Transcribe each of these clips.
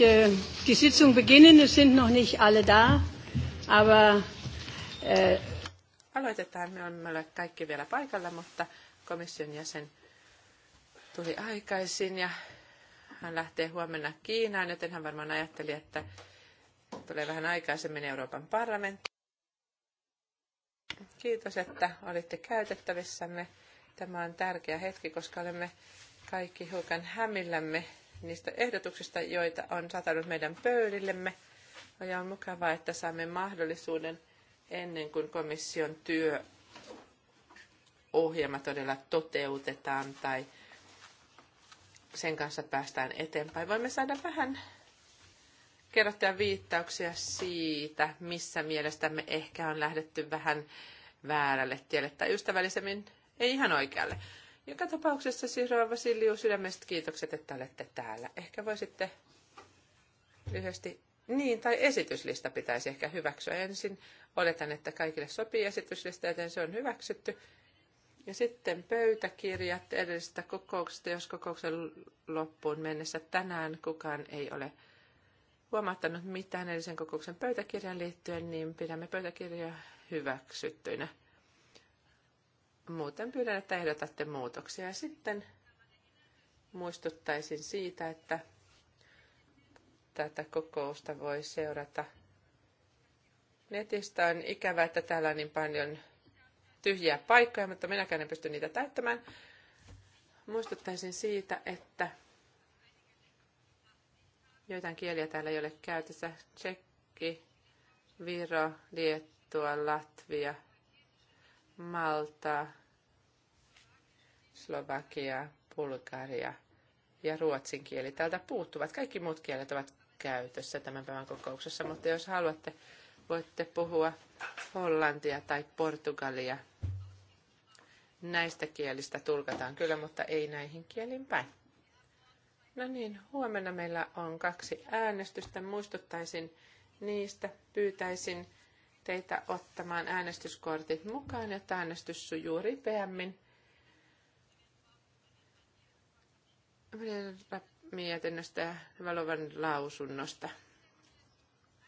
Äh, die Sitzung beginnen. Es sind noch nicht alle da, aber... Äh, Aloitetaan. Me emme ole kaikki vielä paikalla, mutta komission jäsen tuli aikaisin ja hän lähtee huomenna Kiinaan, joten hän varmaan ajatteli, että tulee vähän aikaisemmin Euroopan parlamentti. Kiitos, että olitte käytettävissämme. Tämä on tärkeä hetki, koska olemme kaikki hiukan hämillämme niistä ehdotuksista, joita on satanut meidän pöydillemme. Ja on mukavaa, että saamme mahdollisuuden ennen kuin komission työohjelma todella toteutetaan tai sen kanssa päästään eteenpäin. Voimme saada vähän kerrottuja viittauksia siitä, missä mielestämme ehkä on lähdetty vähän väärälle tielle tai ystävällisemmin ei ihan oikealle. Joka tapauksessa siis Rova Vasiliu, sydämestä kiitokset, että olette täällä. Ehkä voisitte lyhyesti niin, tai esityslista pitäisi ehkä hyväksyä ensin. Oletan, että kaikille sopii esityslista, joten se on hyväksytty. Ja sitten pöytäkirjat edellisestä kokouksesta, jos kokouksen loppuun mennessä tänään kukaan ei ole huomattanut mitään edellisen kokouksen pöytäkirjan liittyen, niin pidämme pöytäkirjaa hyväksyttyinä. Muuten pyydän, että ehdotatte muutoksia. Ja sitten muistuttaisin siitä, että tätä kokousta voi seurata netistä. On ikävä, että täällä on niin paljon tyhjiä paikkoja, mutta minäkään en pysty niitä täyttämään. Muistuttaisin siitä, että joitain kieliä täällä ei ole käytössä. Tsekki, Viro, Liettua, Latvia – Malta, Slovakia, Bulgaria ja ruotsin kieli täältä puuttuvat. Kaikki muut kielet ovat käytössä tämän päivän kokouksessa, mutta jos haluatte, voitte puhua hollantia tai portugalia. Näistä kielistä tulkataan kyllä, mutta ei näihin kielin päin. No niin, huomenna meillä on kaksi äänestystä. Muistuttaisin niistä, pyytäisin teitä ottamaan äänestyskortit mukaan, jotta äänestys sujuu ripeämmin. mietinnöstä ja Valovan lausunnosta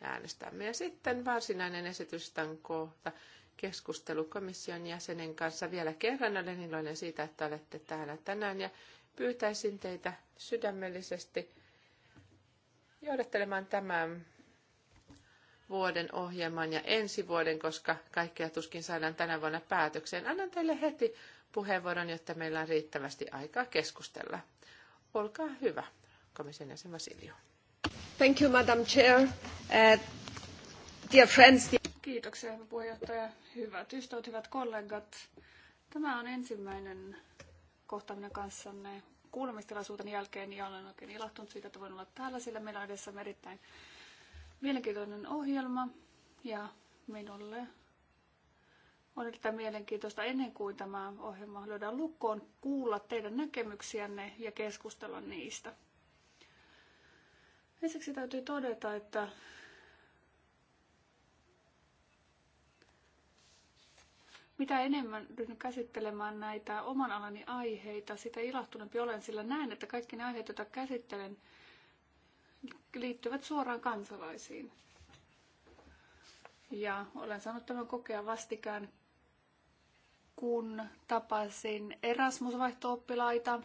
äänestämme. Ja sitten varsinainen esitystan kohta keskustelu komission jäsenen kanssa. Vielä kerran olen iloinen siitä, että olette täällä tänään ja pyytäisin teitä sydämellisesti johdattelemaan tämän vuoden ohjelman ja ensi vuoden, koska kaikkea tuskin saadaan tänä vuonna päätökseen. Annan teille heti puheenvuoron, jotta meillä on riittävästi aikaa keskustella. Olkaa hyvä, komission jäsen Vasilio. Thank you, Madam Chair. Uh, dear friends, dear... Kiitoksia, puheenjohtaja. Hyvät ystävät, hyvät kollegat. Tämä on ensimmäinen kohtaaminen kanssanne kuulemistilaisuuden jälkeen ja olen oikein ilahtunut siitä, että voin olla täällä, sillä meillä on edessä erittäin Mielenkiintoinen ohjelma ja minulle on erittäin mielenkiintoista ennen kuin tämä ohjelma löydään lukkoon kuulla teidän näkemyksiänne ja keskustella niistä. Ensiksi täytyy todeta, että mitä enemmän ryhdyn käsittelemään näitä oman alani aiheita, sitä ilahtuneempi olen, sillä näen, että kaikki ne aiheet, joita käsittelen, liittyvät suoraan kansalaisiin. Ja olen saanut tämän kokea vastikään, kun tapasin Erasmus-vaihto-oppilaita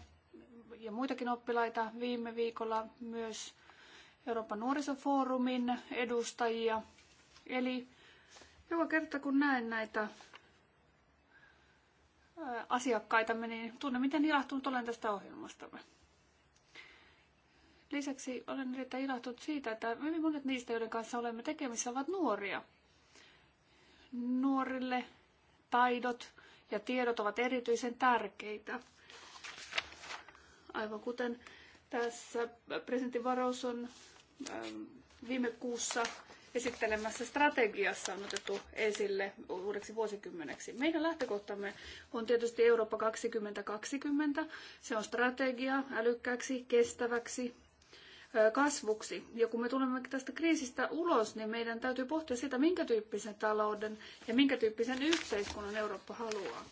ja muitakin oppilaita viime viikolla myös Euroopan nuorisofoorumin edustajia. Eli joka kerta kun näen näitä asiakkaitamme, niin tunnen miten ilahtunut olen tästä ohjelmastamme. Lisäksi olen erittäin ilahtunut siitä, että hyvin monet niistä, joiden kanssa olemme tekemissä, ovat nuoria. Nuorille taidot ja tiedot ovat erityisen tärkeitä. Aivan kuten tässä presidentti varaus on ähm, viime kuussa esittelemässä strategiassa on otettu esille uudeksi vuosikymmeneksi. Meidän lähtökohtamme on tietysti Eurooppa 2020. Se on strategia älykkääksi, kestäväksi, kasvuksi. Ja kun me tulemme tästä kriisistä ulos, niin meidän täytyy pohtia sitä, minkä tyyppisen talouden ja minkä tyyppisen yhteiskunnan Eurooppa haluaa.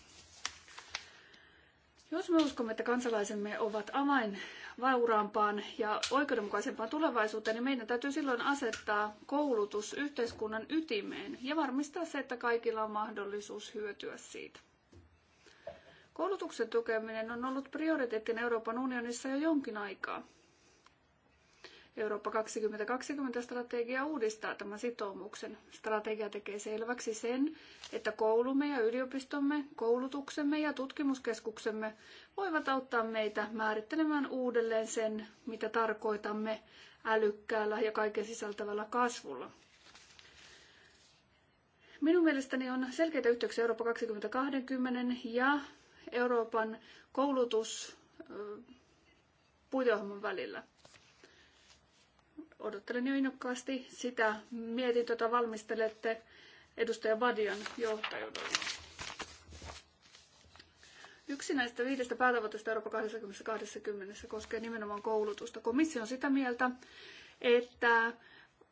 Jos me uskomme, että kansalaisemme ovat avain vauraampaan ja oikeudenmukaisempaan tulevaisuuteen, niin meidän täytyy silloin asettaa koulutus yhteiskunnan ytimeen ja varmistaa se, että kaikilla on mahdollisuus hyötyä siitä. Koulutuksen tukeminen on ollut prioriteettina Euroopan unionissa jo jonkin aikaa. Eurooppa 2020-strategia uudistaa tämän sitoumuksen. Strategia tekee selväksi sen, että koulumme ja yliopistomme, koulutuksemme ja tutkimuskeskuksemme voivat auttaa meitä määrittelemään uudelleen sen, mitä tarkoitamme älykkäällä ja kaiken sisältävällä kasvulla. Minun mielestäni on selkeitä yhteyksiä Eurooppa 2020 ja Euroopan koulutus puiteohjelman välillä. Odottelen jo innokkaasti sitä mietintöä, jota valmistelette edustaja Vadian johtajuudella. Yksi näistä viidestä päätavoitteesta Euroopan 2020 koskee nimenomaan koulutusta. Komissio on sitä mieltä, että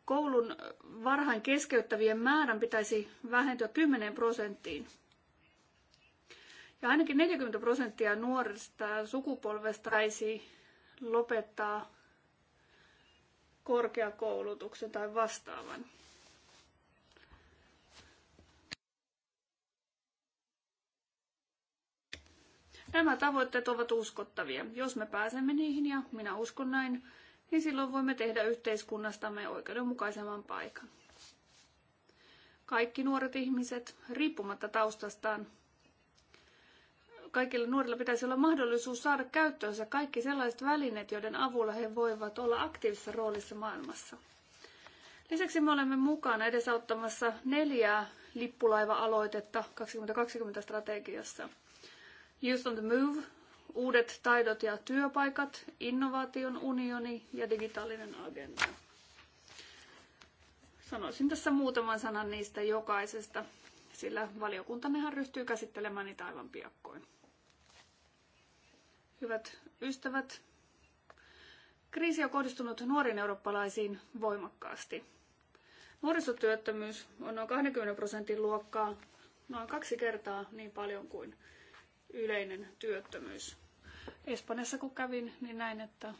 koulun varhain keskeyttävien määrän pitäisi vähentyä 10 prosenttiin. Ja ainakin 40 prosenttia nuorista sukupolvesta taisi lopettaa korkeakoulutuksen tai vastaavan. Nämä tavoitteet ovat uskottavia. Jos me pääsemme niihin, ja minä uskon näin, niin silloin voimme tehdä yhteiskunnastamme oikeudenmukaisemman paikan. Kaikki nuoret ihmiset, riippumatta taustastaan, kaikilla nuorilla pitäisi olla mahdollisuus saada käyttöönsä kaikki sellaiset välineet, joiden avulla he voivat olla aktiivisessa roolissa maailmassa. Lisäksi me olemme mukana edesauttamassa neljää lippulaiva-aloitetta 2020-strategiassa. Youth on the Move, uudet taidot ja työpaikat, innovaation unioni ja digitaalinen agenda. Sanoisin tässä muutaman sanan niistä jokaisesta, sillä valiokuntanehan ryhtyy käsittelemään niitä aivan piakkoin. Hyvät ystävät, kriisi on kohdistunut nuoriin eurooppalaisiin voimakkaasti. Nuorisotyöttömyys on noin 20 prosentin luokkaa, noin kaksi kertaa niin paljon kuin yleinen työttömyys. Espanjassa kun kävin, niin näin, että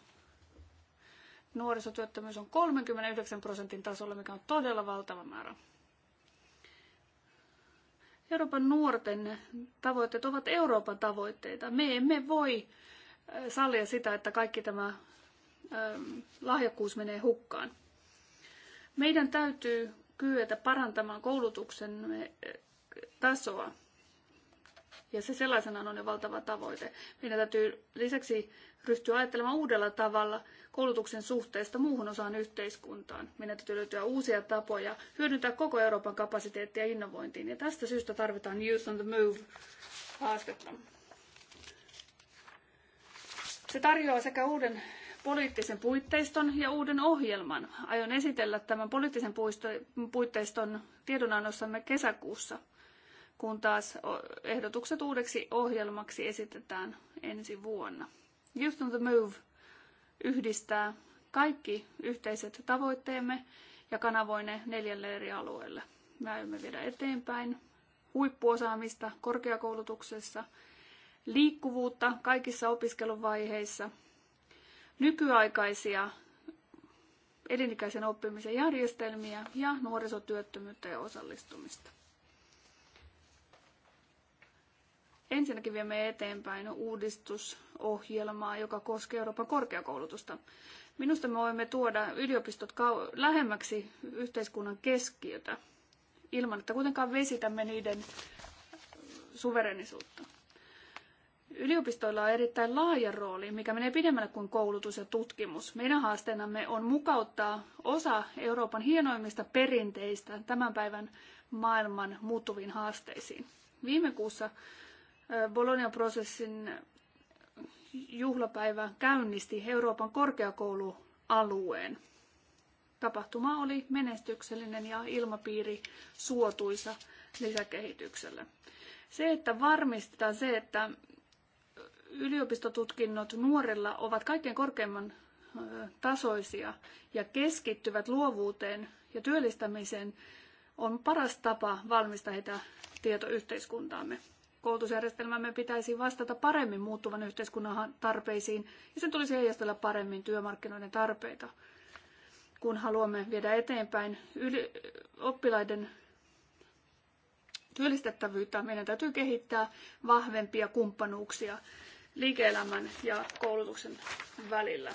nuorisotyöttömyys on 39 prosentin tasolla, mikä on todella valtava määrä. Euroopan nuorten tavoitteet ovat Euroopan tavoitteita. Me emme voi sallia sitä, että kaikki tämä ähm, lahjakkuus menee hukkaan. Meidän täytyy kyetä parantamaan koulutuksen äh, tasoa. Ja se sellaisena on jo valtava tavoite. Meidän täytyy lisäksi ryhtyä ajattelemaan uudella tavalla koulutuksen suhteesta muuhun osaan yhteiskuntaan. Meidän täytyy löytyä uusia tapoja hyödyntää koko Euroopan kapasiteettia innovointiin. Ja tästä syystä tarvitaan Youth on the Move haastetta. Se tarjoaa sekä uuden poliittisen puitteiston ja uuden ohjelman. Aion esitellä tämän poliittisen puitteiston tiedonannossamme kesäkuussa, kun taas ehdotukset uudeksi ohjelmaksi esitetään ensi vuonna. Youth on the Move yhdistää kaikki yhteiset tavoitteemme ja kanavoi ne neljälle eri alueelle. Me aiomme viedä eteenpäin huippuosaamista korkeakoulutuksessa – liikkuvuutta kaikissa opiskeluvaiheissa, nykyaikaisia elinikäisen oppimisen järjestelmiä ja nuorisotyöttömyyttä ja osallistumista. Ensinnäkin viemme eteenpäin uudistusohjelmaa, joka koskee Euroopan korkeakoulutusta. Minusta me voimme tuoda yliopistot lähemmäksi yhteiskunnan keskiötä ilman, että kuitenkaan vesitämme niiden suverenisuutta. Yliopistoilla on erittäin laaja rooli, mikä menee pidemmälle kuin koulutus ja tutkimus. Meidän haasteenamme on mukauttaa osa Euroopan hienoimmista perinteistä tämän päivän maailman muuttuviin haasteisiin. Viime kuussa Bologna-prosessin juhlapäivä käynnisti Euroopan korkeakoulualueen. Tapahtuma oli menestyksellinen ja ilmapiiri suotuisa lisäkehitykselle. Se, että varmistetaan se, että yliopistotutkinnot nuorilla ovat kaikkein korkeimman tasoisia ja keskittyvät luovuuteen ja työllistämiseen, on paras tapa valmistaa heitä tietoyhteiskuntaamme. Koulutusjärjestelmämme pitäisi vastata paremmin muuttuvan yhteiskunnan tarpeisiin ja sen tulisi heijastella paremmin työmarkkinoiden tarpeita, kun haluamme viedä eteenpäin yli, oppilaiden työllistettävyyttä. Meidän täytyy kehittää vahvempia kumppanuuksia liike-elämän ja koulutuksen välillä.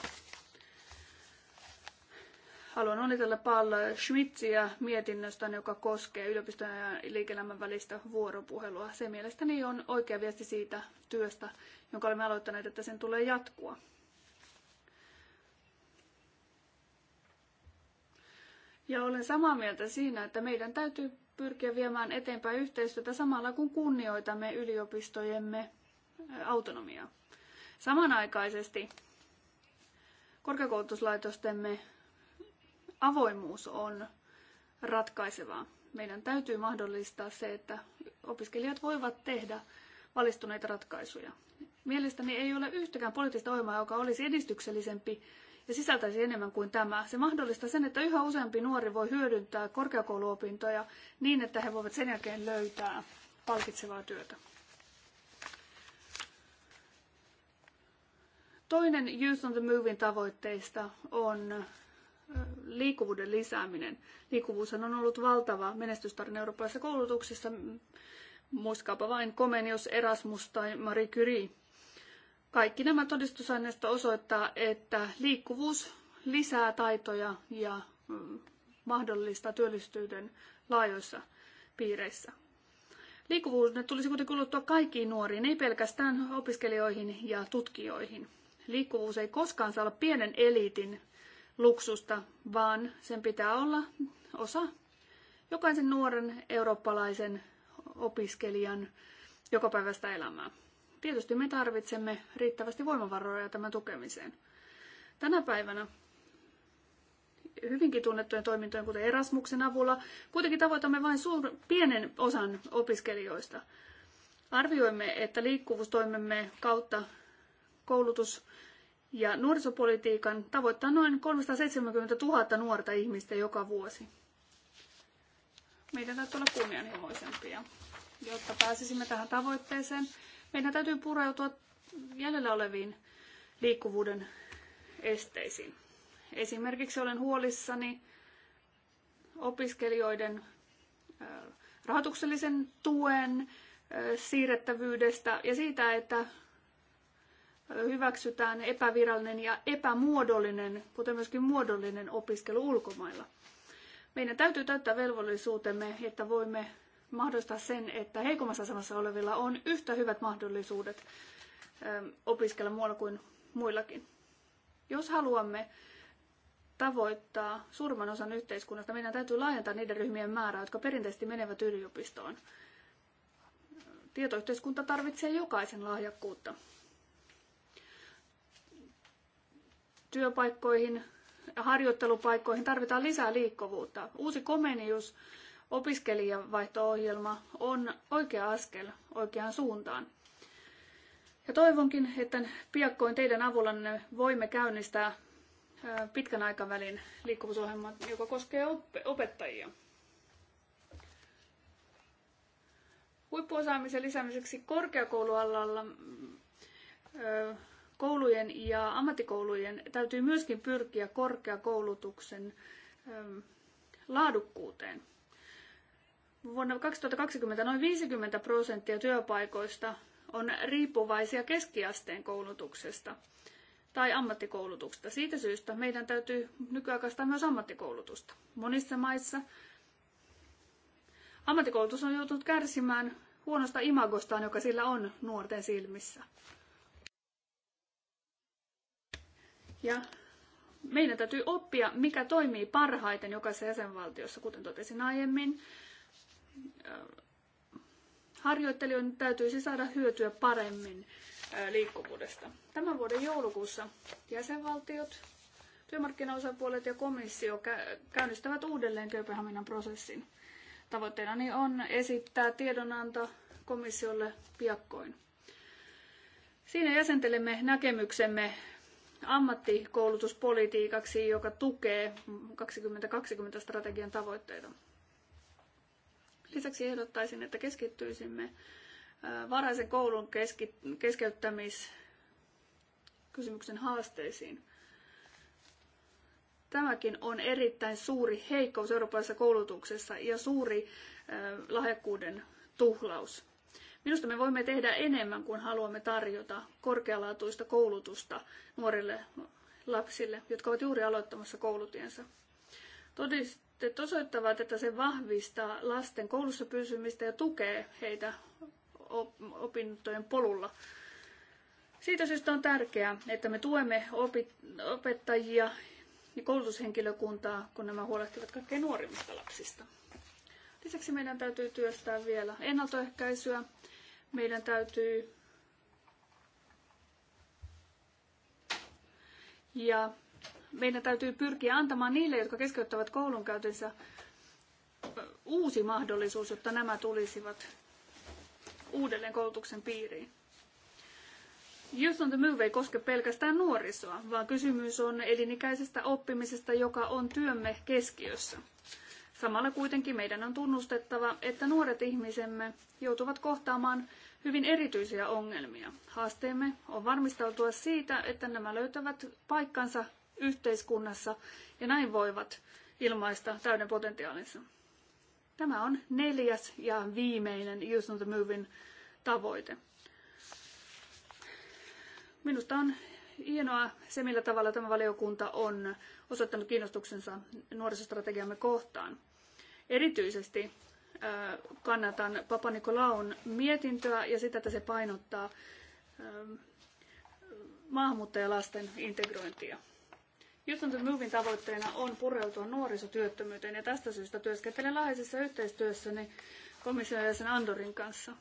Haluan onnitella Paul Schmitziä mietinnöstä, joka koskee yliopiston ja liike-elämän välistä vuoropuhelua. Se mielestäni on oikea viesti siitä työstä, jonka olemme aloittaneet, että sen tulee jatkua. Ja olen samaa mieltä siinä, että meidän täytyy pyrkiä viemään eteenpäin yhteistyötä samalla kun kunnioitamme yliopistojemme autonomiaa. Samanaikaisesti korkeakoulutuslaitostemme avoimuus on ratkaisevaa. Meidän täytyy mahdollistaa se, että opiskelijat voivat tehdä valistuneita ratkaisuja. Mielestäni ei ole yhtäkään poliittista ohjelmaa, joka olisi edistyksellisempi ja sisältäisi enemmän kuin tämä. Se mahdollistaa sen, että yhä useampi nuori voi hyödyntää korkeakouluopintoja niin, että he voivat sen jälkeen löytää palkitsevaa työtä. Toinen Youth on the Movein tavoitteista on liikkuvuuden lisääminen. Liikkuvuus on ollut valtava menestystarina eurooppalaisessa koulutuksessa. Muistakaapa vain Komenius, Erasmus tai Marie Curie. Kaikki nämä todistusaineisto osoittaa, että liikkuvuus lisää taitoja ja mahdollista työllisyyden laajoissa piireissä. Liikkuvuuden tulisi kuitenkin kuluttua kaikkiin nuoriin, ei pelkästään opiskelijoihin ja tutkijoihin liikkuvuus ei koskaan saa olla pienen eliitin luksusta, vaan sen pitää olla osa jokaisen nuoren eurooppalaisen opiskelijan jokapäiväistä elämää. Tietysti me tarvitsemme riittävästi voimavaroja tämän tukemiseen. Tänä päivänä hyvinkin tunnettujen toimintojen, kuten Erasmuksen avulla, kuitenkin tavoitamme vain suur, pienen osan opiskelijoista. Arvioimme, että liikkuvuustoimemme kautta koulutus ja nuorisopolitiikan tavoittaa noin 370 000 nuorta ihmistä joka vuosi. Meidän täytyy olla kunnianhimoisempia. Jotta pääsisimme tähän tavoitteeseen, meidän täytyy pureutua jäljellä oleviin liikkuvuuden esteisiin. Esimerkiksi olen huolissani opiskelijoiden rahoituksellisen tuen siirrettävyydestä ja siitä, että hyväksytään epävirallinen ja epämuodollinen, kuten myöskin muodollinen opiskelu ulkomailla. Meidän täytyy täyttää velvollisuutemme, että voimme mahdollistaa sen, että heikommassa asemassa olevilla on yhtä hyvät mahdollisuudet ähm, opiskella muualla kuin muillakin. Jos haluamme tavoittaa suurimman osan yhteiskunnasta, meidän täytyy laajentaa niiden ryhmien määrää, jotka perinteisesti menevät yliopistoon. Tietoyhteiskunta tarvitsee jokaisen lahjakkuutta. työpaikkoihin ja harjoittelupaikkoihin tarvitaan lisää liikkuvuutta. Uusi Comenius opiskelijavaihto-ohjelma on oikea askel oikeaan suuntaan. Ja toivonkin, että piakkoin teidän avullanne voimme käynnistää pitkän aikavälin liikkuvuusohjelman, joka koskee opettajia. Huippuosaamisen lisäämiseksi korkeakoulualalla koulujen ja ammattikoulujen täytyy myöskin pyrkiä korkeakoulutuksen ähm, laadukkuuteen. Vuonna 2020 noin 50 prosenttia työpaikoista on riippuvaisia keskiasteen koulutuksesta tai ammattikoulutuksesta. Siitä syystä meidän täytyy nykyaikaistaa myös ammattikoulutusta. Monissa maissa ammattikoulutus on joutunut kärsimään huonosta imagostaan, joka sillä on nuorten silmissä. Ja meidän täytyy oppia, mikä toimii parhaiten jokaisessa jäsenvaltiossa, kuten totesin aiemmin. Harjoittelijoiden täytyisi saada hyötyä paremmin liikkuvuudesta. Tämän vuoden joulukuussa jäsenvaltiot, työmarkkinaosapuolet ja komissio käynnistävät uudelleen Kööpenhaminan prosessin. Tavoitteena on esittää tiedonanto komissiolle piakkoin. Siinä jäsentelemme näkemyksemme ammattikoulutuspolitiikaksi, joka tukee 2020-strategian tavoitteita. Lisäksi ehdottaisin, että keskittyisimme varhaisen koulun keskeyttämiskysymyksen haasteisiin. Tämäkin on erittäin suuri heikkous eurooppalaisessa koulutuksessa ja suuri lahjakkuuden tuhlaus. Minusta me voimme tehdä enemmän, kun haluamme tarjota korkealaatuista koulutusta nuorille lapsille, jotka ovat juuri aloittamassa koulutiensa. Todistet osoittavat, että se vahvistaa lasten koulussa pysymistä ja tukee heitä opintojen polulla. Siitä syystä on tärkeää, että me tuemme opettajia ja koulutushenkilökuntaa, kun nämä huolehtivat kaikkein nuorimmista lapsista. Lisäksi meidän täytyy työstää vielä ennaltoehkäisyä meidän täytyy ja meidän täytyy pyrkiä antamaan niille, jotka keskeyttävät koulunkäytensä uusi mahdollisuus, jotta nämä tulisivat uudelleen koulutuksen piiriin. Youth on the Move ei koske pelkästään nuorisoa, vaan kysymys on elinikäisestä oppimisesta, joka on työmme keskiössä. Samalla kuitenkin meidän on tunnustettava, että nuoret ihmisemme joutuvat kohtaamaan hyvin erityisiä ongelmia. Haasteemme on varmistautua siitä, että nämä löytävät paikkansa yhteiskunnassa ja näin voivat ilmaista täyden potentiaalinsa. Tämä on neljäs ja viimeinen Youth on the Movin tavoite. Minusta on hienoa se, millä tavalla tämä valiokunta on osoittanut kiinnostuksensa nuorisostrategiamme kohtaan. Erityisesti kannatan Papanikolau'n mietintöä ja sitä, että se painottaa maahanmuuttajalasten integrointia. Youth on tavoitteena on pureutua nuorisotyöttömyyteen ja tästä syystä työskentelen läheisessä yhteistyössäni komission jäsen Andorin kanssa.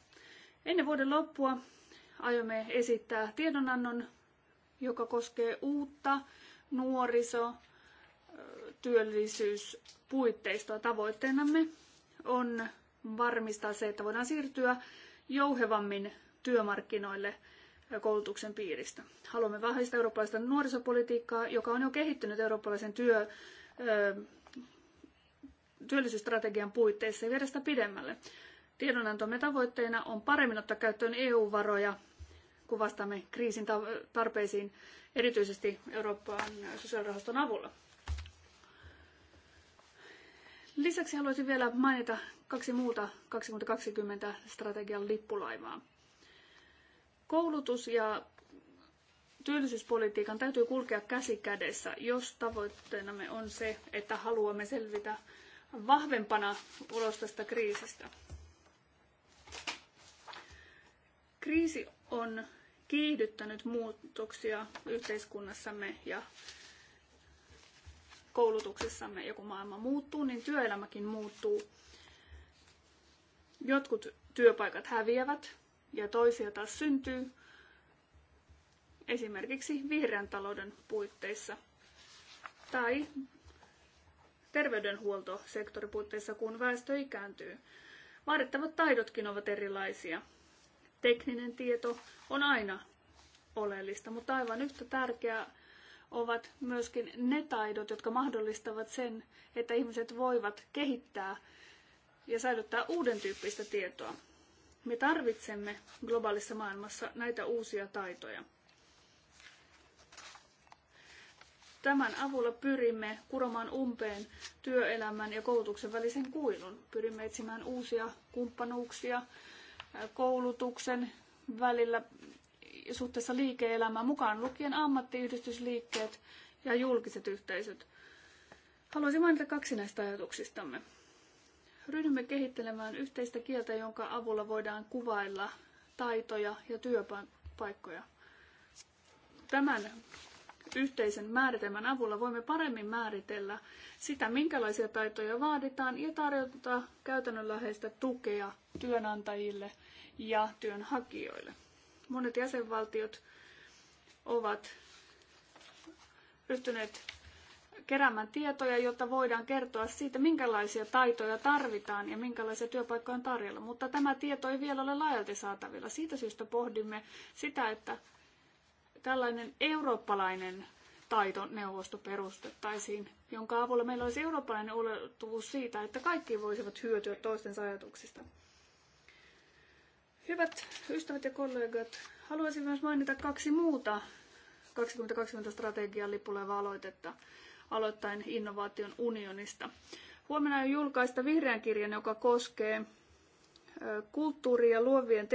Ennen vuoden loppua aiomme esittää tiedonannon, joka koskee uutta nuoriso- työllisyyspuitteistoa. Tavoitteenamme on varmistaa se, että voidaan siirtyä jouhevammin työmarkkinoille koulutuksen piiristä. Haluamme vahvistaa eurooppalaista nuorisopolitiikkaa, joka on jo kehittynyt eurooppalaisen työ, ö, työllisyysstrategian puitteissa ja viedä sitä pidemmälle. Tiedonantomme tavoitteena on paremmin ottaa käyttöön EU-varoja, kun vastaamme kriisin tarpeisiin, erityisesti Euroopan sosiaalirahaston avulla. Lisäksi haluaisin vielä mainita kaksi muuta 2020 strategian lippulaivaa. Koulutus ja työllisyyspolitiikan täytyy kulkea käsi kädessä, jos tavoitteenamme on se, että haluamme selvitä vahvempana ulos tästä kriisistä. Kriisi on kiihdyttänyt muutoksia yhteiskunnassamme ja koulutuksessamme ja kun maailma muuttuu, niin työelämäkin muuttuu. Jotkut työpaikat häviävät ja toisia taas syntyy esimerkiksi vihreän talouden puitteissa tai terveydenhuoltosektorin puitteissa, kun väestö ikääntyy. Vaadittavat taidotkin ovat erilaisia. Tekninen tieto on aina oleellista, mutta aivan yhtä tärkeää ovat myöskin ne taidot, jotka mahdollistavat sen, että ihmiset voivat kehittää ja säilyttää uuden tyyppistä tietoa. Me tarvitsemme globaalissa maailmassa näitä uusia taitoja. Tämän avulla pyrimme kuromaan umpeen työelämän ja koulutuksen välisen kuilun. Pyrimme etsimään uusia kumppanuuksia koulutuksen välillä suhteessa liike-elämään, mukaan lukien ammattiyhdistysliikkeet ja julkiset yhteisöt. Haluaisin mainita kaksi näistä ajatuksistamme. Ryhdymme kehittelemään yhteistä kieltä, jonka avulla voidaan kuvailla taitoja ja työpaikkoja. Tämän yhteisen määritelmän avulla voimme paremmin määritellä sitä, minkälaisia taitoja vaaditaan ja tarjota käytännönläheistä tukea työnantajille ja työnhakijoille. Monet jäsenvaltiot ovat ryhtyneet keräämään tietoja, jotta voidaan kertoa siitä, minkälaisia taitoja tarvitaan ja minkälaisia työpaikkoja on tarjolla. Mutta tämä tieto ei vielä ole laajalti saatavilla. Siitä syystä pohdimme sitä, että tällainen eurooppalainen taitoneuvosto perustettaisiin, jonka avulla meillä olisi eurooppalainen ulottuvuus siitä, että kaikki voisivat hyötyä toistensa ajatuksista. Hyvät ystävät ja kollegat, haluaisin myös mainita kaksi muuta 2020 strategian lipuleva aloitetta aloittain innovaation unionista. Huomenna on julkaista vihreän kirjan, joka koskee kulttuuri- ja luovien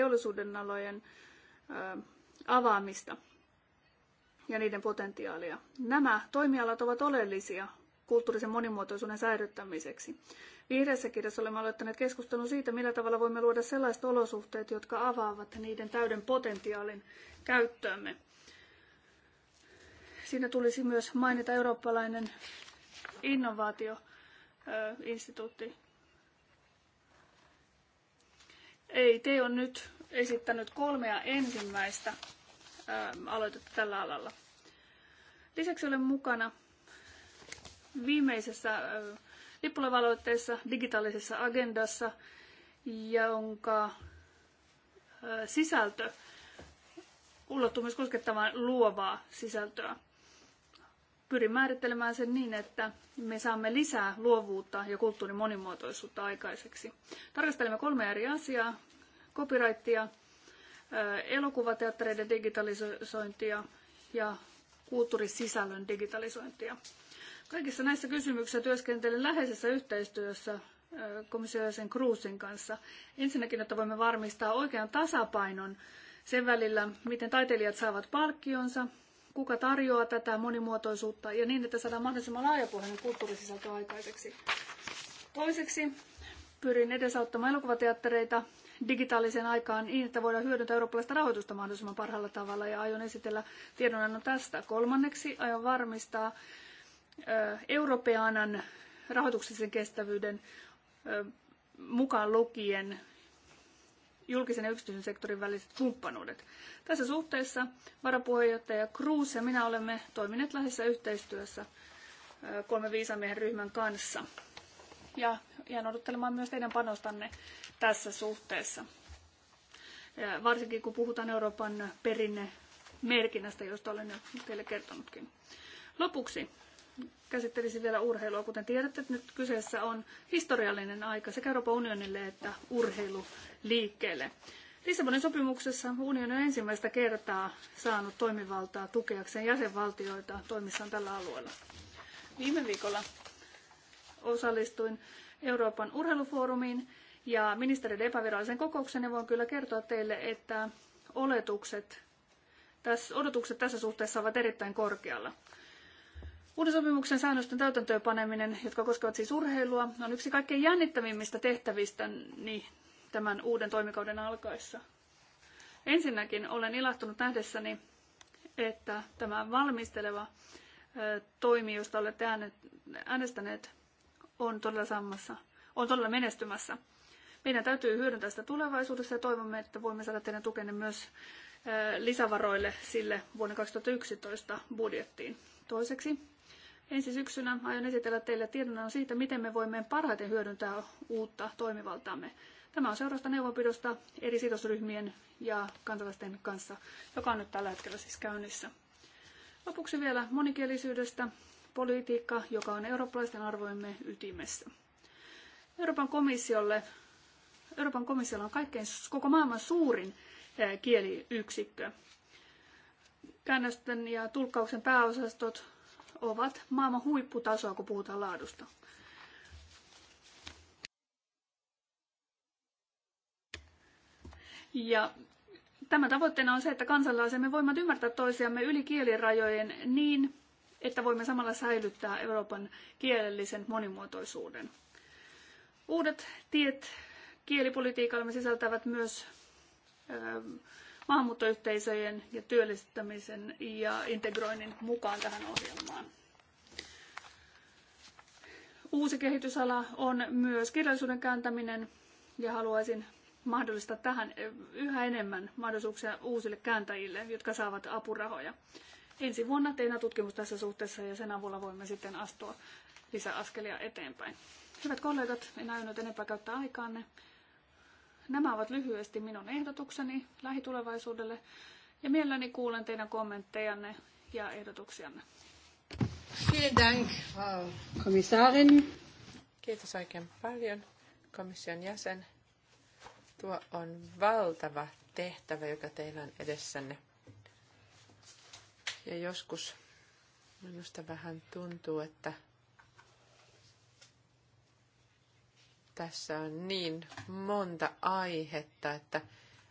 alojen avaamista ja niiden potentiaalia. Nämä toimialat ovat oleellisia kulttuurisen monimuotoisuuden säilyttämiseksi. Vihreässä kirjassa olemme aloittaneet keskustelun siitä, millä tavalla voimme luoda sellaiset olosuhteet, jotka avaavat niiden täyden potentiaalin käyttöömme. Siinä tulisi myös mainita eurooppalainen innovaatioinstituutti. Ei, te on nyt esittänyt kolmea ensimmäistä aloitetta tällä alalla. Lisäksi olen mukana viimeisessä lippulevaloitteessa, digitaalisessa agendassa, jonka sisältö ulottuu myös koskettamaan luovaa sisältöä. Pyrin määrittelemään sen niin, että me saamme lisää luovuutta ja kulttuurin monimuotoisuutta aikaiseksi. Tarkastelemme kolme eri asiaa. Copyrightia, elokuvateattereiden digitalisointia ja kulttuurisisällön digitalisointia. Kaikissa näissä kysymyksissä työskentelen läheisessä yhteistyössä komissiolaisen Cruisin kanssa. Ensinnäkin, että voimme varmistaa oikean tasapainon sen välillä, miten taiteilijat saavat palkkionsa, kuka tarjoaa tätä monimuotoisuutta ja niin, että saadaan mahdollisimman laajapohjainen kulttuurisisältö aikaiseksi. Toiseksi pyrin edesauttamaan elokuvateattereita digitaalisen aikaan niin, että voidaan hyödyntää eurooppalaista rahoitusta mahdollisimman parhaalla tavalla ja aion esitellä tiedonannon tästä. Kolmanneksi aion varmistaa Europeanan rahoituksellisen kestävyyden mukaan lukien julkisen ja yksityisen sektorin väliset kumppanuudet. Tässä suhteessa varapuheenjohtaja Cruz ja minä olemme toimineet läheisessä yhteistyössä kolme viisamiehen ryhmän kanssa. Ja jään odottelemaan myös teidän panostanne tässä suhteessa. Ja varsinkin kun puhutaan Euroopan perinnemerkinnästä, josta olen jo teille kertonutkin. Lopuksi käsittelisin vielä urheilua. Kuten tiedätte, nyt kyseessä on historiallinen aika sekä Euroopan unionille että urheiluliikkeelle. Lissabonin sopimuksessa unioni on ensimmäistä kertaa saanut toimivaltaa tukeakseen jäsenvaltioita toimissaan tällä alueella. Viime viikolla osallistuin Euroopan urheilufoorumiin ja ministeriön epävirallisen kokouksen ja voin kyllä kertoa teille, että oletukset, tässä, odotukset tässä suhteessa ovat erittäin korkealla. Uuden sopimuksen säännösten täytäntöönpaneminen, jotka koskevat siis urheilua, on yksi kaikkein jännittävimmistä tehtävistä tämän uuden toimikauden alkaessa. Ensinnäkin olen ilahtunut nähdessäni, että tämä valmisteleva toimi, josta olette äänestäneet, on todella saamassa, on todella menestymässä. Meidän täytyy hyödyntää sitä tulevaisuudessa ja toivomme, että voimme saada teidän tukenne myös lisävaroille sille vuoden 2011 budjettiin. Toiseksi Ensi syksynä aion esitellä teille tiedonannon siitä, miten me voimme parhaiten hyödyntää uutta toimivaltaamme. Tämä on seurasta neuvonpidosta eri sidosryhmien ja kansalaisten kanssa, joka on nyt tällä hetkellä siis käynnissä. Lopuksi vielä monikielisyydestä, politiikka, joka on eurooppalaisten arvoimme ytimessä. Euroopan komissiolle Euroopan komissiolla on kaikkein koko maailman suurin eh, kieliyksikkö. Käännösten ja tulkkauksen pääosastot ovat maailman huipputasoa, kun puhutaan laadusta. Ja tämä tavoitteena on se, että kansalaisemme voimat ymmärtää toisiamme yli kielirajojen niin, että voimme samalla säilyttää Euroopan kielellisen monimuotoisuuden. Uudet tiet kielipolitiikallamme sisältävät myös ö, ähm, maahanmuuttoyhteisöjen ja työllistämisen ja integroinnin mukaan tähän ohjelmaan. Uusi kehitysala on myös kirjallisuuden kääntäminen ja haluaisin mahdollistaa tähän yhä enemmän mahdollisuuksia uusille kääntäjille, jotka saavat apurahoja. Ensi vuonna tehdään tutkimus tässä suhteessa ja sen avulla voimme sitten astua lisäaskelia eteenpäin. Hyvät kollegat, en aionnut enempää käyttää aikaanne. Nämä ovat lyhyesti minun ehdotukseni lähitulevaisuudelle ja mielelläni kuulen teidän kommenttejanne ja ehdotuksianne. Vielen Dank, Frau Kommissarin. Kiitos oikein paljon, komission jäsen. Tuo on valtava tehtävä, joka teillä on edessänne. Ja joskus minusta vähän tuntuu, että Tässä on niin monta aihetta, että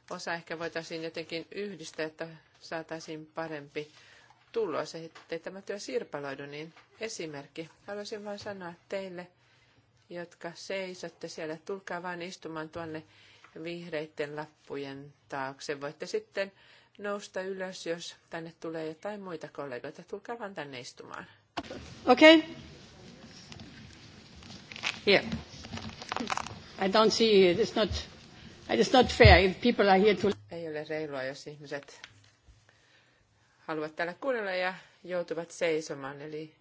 osa ehkä voitaisiin jotenkin yhdistää, että saataisiin parempi tulos, ettei tämä työ sirpaloidu, niin esimerkki. Haluaisin vain sanoa teille, jotka seisotte siellä, tulkaa vain istumaan tuonne vihreiden lappujen taakse. Voitte sitten nousta ylös, jos tänne tulee jotain muita kollegoita. Tulkaa vaan tänne istumaan. Okei. Okay. Yeah. I don't see it. It's not, it's not fair if people are here to... Ei ole reilua, jos ihmiset haluavat täällä kuunnella ja joutuvat seisomaan. Eli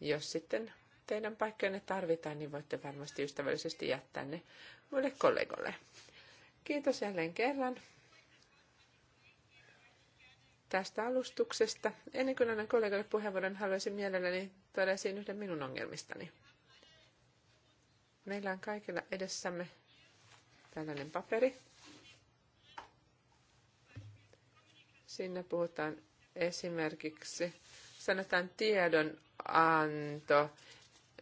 jos sitten teidän paikkojenne tarvitaan, niin voitte varmasti ystävällisesti jättää ne muille kollegoille. Kiitos jälleen kerran tästä alustuksesta. Ennen kuin annan kollegalle puheenvuoron, haluaisin mielelläni todella yhden minun ongelmistani. Meillä on kaikilla edessämme tällainen paperi. Siinä puhutaan esimerkiksi, sanotaan tiedonanto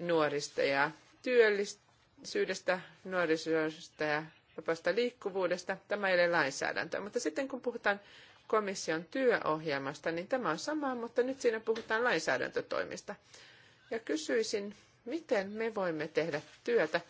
nuorista ja työllisyydestä, nuorisosta ja vapaasta liikkuvuudesta. Tämä ei ole lainsäädäntö, mutta sitten kun puhutaan komission työohjelmasta, niin tämä on sama, mutta nyt siinä puhutaan lainsäädäntötoimista. Ja kysyisin miten me voimme tehdä työtä.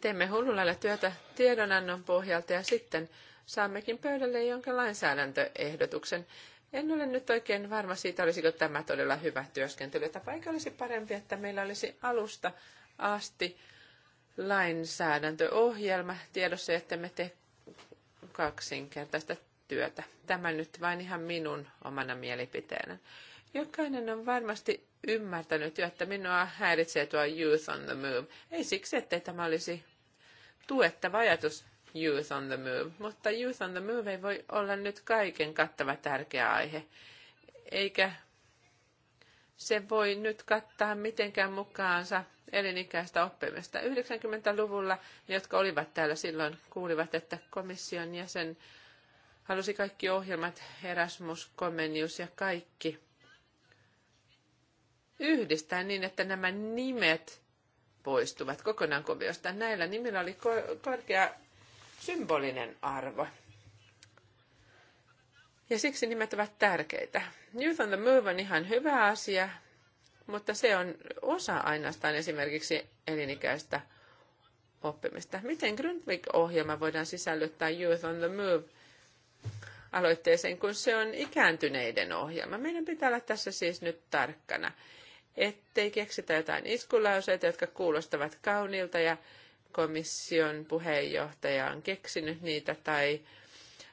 Teemme hullulla työtä tiedonannon pohjalta ja sitten saammekin pöydälle jonkin lainsäädäntöehdotuksen. En ole nyt oikein varma siitä, olisiko tämä todella hyvä työskentelytapa. Eikö olisi parempi, että meillä olisi alusta asti lainsäädäntöohjelma tiedossa, että me tee kaksinkertaista työtä. Tämä nyt vain ihan minun omana mielipiteenä. Jokainen on varmasti ymmärtänyt jo, että minua häiritsee tuo Youth on the Move. Ei siksi, ettei tämä olisi tuettava ajatus Youth on the Move, mutta Youth on the Move ei voi olla nyt kaiken kattava tärkeä aihe, eikä se voi nyt kattaa mitenkään mukaansa elinikäistä oppimista. 90-luvulla ne, jotka olivat täällä silloin, kuulivat, että komission jäsen halusi kaikki ohjelmat, Erasmus, Komenius ja kaikki – yhdistää niin, että nämä nimet poistuvat kokonaan kuviosta. Näillä nimillä oli korkea symbolinen arvo. Ja siksi nimet ovat tärkeitä. Youth on the Move on ihan hyvä asia, mutta se on osa ainoastaan esimerkiksi elinikäistä oppimista. Miten Grundvik-ohjelma voidaan sisällyttää Youth on the Move aloitteeseen, kun se on ikääntyneiden ohjelma? Meidän pitää olla tässä siis nyt tarkkana ettei keksitä jotain iskulauseita, jotka kuulostavat kauniilta ja komission puheenjohtaja on keksinyt niitä tai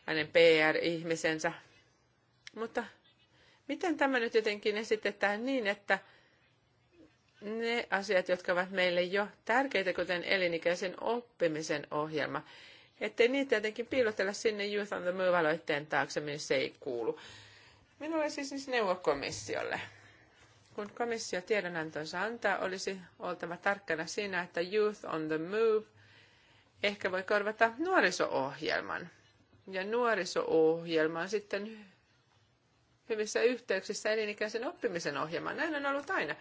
hänen PR-ihmisensä. Mutta miten tämä nyt jotenkin esitetään niin, että ne asiat, jotka ovat meille jo tärkeitä, kuten elinikäisen oppimisen ohjelma, ettei niitä jotenkin piilotella sinne Youth on the Move-aloitteen taakse, minne se ei kuulu. Minulla siis, siis neuvokomissiolle. komissiolle kun komissio tiedonantonsa antaa, olisi oltava tarkkana siinä, että Youth on the Move ehkä voi korvata nuoriso-ohjelman. Ja nuoriso-ohjelma on sitten hyvissä yhteyksissä elinikäisen oppimisen ohjelmaan. Näin on ollut aina.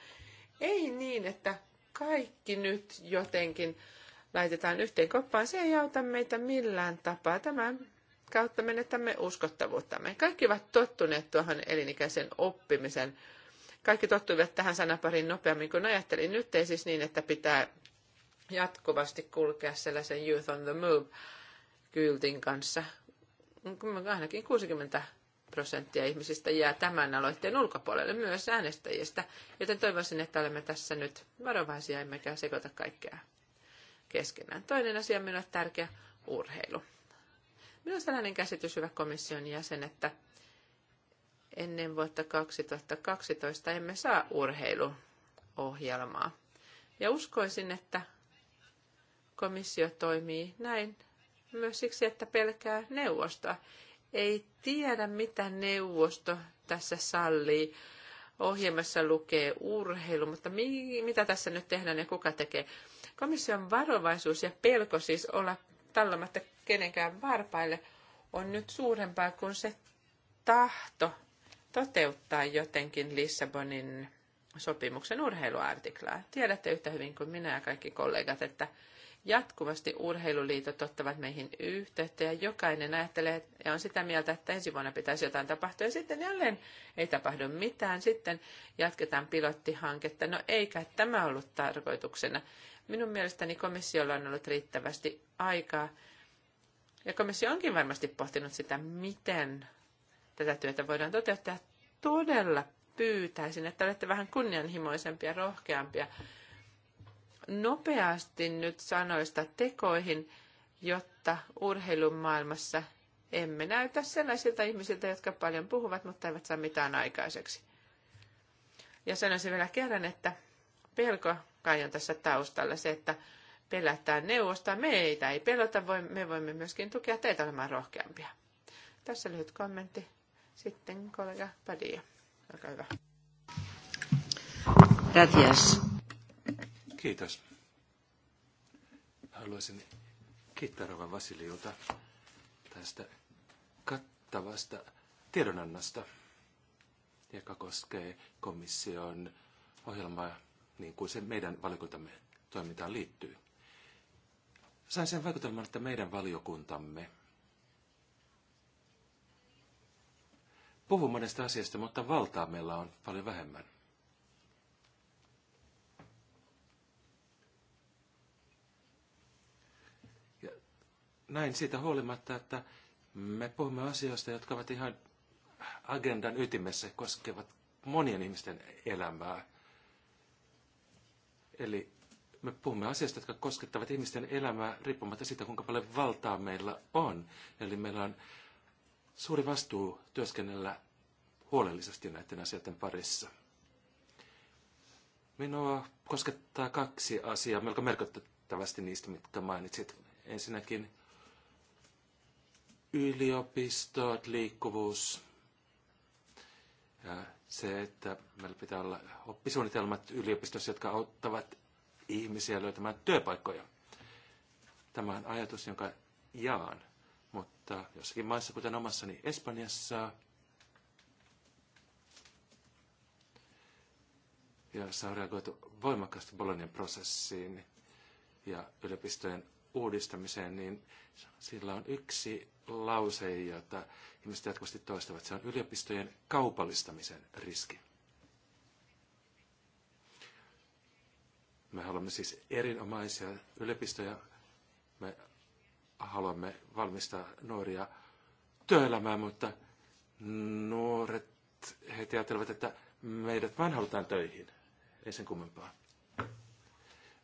Ei niin, että kaikki nyt jotenkin laitetaan yhteen koppaan. Se ei auta meitä millään tapaa. Tämän kautta menetämme uskottavuuttamme. Kaikki ovat tottuneet tuohon elinikäisen oppimisen kaikki tottuivat tähän sanapariin nopeammin kuin ajattelin. Nyt ei siis niin, että pitää jatkuvasti kulkea sellaisen Youth on the Move kyltin kanssa. Ainakin 60 prosenttia ihmisistä jää tämän aloitteen ulkopuolelle myös äänestäjistä, joten toivoisin, että olemme tässä nyt varovaisia emmekä sekoita kaikkea keskenään. Toinen asia minulle tärkeä, urheilu. Minulla on sellainen käsitys, hyvä komission jäsen, että ennen vuotta 2012 emme saa urheiluohjelmaa. Ja uskoisin, että komissio toimii näin myös siksi, että pelkää neuvostoa. Ei tiedä, mitä neuvosto tässä sallii. Ohjelmassa lukee urheilu, mutta mi- mitä tässä nyt tehdään ja kuka tekee? Komission varovaisuus ja pelko siis olla tallamatta kenenkään varpaille on nyt suurempaa kuin se tahto toteuttaa jotenkin Lissabonin sopimuksen urheiluartiklaa. Tiedätte yhtä hyvin kuin minä ja kaikki kollegat, että jatkuvasti urheiluliitot ottavat meihin yhteyttä ja jokainen ajattelee ja on sitä mieltä, että ensi vuonna pitäisi jotain tapahtua ja sitten jälleen ei tapahdu mitään. Sitten jatketaan pilottihanketta. No eikä tämä ollut tarkoituksena. Minun mielestäni komissiolla on ollut riittävästi aikaa ja komissio onkin varmasti pohtinut sitä, miten tätä työtä voidaan toteuttaa. Todella pyytäisin, että olette vähän kunnianhimoisempia, rohkeampia. Nopeasti nyt sanoista tekoihin, jotta urheilun maailmassa emme näytä sellaisilta ihmisiltä, jotka paljon puhuvat, mutta eivät saa mitään aikaiseksi. Ja sanoisin vielä kerran, että pelko kai on tässä taustalla se, että pelätään neuvosta. Meitä ei pelota, me voimme myöskin tukea teitä olemaan rohkeampia. Tässä lyhyt kommentti. Sitten kollega Padia, olkaa hyvä. Gracias. Kiitos. Haluaisin kiittää Rova Vasiliuta tästä kattavasta tiedonannosta, joka koskee komission ohjelmaa niin kuin se meidän valiokuntamme toimintaan liittyy. Sain sen vaikutelman, että meidän valiokuntamme – puhu monesta asiasta, mutta valtaa meillä on paljon vähemmän. Ja näin siitä huolimatta, että me puhumme asioista, jotka ovat ihan agendan ytimessä, koskevat monien ihmisten elämää. Eli me puhumme asioista, jotka koskettavat ihmisten elämää riippumatta siitä, kuinka paljon valtaa meillä on. Eli meillä on suuri vastuu työskennellä huolellisesti näiden asioiden parissa. Minua koskettaa kaksi asiaa melko merkittävästi niistä, mitkä mainitsit. Ensinnäkin yliopistot, liikkuvuus, ja se, että meillä pitää olla oppisuunnitelmat yliopistossa, jotka auttavat ihmisiä löytämään työpaikkoja. Tämä on ajatus, jonka jaan. Mutta jossakin maissa, kuten omassani Espanjassa, jossa on reagoitu voimakkaasti Bolognian prosessiin ja yliopistojen uudistamiseen, niin sillä on yksi lause, jota ihmiset jatkuvasti toistavat. Se on yliopistojen kaupallistamisen riski. Me haluamme siis erinomaisia yliopistoja. Me haluamme valmistaa nuoria työelämään, mutta nuoret heti ajattelevat, että meidät vain halutaan töihin. Ei sen kummempaa.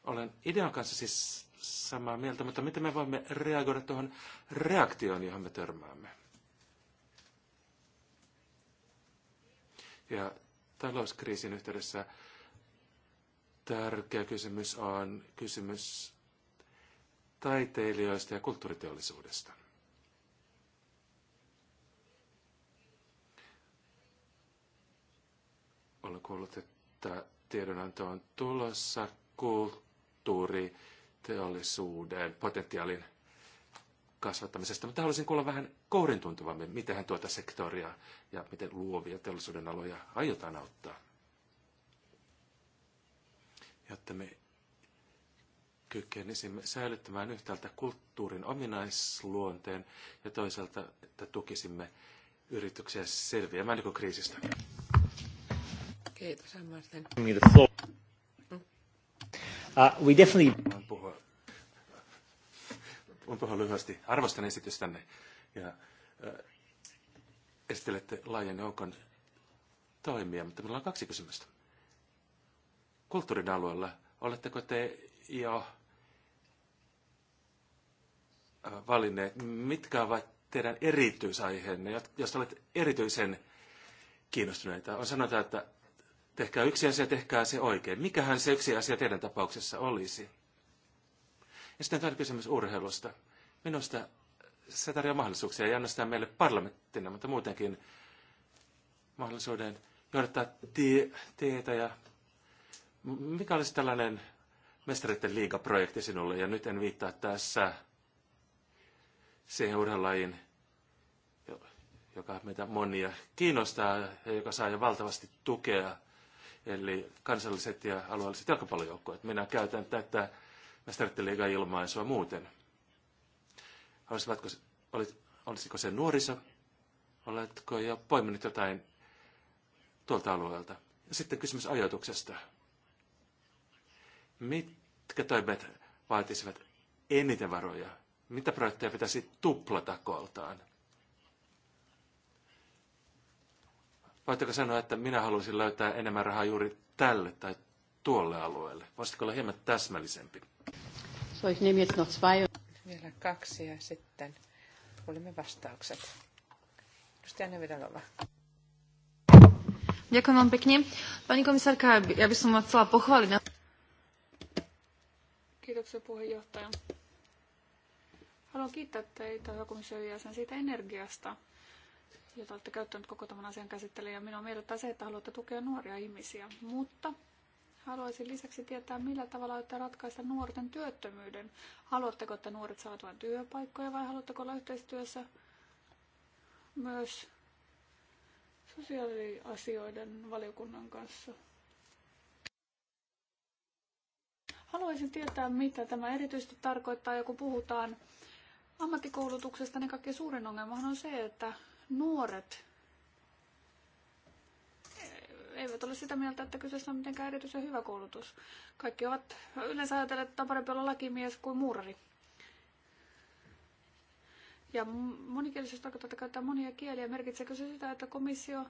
Olen idean kanssa siis samaa mieltä, mutta miten me voimme reagoida tuohon reaktioon, johon me törmäämme? Ja talouskriisin yhteydessä tärkeä kysymys on kysymys taiteilijoista ja kulttuuriteollisuudesta. Olen kuullut, että tiedonanto on tulossa kulttuuriteollisuuden potentiaalin kasvattamisesta, mutta haluaisin kuulla vähän tuntuvammin, miten tuota sektoria ja miten luovia teollisuuden aloja aiotaan auttaa, jotta me kykenisimme säilyttämään yhtäältä kulttuurin ominaisluonteen ja toisaalta, että tukisimme yrityksiä selviämään kriisistä. Kiitos, Martin. Uh, we definitely... Voin puhua. Voin puhua lyhyesti. Arvostan esitystänne ja äh, esittelette laajan joukon toimia, mutta minulla on kaksi kysymystä. Kulttuurin alueella, oletteko te jo valinneet? Mitkä ovat teidän erityisaiheenne, jos olet erityisen kiinnostuneita? On sanotaan, että tehkää yksi asia, tehkää se oikein. Mikähän se yksi asia teidän tapauksessa olisi? Ja sitten toinen kysymys urheilusta. Minusta se tarjoaa mahdollisuuksia, ja annostaa meille parlamenttina, mutta muutenkin mahdollisuuden johdattaa tie, tietä. Ja mikä olisi tällainen mestareiden liigaprojekti sinulle? Ja nyt en viittaa tässä siihen urheilulajiin, joka meitä monia kiinnostaa ja joka saa jo valtavasti tukea, eli kansalliset ja alueelliset jalkapallojoukkueet. Minä käytän tätä Mestarteliigan ilmaisua muuten. Olisivatko, olis, olisiko se nuoriso? Oletko jo poiminut jotain tuolta alueelta? Ja sitten kysymys ajoituksesta. Mitkä toimet vaatisivat eniten varoja mitä projekteja pitäisi tuplata kooltaan. Voitteko sanoa, että minä haluaisin löytää enemmän rahaa juuri tälle tai tuolle alueelle? Voisitko olla hieman täsmällisempi? Vielä kaksi ja sitten kuulemme vastaukset. Edustaja Nevedalova. Ďakujem vám pekne. Pani komisárka, ja by som vás chcela pochváliť. Kiitoksia puheenjohtaja. Haluan kiittää teitä, hyvä komission jäsen, siitä energiasta, jota olette käyttänyt koko tämän asian käsittelyyn. Ja minua miellyttää se, että haluatte tukea nuoria ihmisiä. Mutta haluaisin lisäksi tietää, millä tavalla olette ratkaista nuorten työttömyyden. Haluatteko, että nuoret saavat vain työpaikkoja vai haluatteko olla yhteistyössä myös sosiaaliasioiden valiokunnan kanssa? Haluaisin tietää, mitä tämä erityisesti tarkoittaa, kun puhutaan ammattikoulutuksesta, niin kaikkein suurin ongelmahan on se, että nuoret eivät ole sitä mieltä, että kyseessä on mitenkään erityisen hyvä koulutus. Kaikki ovat yleensä ajatelleet, että on parempi olla lakimies kuin muurari. Ja monikielisyys tarkoittaa, että käyttää monia kieliä. Merkitseekö se sitä, että komissio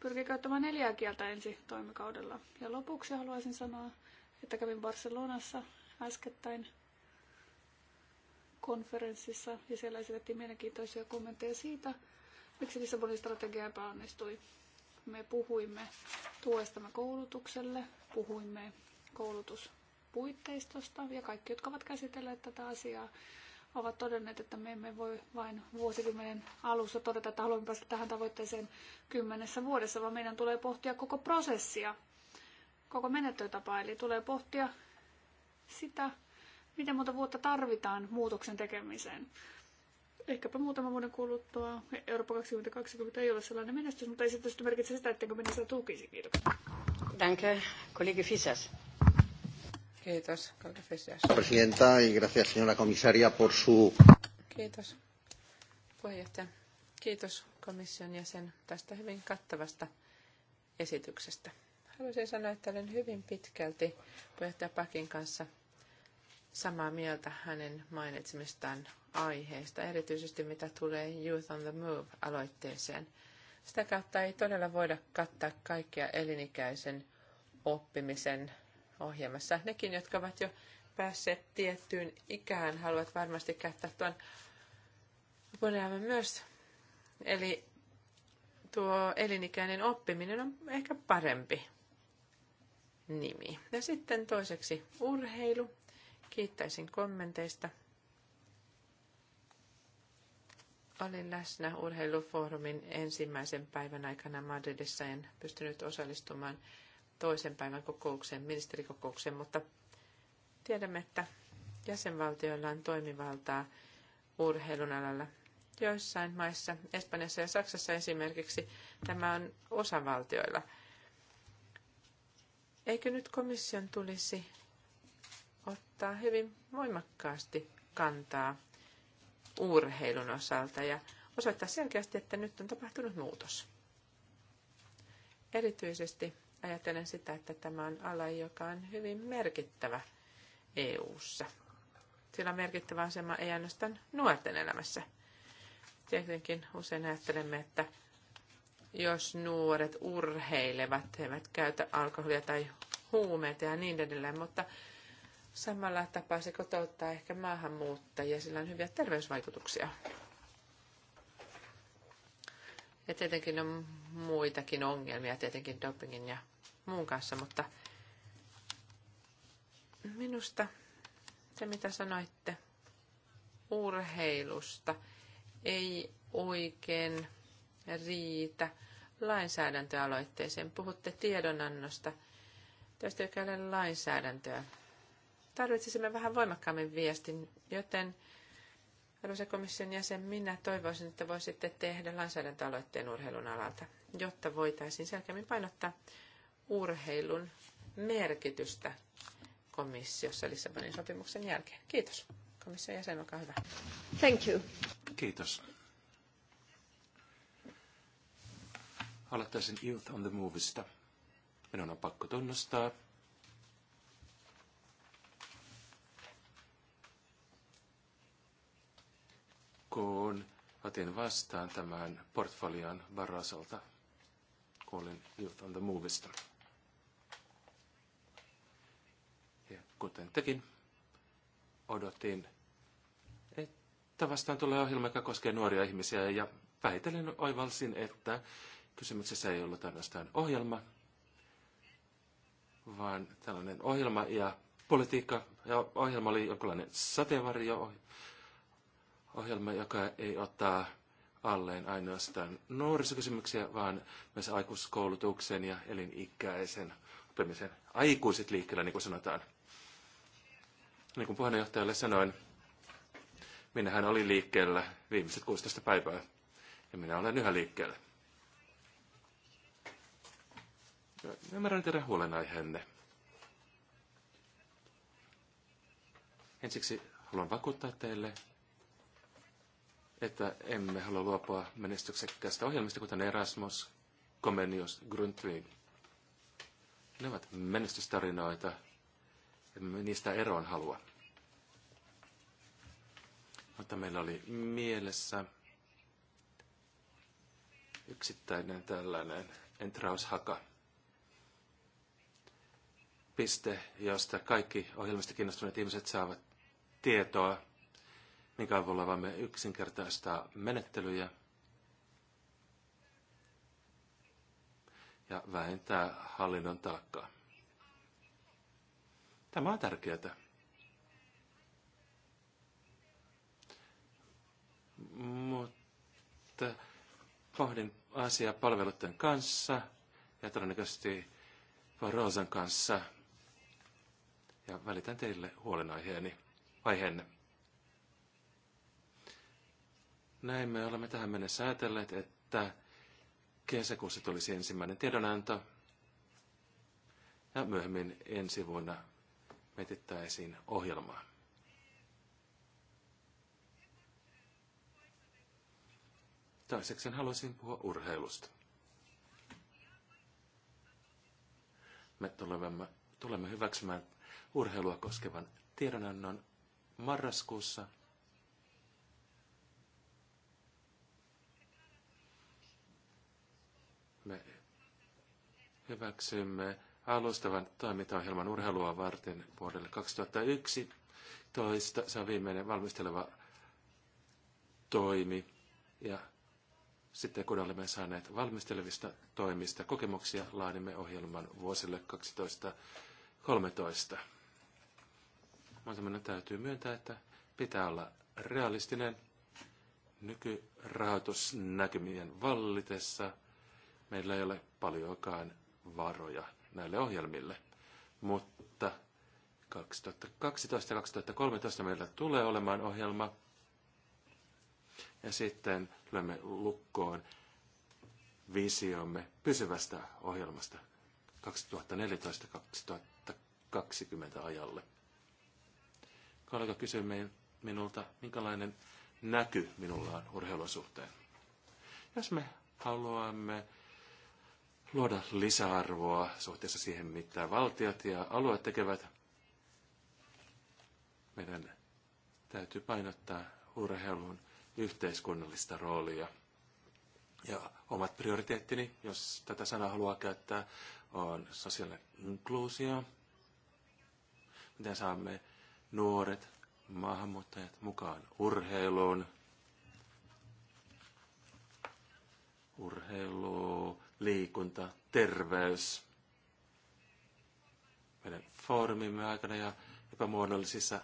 pyrkii käyttämään neljää kieltä ensi toimikaudella? Ja lopuksi haluaisin sanoa, että kävin Barcelonassa äskettäin konferenssissa ja siellä esitettiin mielenkiintoisia kommentteja siitä, miksi Lissabonin strategia epäonnistui. Me puhuimme tuestamme koulutukselle, puhuimme koulutuspuitteistosta ja kaikki, jotka ovat käsitelleet tätä asiaa, ovat todenneet, että me emme voi vain vuosikymmenen alussa todeta, että haluamme päästä tähän tavoitteeseen kymmenessä vuodessa, vaan meidän tulee pohtia koko prosessia, koko menettelytapaa. Eli tulee pohtia sitä, mitä monta vuotta tarvitaan muutoksen tekemiseen? Ehkäpä muutama vuoden kuluttua. Eurooppa 2020 ei ole sellainen menestys, mutta ei se tietysti merkitse sitä, ettenkö minä sitä tukisi. Kiitoksia. Danke, kollegi Fisas. Kiitos, kollega Fisas. Presidenta, y gracias, señora comisaria, por su... Kiitos, puheenjohtaja. Kiitos komission jäsen tästä hyvin kattavasta esityksestä. Haluaisin sanoa, että olen hyvin pitkälti puheenjohtaja Pakin kanssa samaa mieltä hänen mainitsemistaan aiheesta, erityisesti mitä tulee Youth on the Move-aloitteeseen. Sitä kautta ei todella voida kattaa kaikkia elinikäisen oppimisen ohjelmassa. Nekin, jotka ovat jo päässeet tiettyyn ikään, haluavat varmasti käyttää tuon apunelämän myös. Eli tuo elinikäinen oppiminen on ehkä parempi nimi. Ja sitten toiseksi urheilu. Kiittäisin kommenteista. Olin läsnä urheilufoorumin ensimmäisen päivän aikana Madridissa. En pystynyt osallistumaan toisen päivän kokoukseen, ministerikokoukseen, mutta tiedämme, että jäsenvaltioilla on toimivaltaa urheilun alalla. Joissain maissa, Espanjassa ja Saksassa esimerkiksi, tämä on osavaltioilla. Eikö nyt komission tulisi ottaa hyvin voimakkaasti kantaa urheilun osalta ja osoittaa selkeästi, että nyt on tapahtunut muutos. Erityisesti ajattelen sitä, että tämä on ala, joka on hyvin merkittävä EU-ssa. Sillä on merkittävä asema ei ainoastaan nuorten elämässä. Tietenkin usein ajattelemme, että jos nuoret urheilevat, he eivät käytä alkoholia tai huumeita ja niin edelleen, mutta Samalla tapaa se kotouttaa ehkä maahanmuuttajia, sillä on hyviä terveysvaikutuksia. Ja tietenkin on muitakin ongelmia, tietenkin dopingin ja muun kanssa, mutta minusta se, mitä sanoitte urheilusta, ei oikein riitä lainsäädäntöaloitteeseen. Puhutte tiedonannosta, tästä ei ole lainsäädäntöä tarvitsisimme vähän voimakkaammin viestin, joten arvoisa komission jäsen, minä toivoisin, että voisitte tehdä lainsäädäntöaloitteen urheilun alalta, jotta voitaisiin selkeämmin painottaa urheilun merkitystä komissiossa Lissabonin sopimuksen jälkeen. Kiitos. Komission jäsen, olkaa hyvä. Thank you. Kiitos. Aloittaisin Youth on the Minun on pakko tunnustaa, kun otin vastaan tämän portfolion Barrosolta. Kuulin Youth on the Movista. Ja kuten tekin, odotin, että vastaan tulee ohjelma, joka koskee nuoria ihmisiä ja vähitellen oivalsin, että kysymyksessä ei ollut ainoastaan ohjelma, vaan tällainen ohjelma ja politiikka ja ohjelma oli jonkinlainen sateenvarjo ohjelma, joka ei ottaa alleen ainoastaan nuorisokysymyksiä, vaan myös aikuiskoulutuksen ja elinikäisen oppimisen aikuiset liikkeellä, niin kuin sanotaan. Niin kuin puheenjohtajalle sanoin, minähän olin liikkeellä viimeiset 16 päivää ja minä olen yhä liikkeellä. Ymmärrän teidän huolenaiheenne. Ensiksi haluan vakuuttaa teille, että emme halua luopua menestyksekkäistä ohjelmista, kuten Erasmus, Comenius, Grundtvig. Ne ovat menestystarinoita, emme niistä eroon halua. Mutta meillä oli mielessä yksittäinen tällainen entraushaka. Piste, josta kaikki ohjelmista kiinnostuneet ihmiset saavat tietoa minkä niin avulla voimme yksinkertaistaa menettelyjä ja vähentää hallinnon taakkaa. Tämä on tärkeää. Mutta pohdin asiaa palveluiden kanssa ja todennäköisesti Rosan kanssa ja välitän teille huolenaiheeni aiheenne. Näin me olemme tähän mennessä ajatelleet, että kesäkuussa tulisi ensimmäinen tiedonanto ja myöhemmin ensi vuonna metittäisiin ohjelmaa. Toiseksi haluaisin puhua urheilusta. Me tulemme, tulemme hyväksymään urheilua koskevan tiedonannon marraskuussa – hyväksymme alustavan toimintaohjelman urheilua varten vuodelle 2011. Se on viimeinen valmisteleva toimi. Ja sitten kun olemme saaneet valmistelevista toimista kokemuksia, laadimme ohjelman vuosille 2013. Mutta täytyy myöntää, että pitää olla realistinen nykyrahoitusnäkymien vallitessa. Meillä ei ole paljonkaan varoja näille ohjelmille. Mutta 2012 ja 2013 meillä tulee olemaan ohjelma. Ja sitten lyömme lukkoon visiomme pysyvästä ohjelmasta 2014-2020 ajalle. Kollega kysyi minulta, minkälainen näky minulla on urheilun suhteen. Jos me haluamme luoda lisäarvoa suhteessa siihen, mitä valtiot ja alueet tekevät. Meidän täytyy painottaa urheilun yhteiskunnallista roolia. Ja omat prioriteettini, jos tätä sanaa haluaa käyttää, on sosiaalinen inkluusio. Miten saamme nuoret, maahanmuuttajat mukaan urheiluun. Urheilu liikunta, terveys. Meidän foorumimme aikana ja epämuodollisissa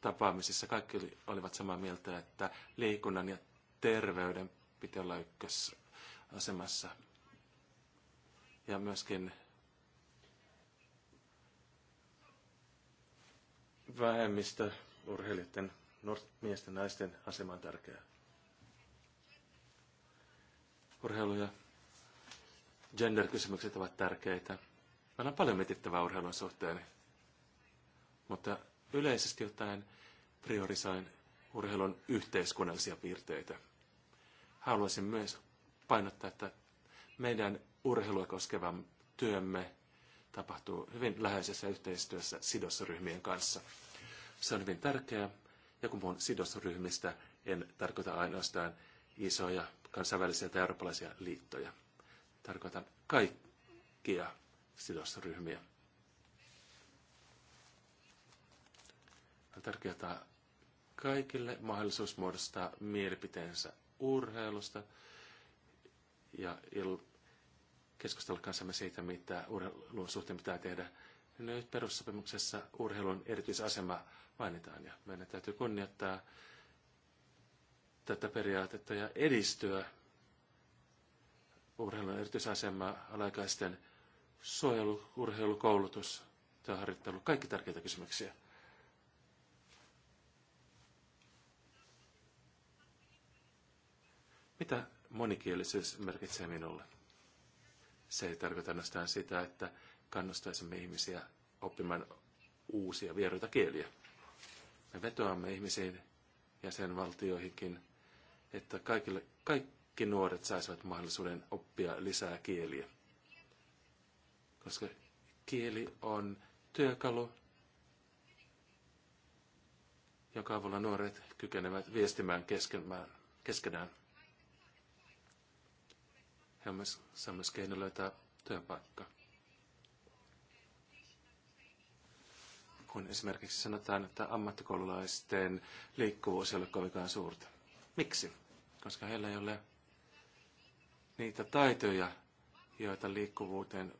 tapaamisissa kaikki olivat samaa mieltä, että liikunnan ja terveyden piti olla ykkösasemassa. Ja myöskin vähemmistö urheilijoiden, miesten, naisten asema on tärkeää. Urheilu ja gender-kysymykset ovat tärkeitä. Meillä on paljon mietittävää urheilun suhteen, mutta yleisesti ottaen priorisoin urheilun yhteiskunnallisia piirteitä. Haluaisin myös painottaa, että meidän urheilua koskevan työmme tapahtuu hyvin läheisessä yhteistyössä sidosryhmien kanssa. Se on hyvin tärkeää, ja kun puhun sidosryhmistä, en tarkoita ainoastaan isoja kansainvälisiä tai eurooppalaisia liittoja. Tarkoitan kaikkia sidosryhmiä. On tärkeää kaikille mahdollisuus muodostaa mielipiteensä urheilusta ja keskustella kanssamme siitä, mitä urheilun suhteen pitää tehdä. Nyt perussopimuksessa urheilun erityisasema mainitaan ja meidän täytyy kunnioittaa tätä periaatetta ja edistyä urheilun erityisasema, alaikäisten suojelu, urheilu, koulutus työharjoittelu, kaikki tärkeitä kysymyksiä. Mitä monikielisyys merkitsee minulle? Se ei tarkoita ainoastaan sitä, että kannustaisimme ihmisiä oppimaan uusia vieraita kieliä. Me vetoamme ihmisiin valtioihinkin, että kaikille, kaikki kaikki nuoret saisivat mahdollisuuden oppia lisää kieliä. Koska kieli on työkalu, joka avulla nuoret kykenevät viestimään keskenään. He on myös, se on myös keino löytää työpaikka. Kun esimerkiksi sanotaan, että ammattikoululaisten liikkuvuus ei ole kovinkaan suurta. Miksi? Koska heillä ei ole niitä taitoja, joita liikkuvuuteen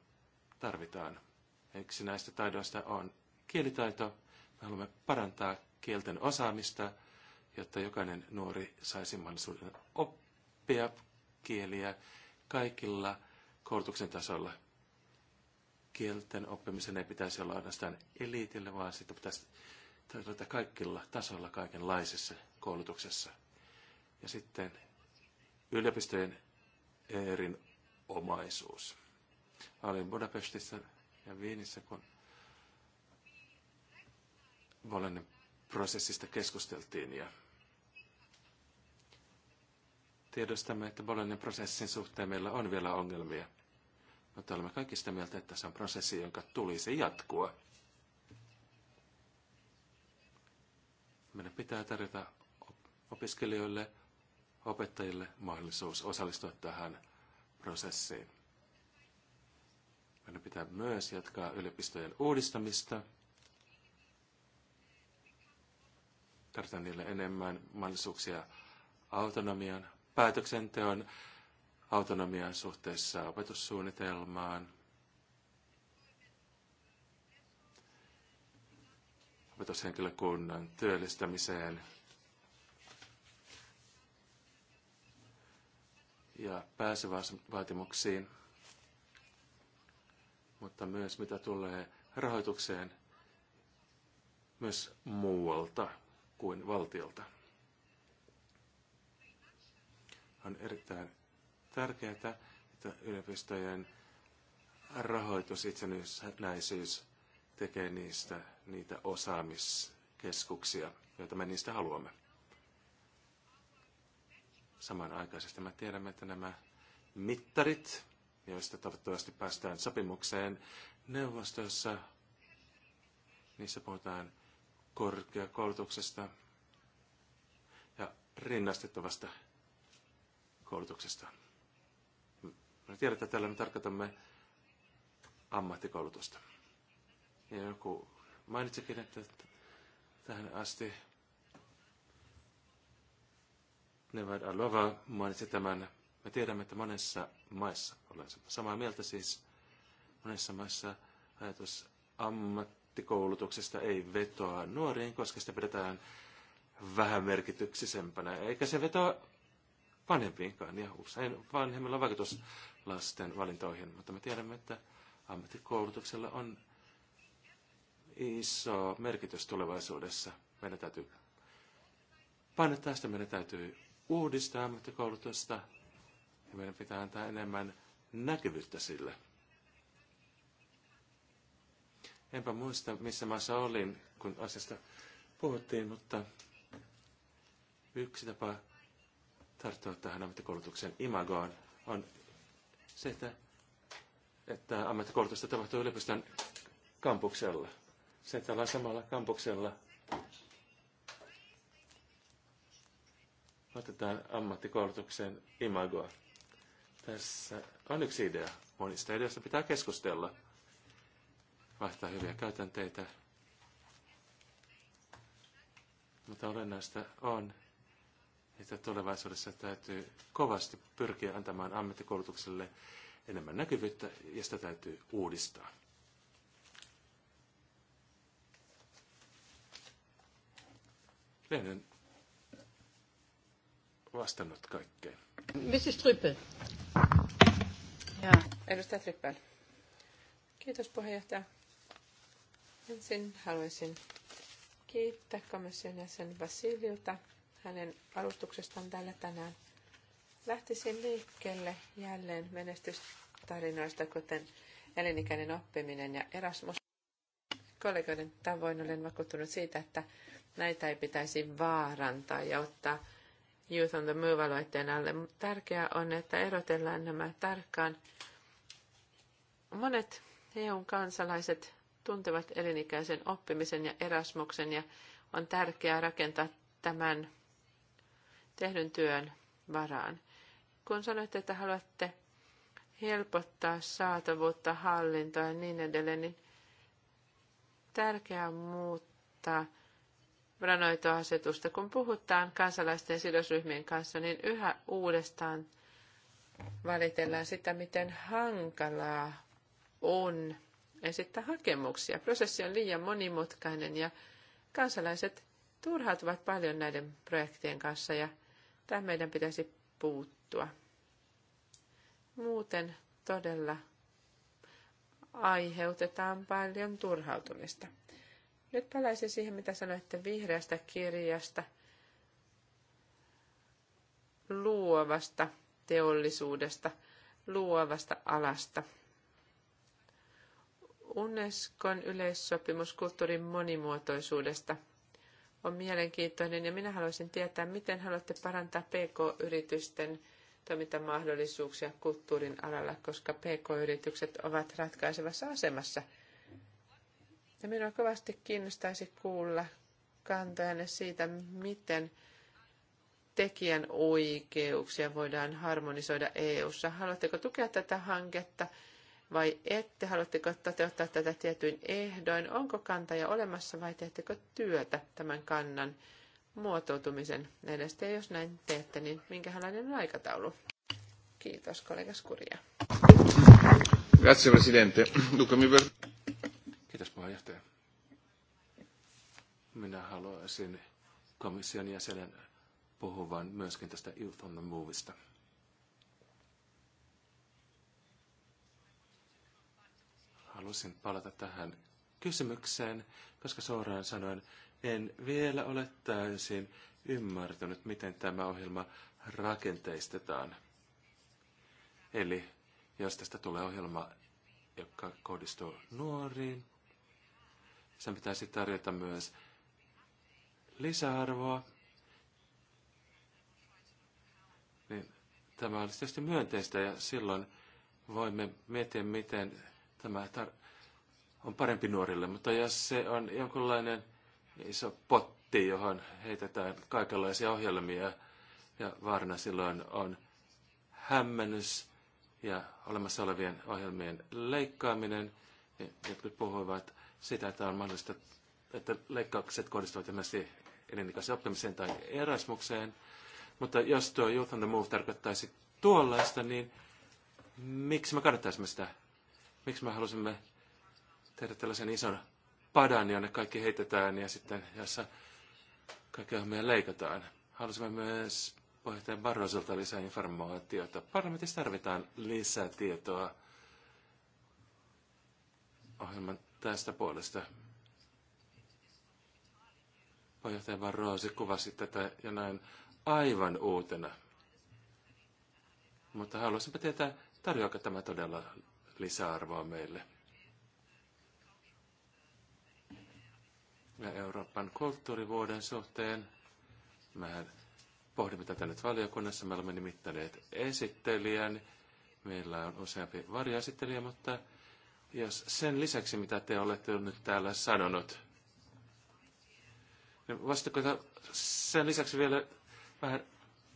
tarvitaan. Yksi näistä taidoista on kielitaito. Me haluamme parantaa kielten osaamista, jotta jokainen nuori saisi mahdollisuuden oppia kieliä kaikilla koulutuksen tasolla. Kielten oppimisen ei pitäisi olla ainoastaan eliitille, vaan sitä pitäisi tarjota kaikilla tasolla kaikenlaisessa koulutuksessa. Ja sitten yliopistojen Eerin omaisuus. Mä olin Budapestissa ja Viinissä, kun Bolognan prosessista keskusteltiin ja tiedostamme, että Bolognan prosessin suhteen meillä on vielä ongelmia. Mutta olemme kaikki sitä mieltä, että se on prosessi, jonka tulisi jatkua. Meidän pitää tarjota opiskelijoille – opettajille mahdollisuus osallistua tähän prosessiin. Meidän pitää myös jatkaa yliopistojen uudistamista. Tarvitaan niille enemmän mahdollisuuksia autonomian, päätöksenteon autonomian suhteessa opetussuunnitelmaan, opetushenkilökunnan työllistämiseen – ja pääsyvaatimuksiin, mutta myös mitä tulee rahoitukseen myös muualta kuin valtiolta. On erittäin tärkeää, että yliopistojen itsenäisyys tekee niistä niitä osaamiskeskuksia, joita me niistä haluamme samanaikaisesti. Me tiedämme, että nämä mittarit, joista toivottavasti päästään sopimukseen neuvostossa, niissä puhutaan korkeakoulutuksesta ja rinnastettavasta koulutuksesta. Me tiedämme, että tällä me tarkoitamme ammattikoulutusta. Ja joku mainitsikin, että tähän asti Nevad Alova mainitsi tämän. Me tiedämme, että monessa maissa, olen samaa mieltä siis, monessa maissa ajatus ammattikoulutuksesta ei vetoa nuoriin, koska sitä pidetään vähän merkityksisempänä, eikä se vetoa vanhempiinkaan. Ja usein vanhemmilla on vaikutus lasten valintoihin, mutta me tiedämme, että ammattikoulutuksella on iso merkitys tulevaisuudessa. Meidän täytyy painottaa sitä, meidän täytyy uudistaa ammattikoulutusta ja meidän pitää antaa enemmän näkyvyyttä sille. Enpä muista, missä maassa olin, kun asiasta puhuttiin, mutta yksi tapa tarttua tähän ammattikoulutuksen imagoon on se, että, että ammattikoulutusta tapahtuu yliopiston kampuksella. Se, että ollaan samalla kampuksella – Otetaan ammattikoulutuksen imagoa. Tässä on yksi idea. Monista ideoista pitää keskustella. Vaihtaa hyviä käytänteitä. Mutta olennaista on, että tulevaisuudessa täytyy kovasti pyrkiä antamaan ammattikoulutukselle enemmän näkyvyyttä ja sitä täytyy uudistaa. Lehden vastannut kaikkeen. Mrs. Tryppel. Ja edustaja Tryppel. Kiitos puheenjohtaja. Ensin haluaisin kiittää komission jäsen Vasililta hänen alustuksestaan täällä tänään. Lähtisin liikkeelle jälleen menestystarinoista, kuten elinikäinen oppiminen ja Erasmus. Kollegoiden tavoin olen vakuuttunut siitä, että näitä ei pitäisi vaarantaa ja ottaa Youth on the Move-aloitteen alle. Tärkeää on, että erotellaan nämä tarkkaan. Monet EUn kansalaiset tuntevat elinikäisen oppimisen ja erasmuksen ja on tärkeää rakentaa tämän tehdyn työn varaan. Kun sanoitte, että haluatte helpottaa saatavuutta, hallintoa ja niin edelleen, niin tärkeää on muuttaa – ranoito kun puhutaan kansalaisten sidosryhmien kanssa, niin yhä uudestaan valitellaan sitä, miten hankalaa on esittää hakemuksia. Prosessi on liian monimutkainen ja kansalaiset turhautuvat paljon näiden projektien kanssa ja tähän meidän pitäisi puuttua. Muuten todella aiheutetaan paljon turhautumista. Nyt palaisin siihen, mitä sanoitte vihreästä kirjasta, luovasta teollisuudesta, luovasta alasta. Unescon yleissopimus kulttuurin monimuotoisuudesta on mielenkiintoinen ja minä haluaisin tietää, miten haluatte parantaa PK-yritysten toimintamahdollisuuksia kulttuurin alalla, koska PK-yritykset ovat ratkaisevassa asemassa – ja minua kovasti kiinnostaisi kuulla kantajanne siitä, miten tekijän oikeuksia voidaan harmonisoida EU-ssa. Haluatteko tukea tätä hanketta vai ette? Haluatteko toteuttaa tätä tietyin ehdoin? Onko kantaja olemassa vai teettekö työtä tämän kannan muotoutumisen edestä? Ja jos näin teette, niin minkälainen on aikataulu? Kiitos, kollega Skuria. Grazie Presidente. Dunque, mi per puheenjohtaja. Minä haluaisin komission jäsenen puhuvan myöskin tästä Youth on the Halusin palata tähän kysymykseen, koska suoraan sanoen en vielä ole täysin ymmärtänyt, miten tämä ohjelma rakenteistetaan. Eli jos tästä tulee ohjelma, joka kohdistuu nuoriin, sen pitäisi tarjota myös lisäarvoa. Niin tämä olisi tietysti myönteistä ja silloin voimme miettiä, miten tämä tar- on parempi nuorille. Mutta jos se on jonkunlainen iso potti, johon heitetään kaikenlaisia ohjelmia ja vaarana silloin on hämmennys ja olemassa olevien ohjelmien leikkaaminen. Niin jotkut puhuivat sitä, että on mahdollista, että leikkaukset kohdistuvat ilmeisesti elinikäisen oppimiseen tai erasmukseen. Mutta jos tuo Youth on the Move tarkoittaisi tuollaista, niin miksi me kannattaisimme sitä? Miksi me halusimme tehdä tällaisen ison padan, jonne kaikki heitetään ja sitten jossa kaikki meidän leikataan? Halusimme myös puheenjohtaja Barroselta lisää informaatiota. Parlamentissa tarvitaan lisää tietoa ohjelman tästä puolesta. Puheenjohtaja Barrosi kuvasi tätä ja näin aivan uutena. Mutta haluaisinpa tietää, tarjoako tämä todella lisäarvoa meille. Ja Euroopan kulttuurivuoden suhteen mehän pohdimme tätä nyt valiokunnassa. Me olemme nimittäneet esittelijän. Meillä on useampi varjoesittelijä, mutta ja sen lisäksi, mitä te olette nyt täällä sanonut, niin sen lisäksi vielä vähän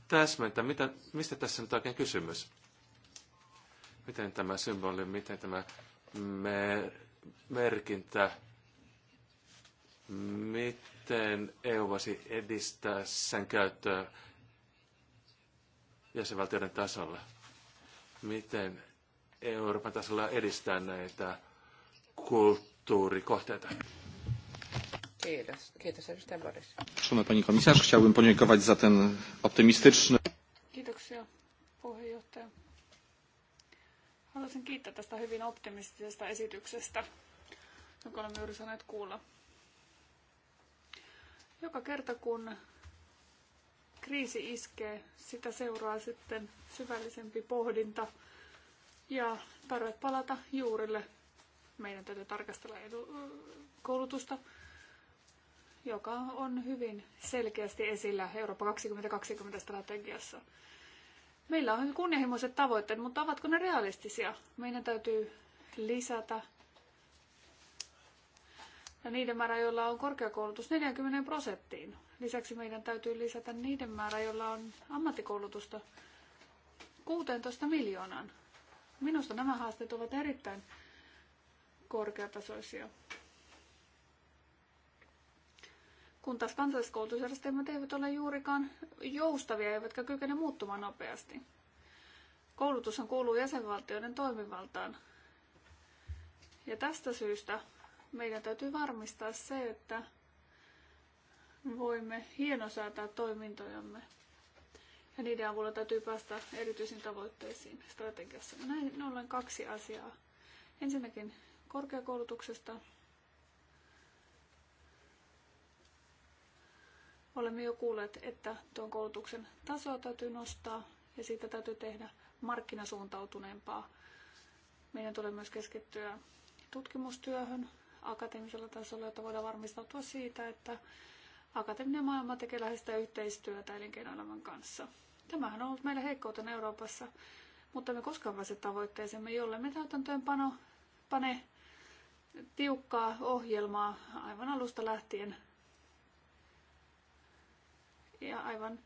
täsmentä, mitä, mistä tässä nyt oikein kysymys? Miten tämä symboli, miten tämä me, merkintä, miten EU voisi edistää sen käyttöä jäsenvaltioiden tasolla? Miten Euroopan tasolla edistää näitä kulttuurikohteita. Kiitos. Kiitos edustaja Boris. Szanowna pani komisarz, chciałbym podziękować za ten optymistyczny... Kiitoksia puheenjohtaja. Haluaisin kiittää tästä hyvin optimistisesta esityksestä, jonka olemme juuri saaneet kuulla. Joka kerta kun kriisi iskee, sitä seuraa sitten syvällisempi pohdinta – ja tarve palata juurille. Meidän täytyy tarkastella edu- koulutusta, joka on hyvin selkeästi esillä Eurooppa 2020 strategiassa. Meillä on kunnianhimoiset tavoitteet, mutta ovatko ne realistisia? Meidän täytyy lisätä ja niiden määrä, joilla on korkeakoulutus 40 prosenttiin. Lisäksi meidän täytyy lisätä niiden määrä, joilla on ammattikoulutusta 16 miljoonaan. Minusta nämä haasteet ovat erittäin korkeatasoisia. Kun taas kansalliskoulutusjärjestelmät eivät ole juurikaan joustavia eivätkä kykene muuttumaan nopeasti. Koulutushan kuuluu jäsenvaltioiden toimivaltaan. Ja tästä syystä meidän täytyy varmistaa se, että voimme hienosäätää toimintojamme ja niiden avulla täytyy päästä erityisiin tavoitteisiin strategiassa. Näin ollen kaksi asiaa. Ensinnäkin korkeakoulutuksesta. Olemme jo kuulleet, että tuon koulutuksen tasoa täytyy nostaa ja siitä täytyy tehdä markkinasuuntautuneempaa. Meidän tulee myös keskittyä tutkimustyöhön akateemisella tasolla, jotta voidaan varmistautua siitä, että akateeminen maailma tekee läheistä yhteistyötä elinkeinoelämän kanssa. Tämähän on ollut meillä heikkouten Euroopassa, mutta me koskaan pääse tavoitteeseemme, jolle me pano pane tiukkaa ohjelmaa aivan alusta lähtien ja aivan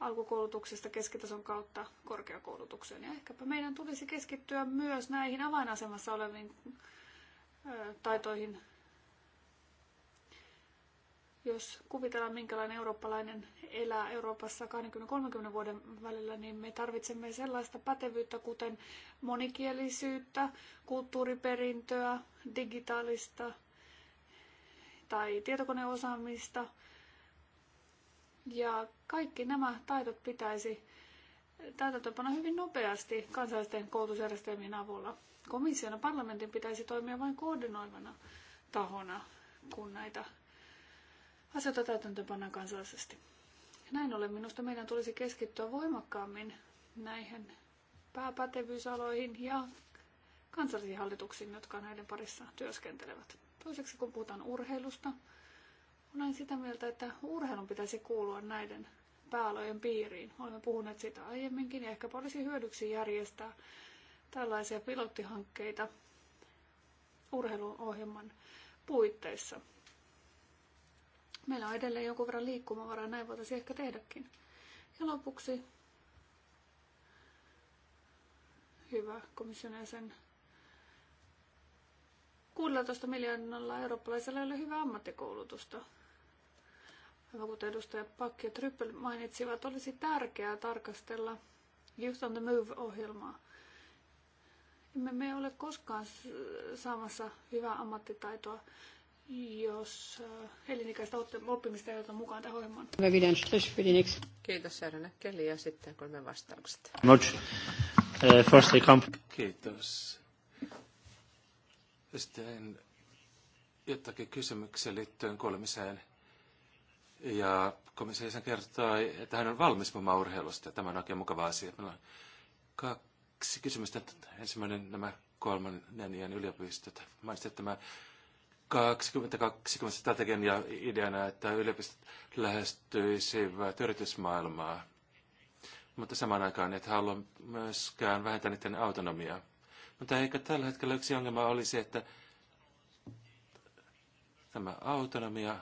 alkukoulutuksesta keskitason kautta korkeakoulutukseen. Ja ehkäpä meidän tulisi keskittyä myös näihin avainasemassa oleviin taitoihin jos kuvitellaan, minkälainen eurooppalainen elää Euroopassa 20-30 vuoden välillä, niin me tarvitsemme sellaista pätevyyttä, kuten monikielisyyttä, kulttuuriperintöä, digitaalista tai tietokoneosaamista. Ja kaikki nämä taidot pitäisi täytäntöönpana hyvin nopeasti kansallisten koulutusjärjestelmien avulla. Komission ja parlamentin pitäisi toimia vain koordinoivana tahona, kun näitä asioita täytäntöpannaan kansallisesti. Näin ollen minusta meidän tulisi keskittyä voimakkaammin näihin pääpätevyysaloihin ja kansallisiin hallituksiin, jotka näiden parissa työskentelevät. Toiseksi kun puhutaan urheilusta, olen sitä mieltä, että urheilun pitäisi kuulua näiden pääalojen piiriin. Olemme puhuneet siitä aiemminkin ja ehkä olisi hyödyksi järjestää tällaisia pilottihankkeita urheiluohjelman puitteissa – Meillä on edelleen jonkun verran liikkumavaraa, näin voitaisiin ehkä tehdäkin. Ja lopuksi, hyvä komission sen 16 miljoonalla eurooppalaisella ei ole hyvä ammattikoulutusta. Aivan kuten edustaja Pakki ja Trippel mainitsivat, olisi tärkeää tarkastella Youth on the Move-ohjelmaa. Emme me ole koskaan saamassa hyvää ammattitaitoa jos äh, elinikäistä oppimista ei mukaan tähän ohjelmaan. Kiitos Särönä Keli ja sitten kolme vastaukset. Uh, Kiitos. Sitten jotakin kysymyksiä liittyen kolmiseen. Ja komissio sen kertoi, että hän on valmis puhumaan urheilusta. Tämä on oikein mukava asia. Meillä on kaksi kysymystä. Ensimmäinen nämä kolmannen iän yliopistot. että tämä 2020 strategian ja ideana, että yliopistot lähestyisivät yritysmaailmaa, mutta samaan aikaan et halua myöskään vähentää niiden autonomiaa. Mutta eikä tällä hetkellä yksi ongelma olisi, että tämä autonomia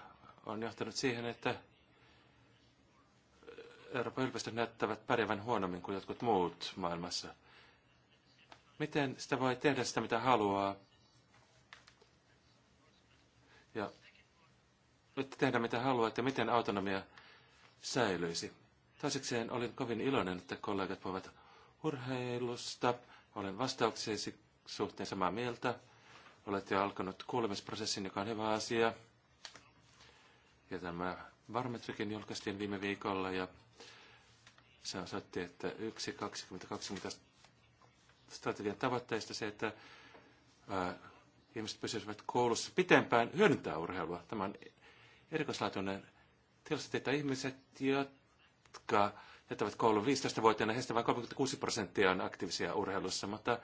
on johtanut siihen, että Euroopan yliopistot näyttävät pärjäävän huonommin kuin jotkut muut maailmassa. Miten sitä voi tehdä sitä, mitä haluaa, ja nyt tehdä mitä haluatte, miten autonomia säilyisi. Toisekseen olin kovin iloinen, että kollegat puhuvat urheilusta. Olen vastauksesi suhteen samaa mieltä. Olet jo alkanut kuulemisprosessin, joka on hyvä asia. Ja tämä varmetrikin julkaistiin viime viikolla ja se on sotti, että yksi 2020 strategian tavoitteista se, että ihmiset pysyisivät koulussa pitempään hyödyntää urheilua. Tämä on erikoislaatuinen tilasto, että ihmiset, jotka jättävät koulun 15-vuotiaana, heistä vain 36 prosenttia on aktiivisia urheilussa, mutta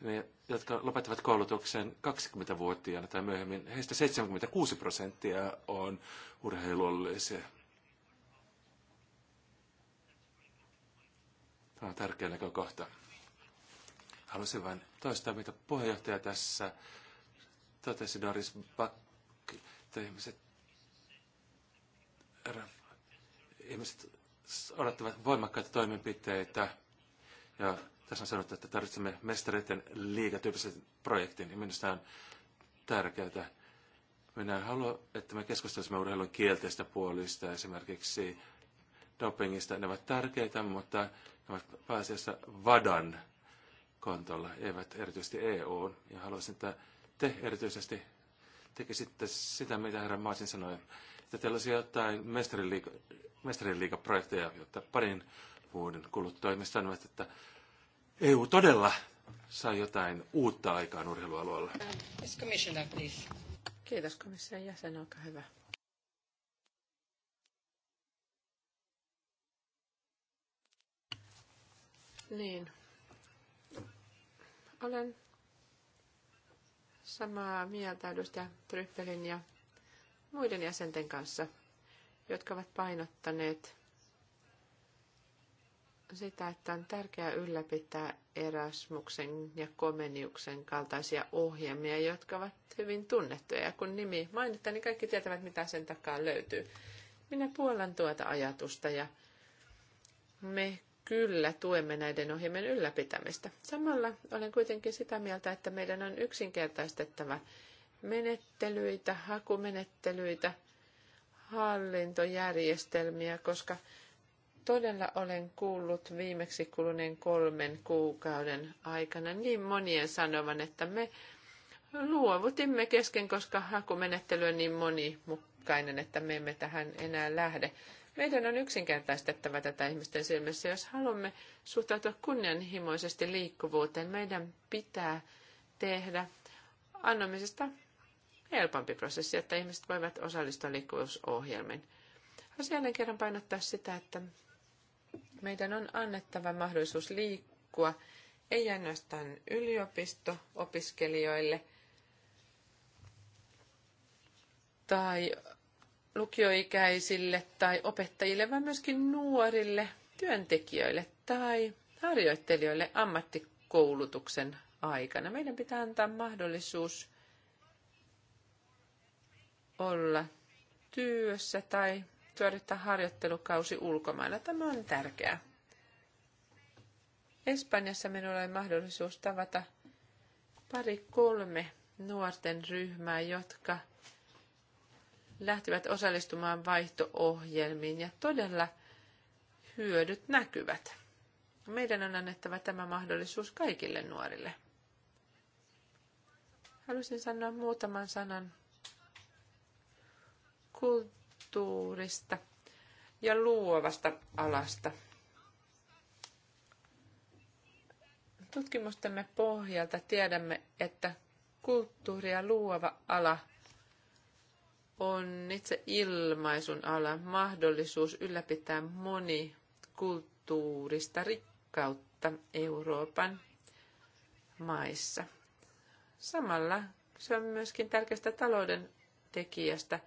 ne, jotka lopettavat koulutuksen 20-vuotiaana tai myöhemmin, heistä 76 prosenttia on urheilullisia. Tämä on tärkeä näkökohta. Haluaisin vain toistaa, mitä puheenjohtaja tässä totesi Doris Back, että ihmiset, ihmiset odottavat voimakkaita toimenpiteitä. Ja tässä on sanottu, että tarvitsemme mestareiden liigatyyppisen projektin, ja minusta on tärkeää. Minä haluan, että me keskustelisimme urheilun kielteistä puolista, esimerkiksi dopingista. Ne ovat tärkeitä, mutta ne ovat pääasiassa vadan kontolla, eivät erityisesti EU. Ja haluaisin, että te erityisesti tekisitte sitä, mitä herra Maasin sanoi, että teillä olisi jotain mestariliikaprojekteja, jotta parin vuoden kuluttua sanoivat, että EU todella sai jotain uutta aikaan urheilualueella. Kiitos komission jäsen, olkaa hyvä. Niin, olen samaa mieltä edustaja Tryffelin ja muiden jäsenten kanssa, jotka ovat painottaneet sitä, että on tärkeää ylläpitää Erasmuksen ja Komeniuksen kaltaisia ohjelmia, jotka ovat hyvin tunnettuja. Ja kun nimi mainitaan, niin kaikki tietävät, mitä sen takaa löytyy. Minä puolan tuota ajatusta ja me kyllä tuemme näiden ohjelmien ylläpitämistä. Samalla olen kuitenkin sitä mieltä, että meidän on yksinkertaistettava menettelyitä, hakumenettelyitä, hallintojärjestelmiä, koska todella olen kuullut viimeksi kuluneen kolmen kuukauden aikana niin monien sanovan, että me luovutimme kesken, koska hakumenettely on niin monimutkainen, että me emme tähän enää lähde. Meidän on yksinkertaistettava tätä ihmisten silmissä. Jos haluamme suhtautua kunnianhimoisesti liikkuvuuteen, meidän pitää tehdä annamisesta helpompi prosessi, että ihmiset voivat osallistua liikkuvuusohjelmiin. Haluaisin jälleen kerran painottaa sitä, että meidän on annettava mahdollisuus liikkua, ei ainoastaan yliopisto-opiskelijoille tai lukioikäisille tai opettajille, vaan myöskin nuorille työntekijöille tai harjoittelijoille ammattikoulutuksen aikana. Meidän pitää antaa mahdollisuus olla työssä tai suorittaa harjoittelukausi ulkomailla. Tämä on tärkeää. Espanjassa minulla oli mahdollisuus tavata pari kolme nuorten ryhmää, jotka lähtivät osallistumaan vaihtoohjelmiin ja todella hyödyt näkyvät. Meidän on annettava tämä mahdollisuus kaikille nuorille. Haluaisin sanoa muutaman sanan kulttuurista ja luovasta alasta. Tutkimustemme pohjalta tiedämme, että kulttuuri ja luova ala – on itse ilmaisun ala mahdollisuus ylläpitää monikulttuurista rikkautta Euroopan maissa. Samalla se on myöskin tärkeästä talouden tekijästä.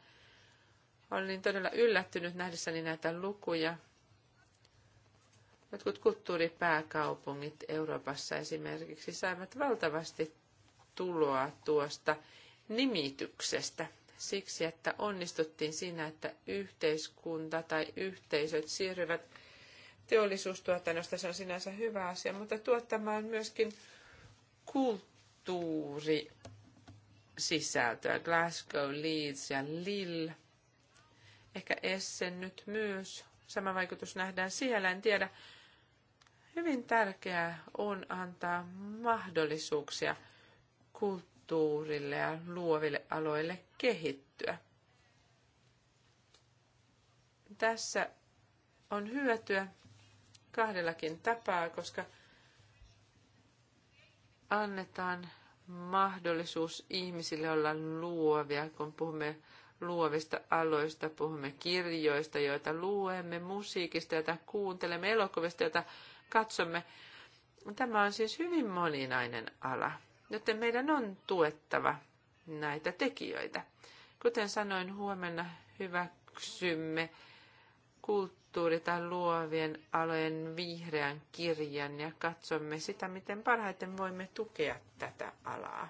Olin todella yllättynyt nähdessäni näitä lukuja. Jotkut kulttuuripääkaupungit Euroopassa esimerkiksi saivat valtavasti tuloa tuosta nimityksestä – siksi, että onnistuttiin siinä, että yhteiskunta tai yhteisöt siirryvät teollisuustuotannosta, se on sinänsä hyvä asia, mutta tuottamaan myöskin kulttuuri sisältöä. Glasgow, Leeds ja Lille. Ehkä Essen nyt myös. Sama vaikutus nähdään siellä, en tiedä. Hyvin tärkeää on antaa mahdollisuuksia kulttuuriin kulttuurille ja luoville aloille kehittyä. Tässä on hyötyä kahdellakin tapaa, koska annetaan mahdollisuus ihmisille olla luovia, kun puhumme luovista aloista, puhumme kirjoista, joita luemme, musiikista, joita kuuntelemme, elokuvista, joita katsomme. Tämä on siis hyvin moninainen ala joten meidän on tuettava näitä tekijöitä. Kuten sanoin, huomenna hyväksymme kulttuuri- tai luovien alojen vihreän kirjan ja katsomme sitä, miten parhaiten voimme tukea tätä alaa.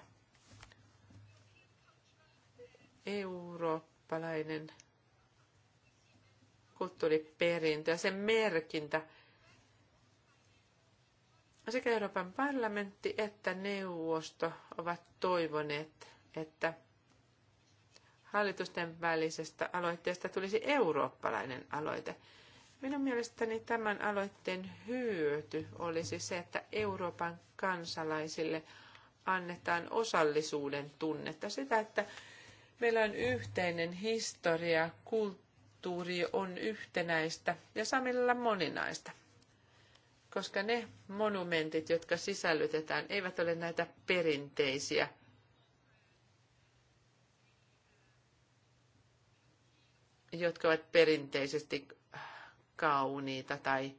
Eurooppalainen kulttuuriperintö ja sen merkintä – sekä Euroopan parlamentti että neuvosto ovat toivoneet, että hallitusten välisestä aloitteesta tulisi eurooppalainen aloite. Minun mielestäni tämän aloitteen hyöty olisi se, että Euroopan kansalaisille annetaan osallisuuden tunnetta. Sitä, että meillä on yhteinen historia, kulttuuri on yhtenäistä ja samilla moninaista koska ne monumentit, jotka sisällytetään, eivät ole näitä perinteisiä. jotka ovat perinteisesti kauniita tai,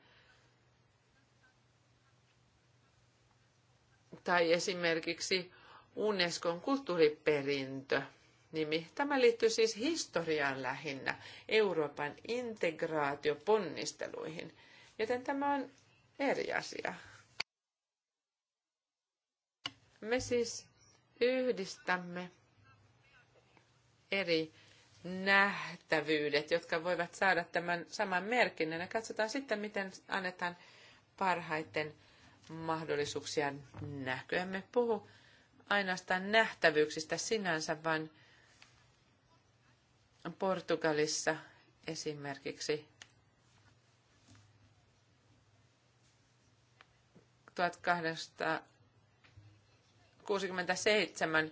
tai esimerkiksi Unescon kulttuuriperintö. Nimi. Tämä liittyy siis historiaan lähinnä, Euroopan integraatioponnisteluihin. Joten tämä on eri asia. Me siis yhdistämme eri nähtävyydet, jotka voivat saada tämän saman merkinnän. Ja katsotaan sitten, miten annetaan parhaiten mahdollisuuksia näkyä. Me puhu ainoastaan nähtävyyksistä sinänsä, vaan Portugalissa esimerkiksi 1267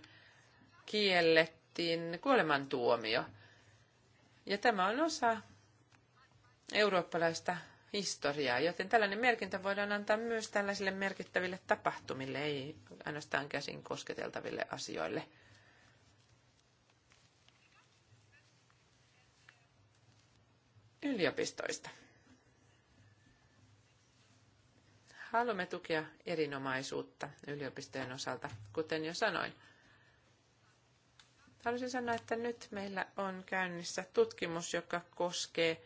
kiellettiin kuolemantuomio. Ja tämä on osa eurooppalaista historiaa, joten tällainen merkintä voidaan antaa myös tällaisille merkittäville tapahtumille, ei ainoastaan käsin kosketeltaville asioille. Yliopistoista. haluamme tukea erinomaisuutta yliopistojen osalta, kuten jo sanoin. Haluaisin sanoa, että nyt meillä on käynnissä tutkimus, joka koskee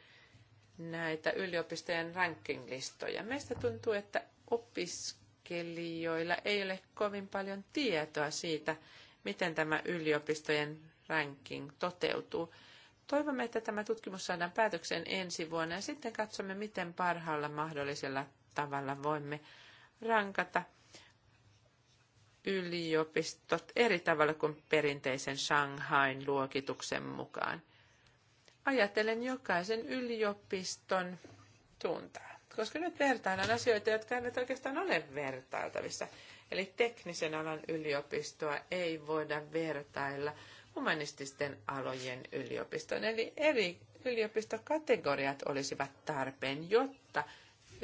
näitä yliopistojen rankinglistoja. Meistä tuntuu, että opiskelijoilla ei ole kovin paljon tietoa siitä, miten tämä yliopistojen ranking toteutuu. Toivomme, että tämä tutkimus saadaan päätökseen ensi vuonna ja sitten katsomme, miten parhaalla mahdollisella tavalla voimme rankata yliopistot eri tavalla kuin perinteisen Shanghain luokituksen mukaan. Ajatellen jokaisen yliopiston tuntaa, koska nyt vertaillaan asioita, jotka eivät oikeastaan ole vertailtavissa. Eli teknisen alan yliopistoa ei voida vertailla humanististen alojen yliopistoon. Eli eri yliopistokategoriat olisivat tarpeen, jotta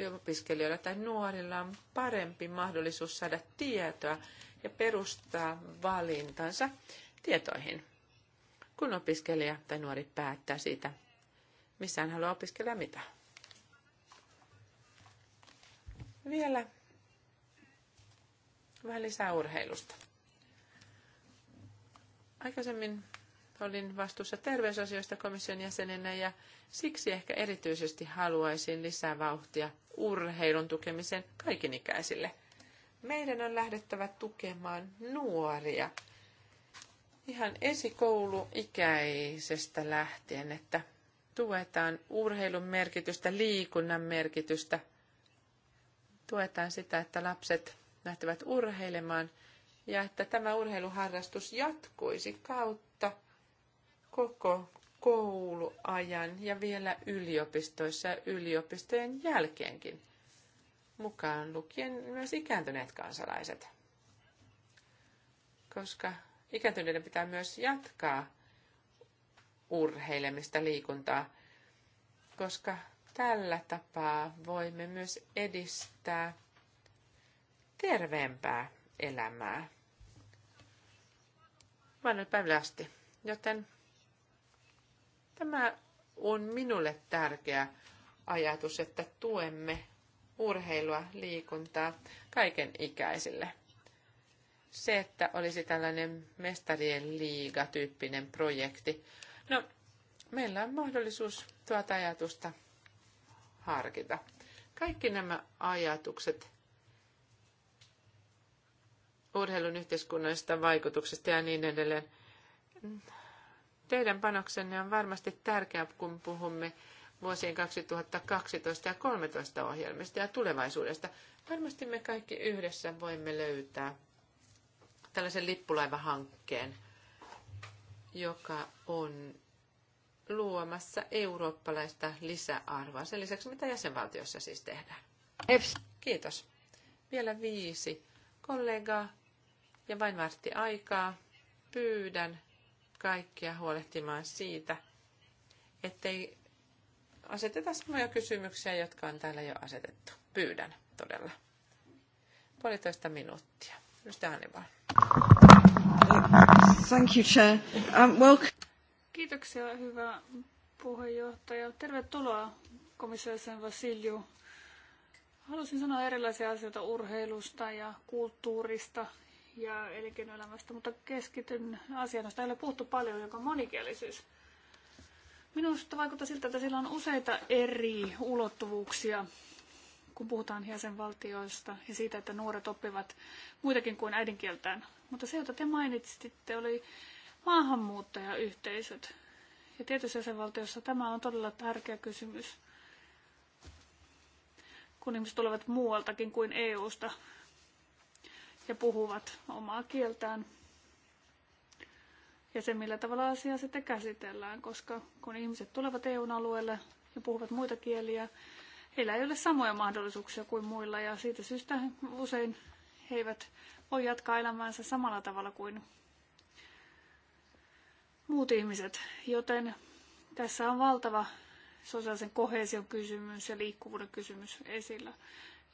opiskelijoilla tai nuorilla on parempi mahdollisuus saada tietoa ja perustaa valintansa tietoihin, kun opiskelija tai nuori päättää siitä, missä hän haluaa opiskella mitä. Vielä vähän lisää urheilusta. Aikaisemmin Olin vastuussa terveysasioista komission jäsenenä ja siksi ehkä erityisesti haluaisin lisää vauhtia urheilun tukemisen kaikinikäisille. Meidän on lähdettävä tukemaan nuoria ihan esikouluikäisestä lähtien, että tuetaan urheilun merkitystä, liikunnan merkitystä. Tuetaan sitä, että lapset lähtevät urheilemaan ja että tämä urheiluharrastus jatkuisi kautta koko kouluajan ja vielä yliopistoissa ja yliopistojen jälkeenkin, mukaan lukien myös ikääntyneet kansalaiset. Koska ikääntyneiden pitää myös jatkaa urheilemista, liikuntaa, koska tällä tapaa voimme myös edistää terveempää elämää. Mä nyt asti, joten Tämä on minulle tärkeä ajatus, että tuemme urheilua, liikuntaa kaiken ikäisille. Se, että olisi tällainen mestarien liiga-tyyppinen projekti. No, meillä on mahdollisuus tuota ajatusta harkita. Kaikki nämä ajatukset urheilun yhteiskunnallisista vaikutuksista ja niin edelleen. Teidän panoksenne on varmasti tärkeä, kun puhumme vuosien 2012 ja 2013 ohjelmista ja tulevaisuudesta. Varmasti me kaikki yhdessä voimme löytää tällaisen lippulaivahankkeen, joka on luomassa eurooppalaista lisäarvoa sen lisäksi, mitä jäsenvaltioissa siis tehdään. Kiitos. Vielä viisi kollegaa ja vain vartti aikaa. Pyydän kaikkia huolehtimaan siitä, ettei aseteta samoja kysymyksiä, jotka on täällä jo asetettu. Pyydän todella. Puolitoista minuuttia. Mistä Thank you, Chair. Um, welcome. Kiitoksia, hyvä puheenjohtaja. Tervetuloa komissaarisen Vasilju. Halusin sanoa erilaisia asioita urheilusta ja kulttuurista ja elinkeinoelämästä, mutta keskityn asiaan, josta ei ole puhuttu paljon, joka on monikielisyys. Minusta vaikuttaa siltä, että sillä on useita eri ulottuvuuksia, kun puhutaan jäsenvaltioista ja siitä, että nuoret oppivat muitakin kuin äidinkieltään. Mutta se, jota te mainitsitte, oli maahanmuuttajayhteisöt. Ja tietyissä jäsenvaltioissa tämä on todella tärkeä kysymys, kun ihmiset tulevat muualtakin kuin EU-sta ja puhuvat omaa kieltään. Ja se, millä tavalla asiaa sitten käsitellään, koska kun ihmiset tulevat EU-alueelle ja puhuvat muita kieliä, heillä ei ole samoja mahdollisuuksia kuin muilla ja siitä syystä usein he eivät voi jatkaa elämäänsä samalla tavalla kuin muut ihmiset, joten tässä on valtava sosiaalisen kohesion kysymys ja liikkuvuuden kysymys esillä.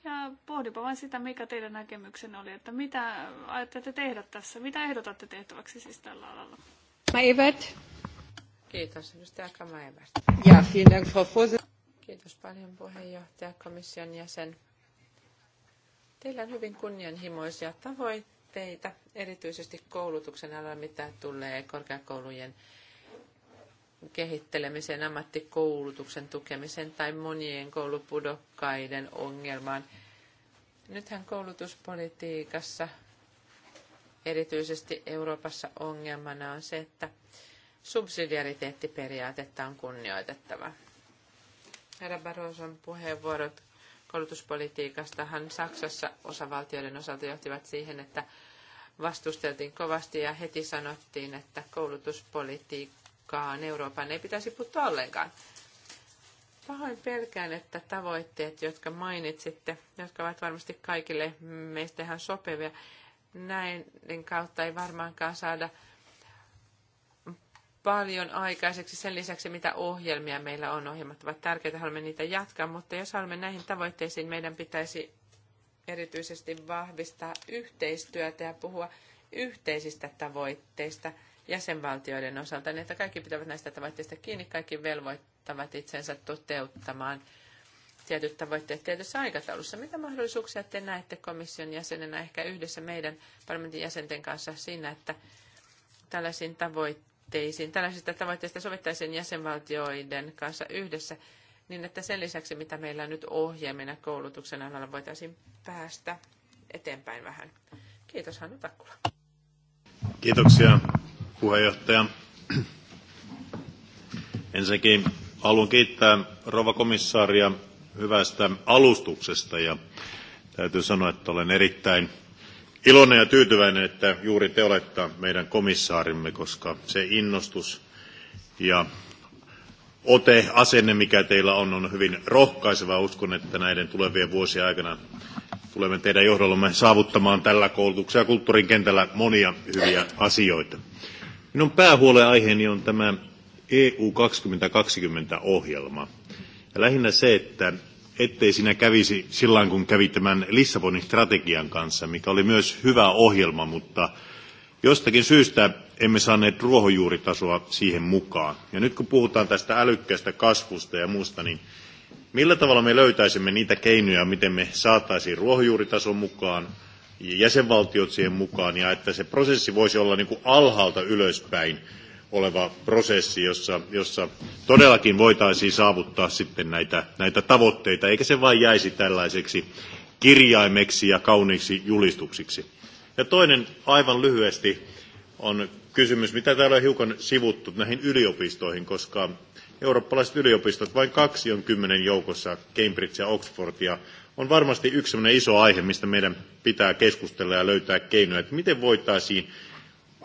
Ja pohdipa vain sitä, mikä teidän näkemyksen oli, että mitä ajattelette tehdä tässä, mitä ehdotatte tehtäväksi siis tällä alalla? Evert. Kiitos, edustaja Evert. Ja, vielen Kiitos paljon puheenjohtaja, komission jäsen. Teillä on hyvin kunnianhimoisia tavoitteita, erityisesti koulutuksen alalla, mitä tulee korkeakoulujen kehittelemiseen, ammattikoulutuksen tukemiseen tai monien koulupudokkaiden ongelmaan. Nythän koulutuspolitiikassa, erityisesti Euroopassa ongelmana on se, että subsidiariteettiperiaatetta on kunnioitettava. Herra Barroson puheenvuorot koulutuspolitiikastahan Saksassa osavaltioiden osalta johtivat siihen, että vastusteltiin kovasti ja heti sanottiin, että koulutuspolitiikka mukaan Euroopan ei pitäisi puuttua ollenkaan. Pahoin pelkään, että tavoitteet, jotka mainitsitte, jotka ovat varmasti kaikille meistä ihan sopevia, näiden kautta ei varmaankaan saada paljon aikaiseksi sen lisäksi, mitä ohjelmia meillä on. Ohjelmat ovat tärkeitä, haluamme niitä jatkaa, mutta jos haluamme näihin tavoitteisiin, meidän pitäisi erityisesti vahvistaa yhteistyötä ja puhua yhteisistä tavoitteista – jäsenvaltioiden osalta, niin että kaikki pitävät näistä tavoitteista kiinni, kaikki velvoittavat itsensä toteuttamaan tietyt tavoitteet tietyssä aikataulussa. Mitä mahdollisuuksia te näette komission jäsenenä ehkä yhdessä meidän parlamentin jäsenten kanssa siinä, että tällaisiin tavoitteisiin, tällaisista tavoitteista sovittaisiin jäsenvaltioiden kanssa yhdessä niin, että sen lisäksi, mitä meillä nyt ohjelmina koulutuksen alalla voitaisiin päästä eteenpäin vähän. Kiitos Hannu Takkula. Kiitoksia puheenjohtaja. Ensinnäkin haluan kiittää rouva komissaaria hyvästä alustuksesta ja täytyy sanoa, että olen erittäin iloinen ja tyytyväinen, että juuri te olette meidän komissaarimme, koska se innostus ja ote, asenne, mikä teillä on, on hyvin rohkaiseva. Uskon, että näiden tulevien vuosien aikana tulemme teidän johdollamme saavuttamaan tällä koulutuksen ja kulttuurin kentällä monia hyviä asioita. Minun päähuoleaiheeni on tämä EU 2020-ohjelma. Ja lähinnä se, että ettei sinä kävisi silloin, kun kävi tämän Lissabonin strategian kanssa, mikä oli myös hyvä ohjelma, mutta jostakin syystä emme saaneet ruohonjuuritasoa siihen mukaan. Ja nyt kun puhutaan tästä älykkäästä kasvusta ja muusta, niin millä tavalla me löytäisimme niitä keinoja, miten me saataisiin ruohonjuuritason mukaan, jäsenvaltiot siihen mukaan ja että se prosessi voisi olla niin kuin alhaalta ylöspäin oleva prosessi, jossa, jossa todellakin voitaisiin saavuttaa sitten näitä, näitä tavoitteita, eikä se vain jäisi tällaiseksi kirjaimeksi ja kauniiksi julistuksiksi. Ja toinen aivan lyhyesti on kysymys, mitä täällä on hiukan sivuttu näihin yliopistoihin, koska eurooppalaiset yliopistot, vain kaksi on kymmenen joukossa, Cambridge ja Oxford, ja on varmasti yksi iso aihe, mistä meidän pitää keskustella ja löytää keinoja, että miten voitaisiin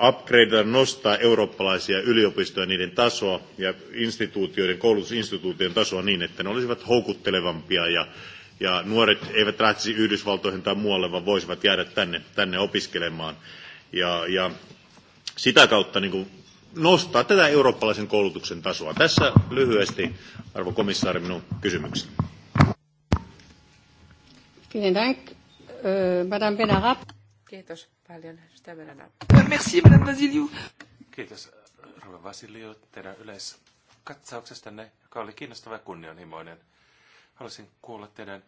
upgradeata, nostaa eurooppalaisia yliopistoja, niiden tasoa ja instituutioiden, koulutusinstituutioiden tasoa niin, että ne olisivat houkuttelevampia ja, ja nuoret eivät lähtisi Yhdysvaltoihin tai muualle, vaan voisivat jäädä tänne, tänne opiskelemaan. Ja, ja sitä kautta niin kuin nostaa tätä eurooppalaisen koulutuksen tasoa. Tässä lyhyesti, arvo komissaari, minun kysymykseni. Vielen Dank, äh, Benarab. Kiitos paljon, Sitä Benarab. Merci, Madame Vasiliu. Kiitos, äh, rouva Vasiliu, teidän yleiskatsauksestanne, joka oli kiinnostava ja kunnianhimoinen. Haluaisin kuulla teidän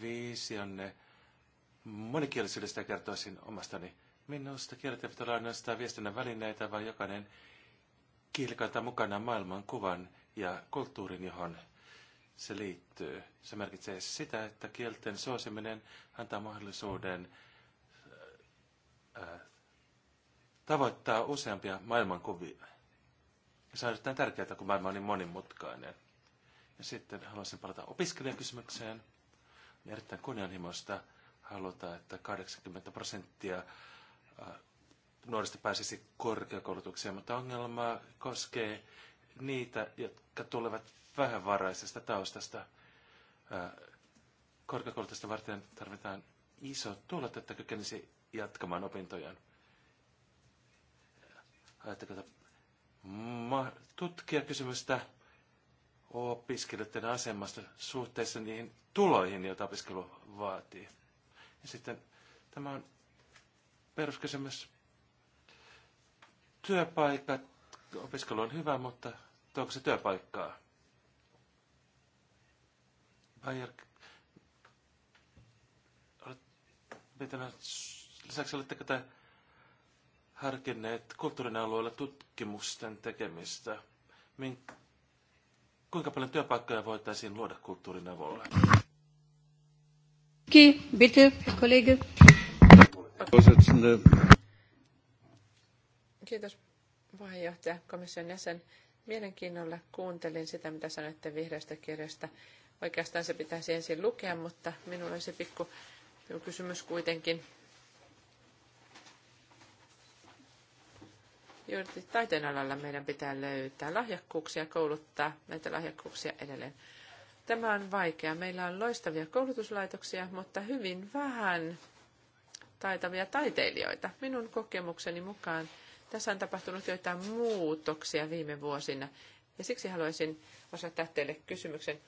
viisionne monikielisyydestä ja kertoisin omastani. Minusta kielet eivät ole ainoastaan viestinnän välineitä, vaan jokainen kieli mukana maailman kuvan ja kulttuurin, johon se liittyy. Se merkitsee sitä, että kielten suosiminen antaa mahdollisuuden ää, äh, tavoittaa useampia maailmankuvia. Ja se on erittäin tärkeää, kun maailma on niin monimutkainen. Ja sitten haluaisin palata opiskelijakysymykseen. On erittäin kunnianhimoista haluta, että 80 prosenttia äh, nuorista pääsisi korkeakoulutukseen, mutta ongelma koskee niitä, jotka tulevat vähävaraisesta taustasta. Korkeakoulutusta varten tarvitaan iso tulot, että kykenisi jatkamaan opintojaan. Ajatteko ma- tutkijakysymystä opiskelijoiden asemasta suhteessa niihin tuloihin, joita opiskelu vaatii. Ja sitten tämä on peruskysymys. Työpaikat, opiskelu on hyvä, mutta tuoko se työpaikkaa? Bayer, lisäksi oletteko te harkinneet kulttuurin alueella tutkimusten tekemistä? Min, kuinka paljon työpaikkoja voitaisiin luoda kulttuurin avulla? Ki, bitte, kollege. Kiitos puheenjohtaja, komission jäsen. Mielenkiinnolla kuuntelin sitä, mitä sanoitte vihreästä kirjasta Oikeastaan se pitäisi ensin lukea, mutta minulla on se pikku kysymys kuitenkin. Juuri taiteen alalla meidän pitää löytää lahjakkuuksia, kouluttaa näitä lahjakkuuksia edelleen. Tämä on vaikea. Meillä on loistavia koulutuslaitoksia, mutta hyvin vähän taitavia taiteilijoita. Minun kokemukseni mukaan tässä on tapahtunut joitain muutoksia viime vuosina. Ja siksi haluaisin osoittaa teille kysymyksen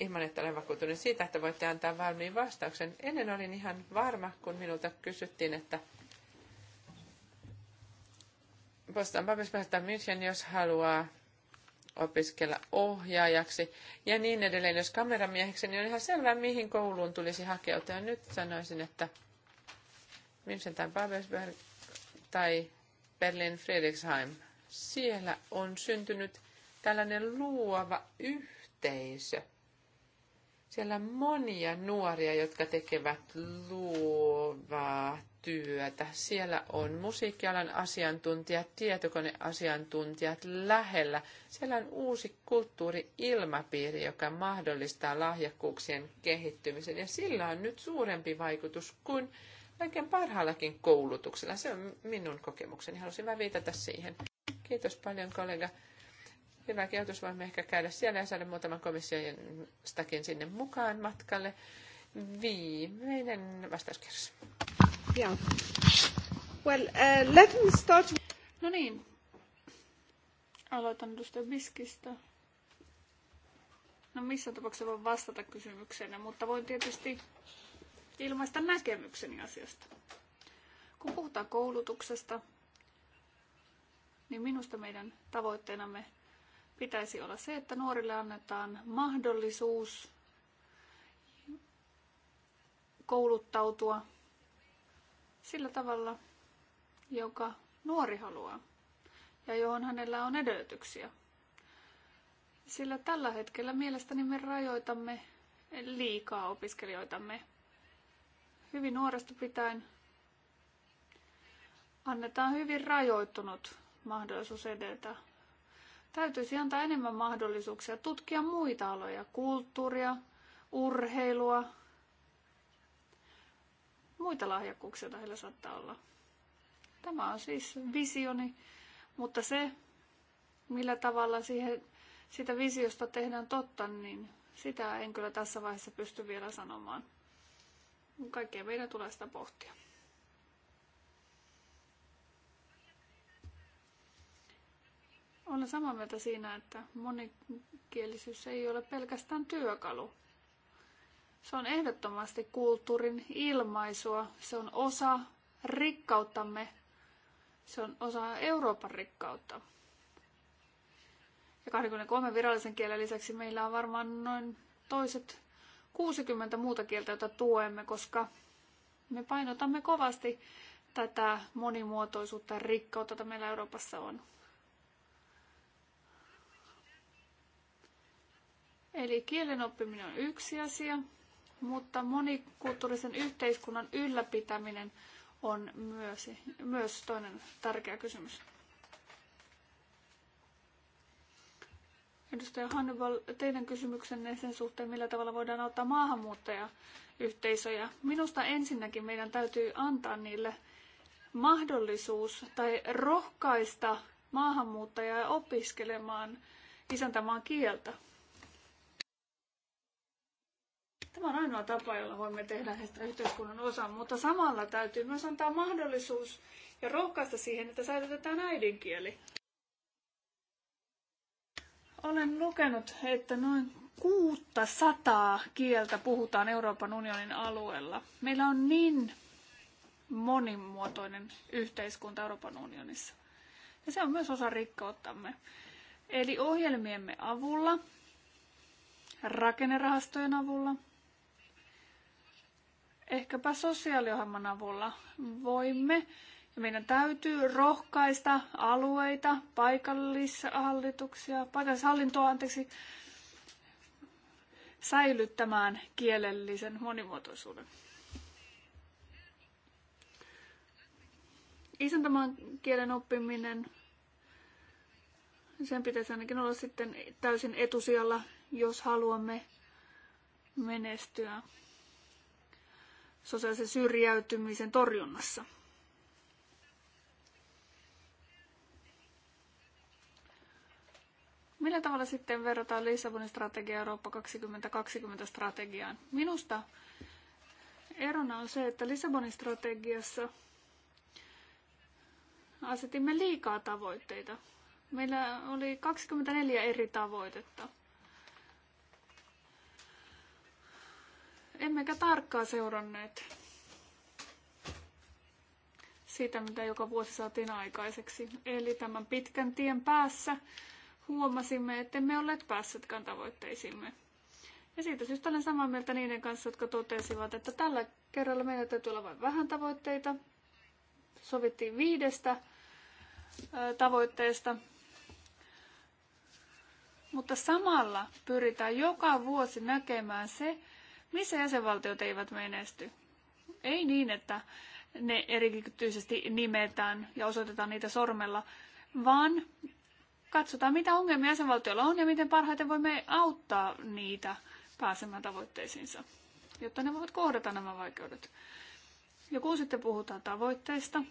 ilman, että olen vakuutunut siitä, että voitte antaa valmiin vastauksen. Ennen olin ihan varma, kun minulta kysyttiin, että Postan Publishmaster München, jos haluaa opiskella ohjaajaksi ja niin edelleen. Jos kameramieheksi, niin on ihan selvää, mihin kouluun tulisi hakeutua. Ja nyt sanoisin, että München tai Babelsberg tai Berlin Friedrichsheim. Siellä on syntynyt tällainen luova yhteisö. Siellä monia nuoria, jotka tekevät luovaa työtä. Siellä on musiikkialan asiantuntijat, tietokoneasiantuntijat lähellä. Siellä on uusi kulttuuri-ilmapiiri, joka mahdollistaa lahjakkuuksien kehittymisen. Ja sillä on nyt suurempi vaikutus kuin kaiken parhaallakin koulutuksella. Se on minun kokemukseni. Halusin vain viitata siihen. Kiitos paljon kollega. Hyvä kehotus, voimme ehkä käydä siellä ja saada muutaman komissiostakin sinne mukaan matkalle. Viimeinen vastauskierros. Yeah. Well, uh, let me start... No niin. Aloitan edustaja Biskistä. No missä tapauksessa voin vastata kysymykseen, mutta voin tietysti ilmaista näkemykseni asiasta. Kun puhutaan koulutuksesta, niin minusta meidän tavoitteenamme pitäisi olla se, että nuorille annetaan mahdollisuus kouluttautua sillä tavalla, joka nuori haluaa ja johon hänellä on edellytyksiä. Sillä tällä hetkellä mielestäni me rajoitamme liikaa opiskelijoitamme. Hyvin nuoresta pitäen annetaan hyvin rajoittunut mahdollisuus edetä Täytyisi antaa enemmän mahdollisuuksia tutkia muita aloja, kulttuuria, urheilua, muita lahjakkuuksia, joita heillä saattaa olla. Tämä on siis visioni, mutta se, millä tavalla siihen, sitä visiosta tehdään totta, niin sitä en kyllä tässä vaiheessa pysty vielä sanomaan. Kaikkea meidän tulee sitä pohtia. Olen samaa mieltä siinä, että monikielisyys ei ole pelkästään työkalu. Se on ehdottomasti kulttuurin ilmaisua. Se on osa rikkauttamme. Se on osa Euroopan rikkautta. Ja 23 virallisen kielen lisäksi meillä on varmaan noin toiset 60 muuta kieltä, joita tuemme, koska me painotamme kovasti tätä monimuotoisuutta ja rikkautta, jota meillä Euroopassa on. Eli kielen oppiminen on yksi asia, mutta monikulttuurisen yhteiskunnan ylläpitäminen on myös, myös toinen tärkeä kysymys. Edustaja Hannibal, teidän kysymyksenne sen suhteen, millä tavalla voidaan auttaa maahanmuuttajayhteisöjä. Minusta ensinnäkin meidän täytyy antaa niille mahdollisuus tai rohkaista maahanmuuttajaa opiskelemaan isäntämaan kieltä. Tämä on ainoa tapa, jolla voimme tehdä heistä yhteiskunnan osan, mutta samalla täytyy myös antaa mahdollisuus ja rohkaista siihen, että säilytetään äidinkieli. Olen lukenut, että noin 600 kieltä puhutaan Euroopan unionin alueella. Meillä on niin monimuotoinen yhteiskunta Euroopan unionissa. Ja se on myös osa rikkauttamme. Eli ohjelmiemme avulla, rakennerahastojen avulla, ehkäpä sosiaaliohjelman avulla voimme ja meidän täytyy rohkaista alueita, paikallishallituksia, paikallishallintoa, anteeksi, säilyttämään kielellisen monimuotoisuuden. Isäntämaan kielen oppiminen, sen pitäisi ainakin olla sitten täysin etusijalla, jos haluamme menestyä sosiaalisen syrjäytymisen torjunnassa. Millä tavalla sitten verrataan Lissabonin strategia Eurooppa 2020 strategiaan? Minusta erona on se, että Lissabonin strategiassa asetimme liikaa tavoitteita. Meillä oli 24 eri tavoitetta – emmekä tarkkaan seuranneet siitä, mitä joka vuosi saatiin aikaiseksi. Eli tämän pitkän tien päässä huomasimme, että me olleet päässeetkään tavoitteisiimme. Ja siitä syystä olen samaa mieltä niiden kanssa, jotka totesivat, että tällä kerralla meillä täytyy olla vain vähän tavoitteita. Sovittiin viidestä tavoitteesta. Mutta samalla pyritään joka vuosi näkemään se, missä jäsenvaltiot eivät menesty? Ei niin, että ne erityisesti nimetään ja osoitetaan niitä sormella, vaan katsotaan, mitä ongelmia jäsenvaltioilla on ja miten parhaiten voimme auttaa niitä pääsemään tavoitteisiinsa, jotta ne voivat kohdata nämä vaikeudet. Ja kun sitten puhutaan tavoitteista,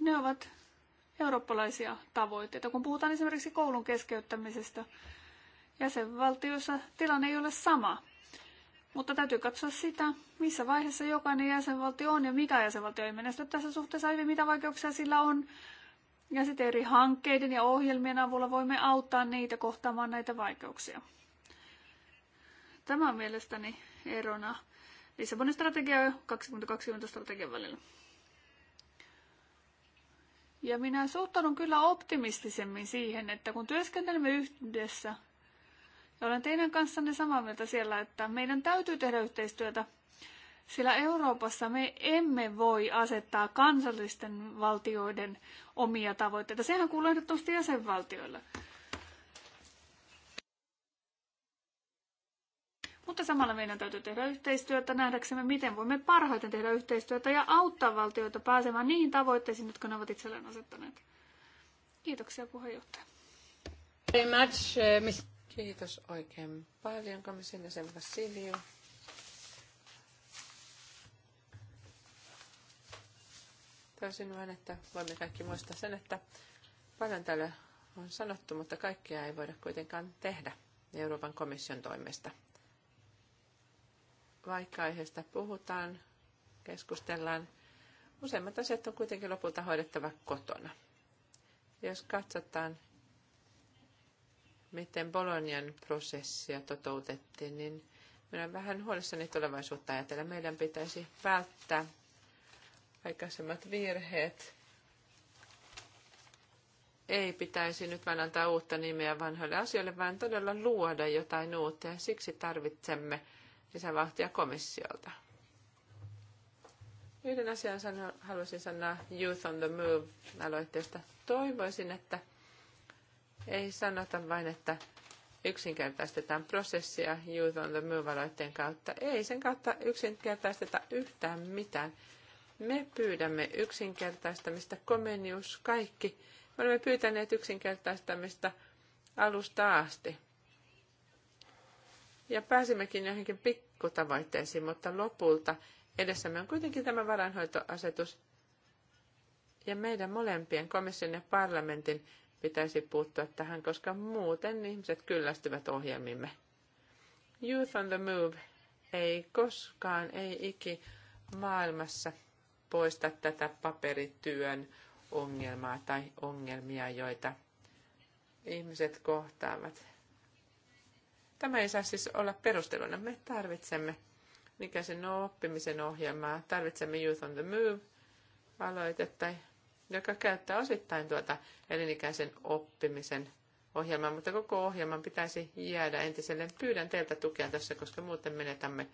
ne ovat eurooppalaisia tavoitteita. Kun puhutaan esimerkiksi koulun keskeyttämisestä, jäsenvaltiossa tilanne ei ole sama. Mutta täytyy katsoa sitä, missä vaiheessa jokainen jäsenvaltio on ja mikä jäsenvaltio ei menesty tässä suhteessa, hyvin, mitä vaikeuksia sillä on. Ja sitten eri hankkeiden ja ohjelmien avulla voimme auttaa niitä kohtaamaan näitä vaikeuksia. Tämä on mielestäni erona Lissabonin strategia ja 2020 strategian välillä. Ja minä suhtaudun kyllä optimistisemmin siihen, että kun työskentelemme yhdessä, ja olen teidän kanssanne samaa mieltä siellä, että meidän täytyy tehdä yhteistyötä, sillä Euroopassa me emme voi asettaa kansallisten valtioiden omia tavoitteita. Sehän kuuluu ehdottomasti jäsenvaltioille. Mutta samalla meidän täytyy tehdä yhteistyötä nähdäksemme, miten voimme parhaiten tehdä yhteistyötä ja auttaa valtioita pääsemään niihin tavoitteisiin, jotka ne ovat itselleen asettaneet. Kiitoksia puheenjohtaja. Very much, eh, miss... Kiitos oikein paljon komission jäsen Vassilio. Toisin vain, että voimme kaikki muistaa sen, että paljon täällä on sanottu, mutta kaikkea ei voida kuitenkaan tehdä Euroopan komission toimesta vaikka aiheesta puhutaan, keskustellaan, useimmat asiat on kuitenkin lopulta hoidettava kotona. Jos katsotaan, miten Bolonian prosessia toteutettiin, niin minä vähän huolissani tulevaisuutta ajatella. Meidän pitäisi välttää aikaisemmat virheet. Ei pitäisi nyt vain antaa uutta nimeä vanhoille asioille, vaan todella luoda jotain uutta ja siksi tarvitsemme lisävauhtia komissiolta. Yhden asian sano, haluaisin sanoa Youth on the Move-aloitteesta. Toivoisin, että ei sanota vain, että yksinkertaistetaan prosessia Youth on the Move-aloitteen kautta. Ei sen kautta yksinkertaisteta yhtään mitään. Me pyydämme yksinkertaistamista, komenius, kaikki. Me olemme pyytäneet yksinkertaistamista alusta asti. Ja pääsimmekin johonkin pikkutavoitteisiin, mutta lopulta edessämme on kuitenkin tämä varainhoitoasetus. Ja meidän molempien komission ja parlamentin pitäisi puuttua tähän, koska muuten ihmiset kyllästyvät ohjelmimme. Youth on the Move ei koskaan, ei iki maailmassa poista tätä paperityön ongelmaa tai ongelmia, joita ihmiset kohtaavat. Tämä ei saa siis olla perusteluna. Me tarvitsemme mikä se on no- oppimisen ohjelmaa. Tarvitsemme Youth on the Move-aloitetta, joka käyttää osittain tuota elinikäisen oppimisen ohjelmaa, mutta koko ohjelman pitäisi jäädä entiselle. Pyydän teiltä tukea tässä, koska muuten menetämme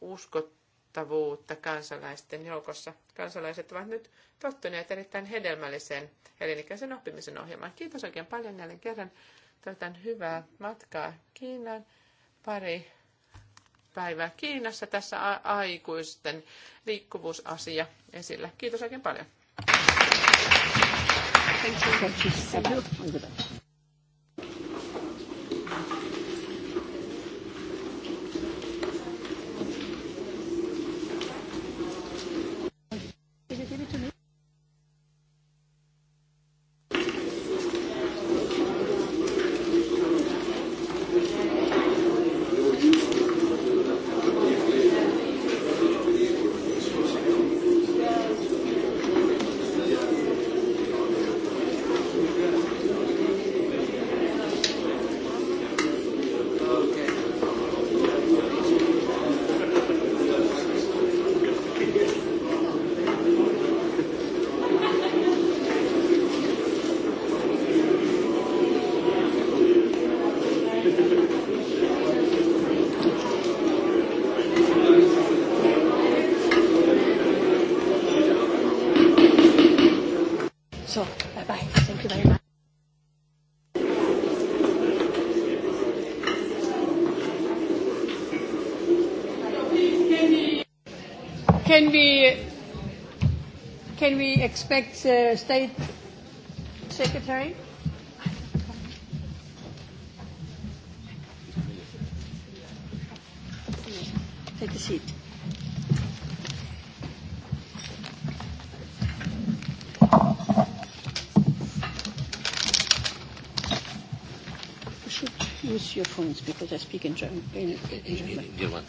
uskottavuutta kansalaisten joukossa. Kansalaiset ovat nyt tottuneet erittäin hedelmälliseen elinikäisen oppimisen ohjelmaan. Kiitos oikein paljon jälleen kerran. Toivotan hyvää matkaa Kiinaan. Pari päivää Kiinassa tässä aikuisten liikkuvuusasia esillä. Kiitos oikein paljon. Thank you. Thank you. can we can we expect uh, state secretary? Take a seat. should use your phones because I speak in German. In, in German. German.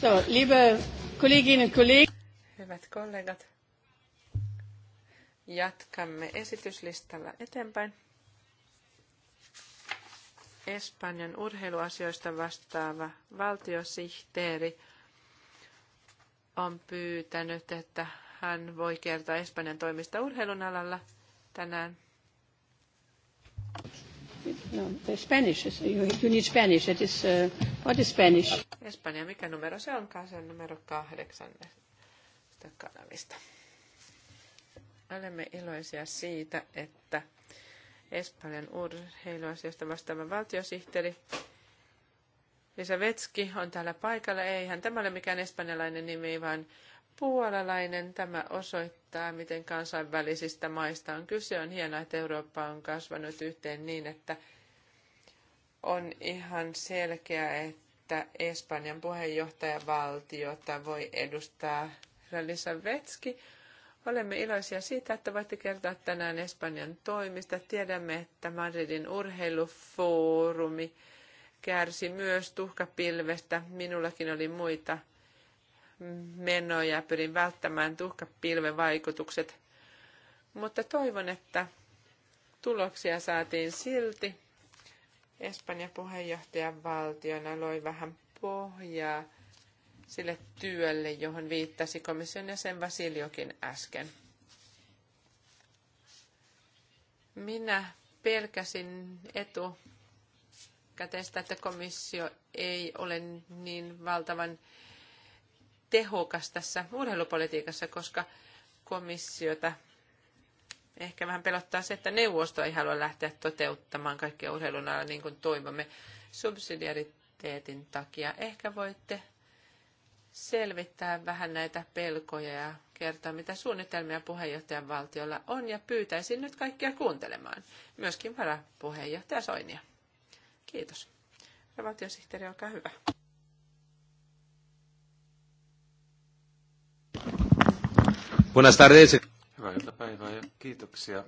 So, liebe Kolleginnen Kollegen. Hyvät kollegat, jatkamme esityslistalla eteenpäin. Espanjan urheiluasioista vastaava valtiosihteeri on pyytänyt, että hän voi kertoa Espanjan toimista urheilun alalla tänään no, the Spanish, you, you need Spanish, it is, uh, what is Spanish? Espanja, mikä numero se onkaan? Se on numero kahdeksan kanavista. Olemme iloisia siitä, että Espanjan urheiluasioista vastaava valtiosihteeri Lisa Vetski on täällä paikalla. Eihän tämä ole mikään espanjalainen nimi, vaan puolalainen. Tämä osoittaa, miten kansainvälisistä maista on kyse. On hienoa, että Eurooppa on kasvanut yhteen niin, että on ihan selkeää, että Espanjan puheenjohtajavaltiota voi edustaa Ralisa Vetski. Olemme iloisia siitä, että voitte kertoa tänään Espanjan toimista. Tiedämme, että Madridin urheilufoorumi kärsi myös tuhkapilvestä. Minullakin oli muita menoja, pyrin välttämään tuhkapilven vaikutukset. Mutta toivon, että tuloksia saatiin silti. Espanjan puheenjohtajan valtiona loi vähän pohjaa sille työlle, johon viittasi komission jäsen Vasiljokin äsken. Minä pelkäsin käteistä, että komissio ei ole niin valtavan tehokas tässä urheilupolitiikassa, koska komissiota ehkä vähän pelottaa se, että neuvosto ei halua lähteä toteuttamaan kaikkea urheilun alalla niin kuin toivomme subsidiariteetin takia. Ehkä voitte selvittää vähän näitä pelkoja ja kertoa, mitä suunnitelmia puheenjohtajan valtiolla on ja pyytäisin nyt kaikkia kuuntelemaan, myöskin varapuheenjohtaja Soinia. Kiitos. Valtiosihteeri, olkaa hyvä. Buenas tardes. Hyvää iltapäivää ja kiitoksia,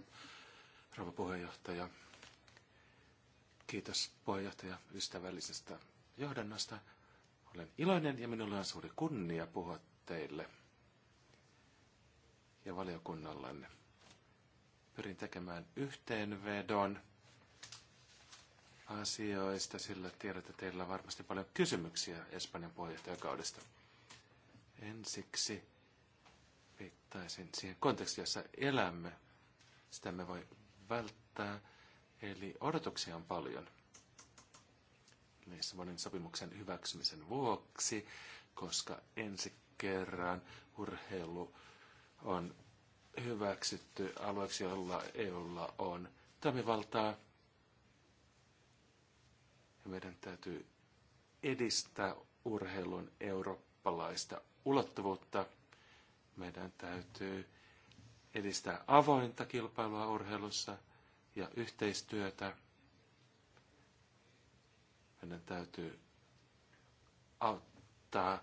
rouva puheenjohtaja. Kiitos puheenjohtaja ystävällisestä johdannosta. Olen iloinen ja minulla on suuri kunnia puhua teille ja valiokunnallanne. Pyrin tekemään yhteenvedon asioista, sillä tiedät, että teillä on varmasti paljon kysymyksiä Espanjan puheenjohtajakaudesta. Ensiksi viittaisin siihen kontekstiin, jossa elämme. Sitä me voi välttää. Eli odotuksia on paljon. Lissabonin sopimuksen hyväksymisen vuoksi, koska ensi kerran urheilu on hyväksytty alueeksi, jolla EUlla on toimivaltaa. Ja meidän täytyy edistää urheilun eurooppalaista ulottuvuutta. Meidän täytyy edistää avointa kilpailua urheilussa ja yhteistyötä. Meidän täytyy auttaa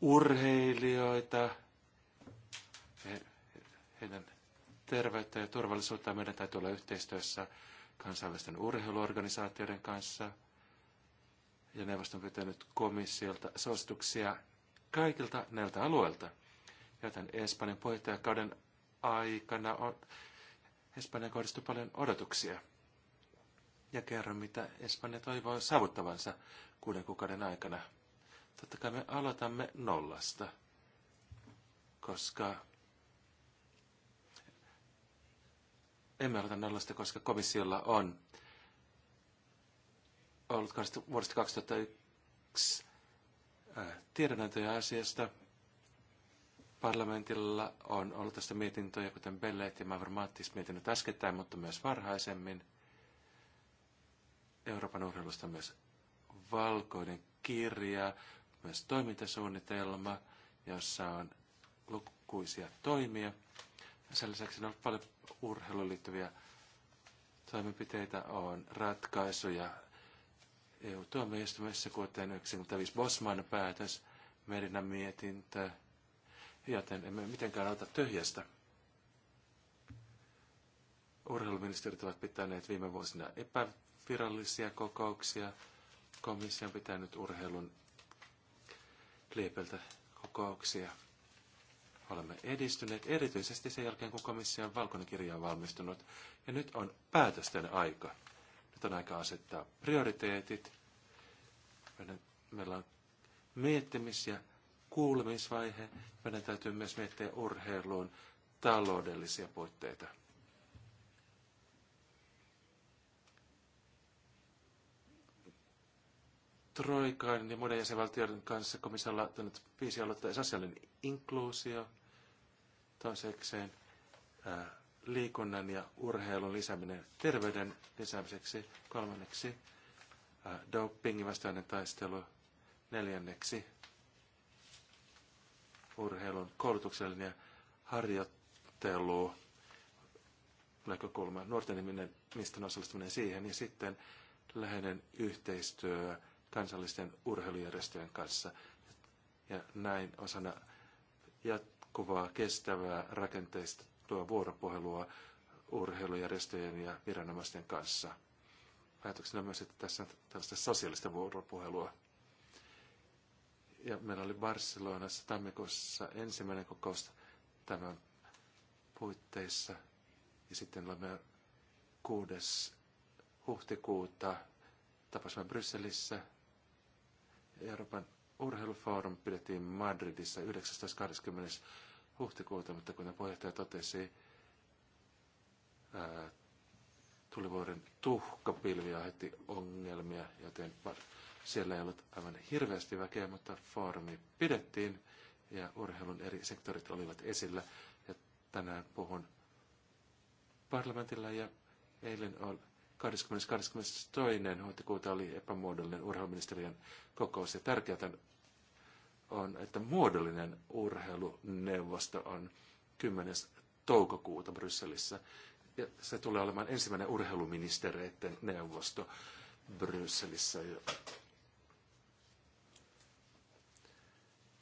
urheilijoita, heidän terveyttä ja turvallisuutta. Meidän täytyy olla yhteistyössä kansainvälisten urheiluorganisaatioiden kanssa. Ja neuvosto on pitänyt komissiolta suosituksia kaikilta näiltä alueilta. Joten Espanjan puheenjohtajakauden aikana on, Espanjan kohdistu paljon odotuksia. Ja kerron, mitä Espanja toivoo saavuttavansa kuuden kuukauden aikana. Totta kai me aloitamme nollasta, koska emme aloita nollasta, koska komissiolla on ollut vuodesta 2001 tiedonantoja asiasta – Parlamentilla on ollut tästä mietintöjä, kuten Belleet ja Mavromaattis mietinnöt äskettäin, mutta myös varhaisemmin. Euroopan urheilusta myös valkoinen kirja, myös toimintasuunnitelma, jossa on lukuisia toimia. Sen lisäksi on ollut paljon urheiluun liittyviä toimenpiteitä, on ratkaisuja EU-tuomioistuimessa, kuten 95 Bosman päätös, Merinan mietintö, joten emme mitenkään auta tyhjästä. Urheiluministerit ovat pitäneet viime vuosina epävirallisia kokouksia. Komissio on pitänyt urheilun liepeltä kokouksia. Olemme edistyneet erityisesti sen jälkeen, kun komission valkoinen kirja on valmistunut. Ja nyt on päätösten aika. Nyt on aika asettaa prioriteetit. Meillä on miettimis- ja kuulemisvaihe. Meidän täytyy myös miettiä urheiluun taloudellisia puitteita. Troikan ja muiden jäsenvaltioiden kanssa komissio on laittanut viisi aloittaa sosiaalinen inkluusio, toisekseen ää, äh, liikunnan ja urheilun lisääminen terveyden lisäämiseksi, kolmanneksi ää, äh, dopingin vastainen taistelu, neljänneksi urheilun koulutuksellinen harjoittelu näkökulma, nuorten ihminen, mistä osallistuminen siihen, ja sitten läheinen yhteistyö kansallisten urheilujärjestöjen kanssa. Ja näin osana jatkuvaa, kestävää, rakenteista tuo vuoropuhelua urheilujärjestöjen ja viranomaisten kanssa. Ajatuksena myös, että tässä on tällaista sosiaalista vuoropuhelua. Ja meillä oli Barcelonassa tammikuussa ensimmäinen kokous tämän puitteissa. Ja sitten olemme 6. huhtikuuta tapasimme Brysselissä. Euroopan urheilufoorum pidettiin Madridissa 19.20. huhtikuuta, mutta kun puheenjohtaja totesi, ää, tulivuoren tuhkapilviä aiheutti ongelmia, joten siellä ei ollut aivan hirveästi väkeä, mutta foorumi pidettiin ja urheilun eri sektorit olivat esillä. Ja tänään puhun parlamentilla ja eilen oli 22. huhtikuuta oli epämuodollinen urheiluministeriön kokous. Ja tärkeää on, että muodollinen urheiluneuvosto on 10. toukokuuta Brysselissä ja se tulee olemaan ensimmäinen urheiluministereiden neuvosto Brysselissä.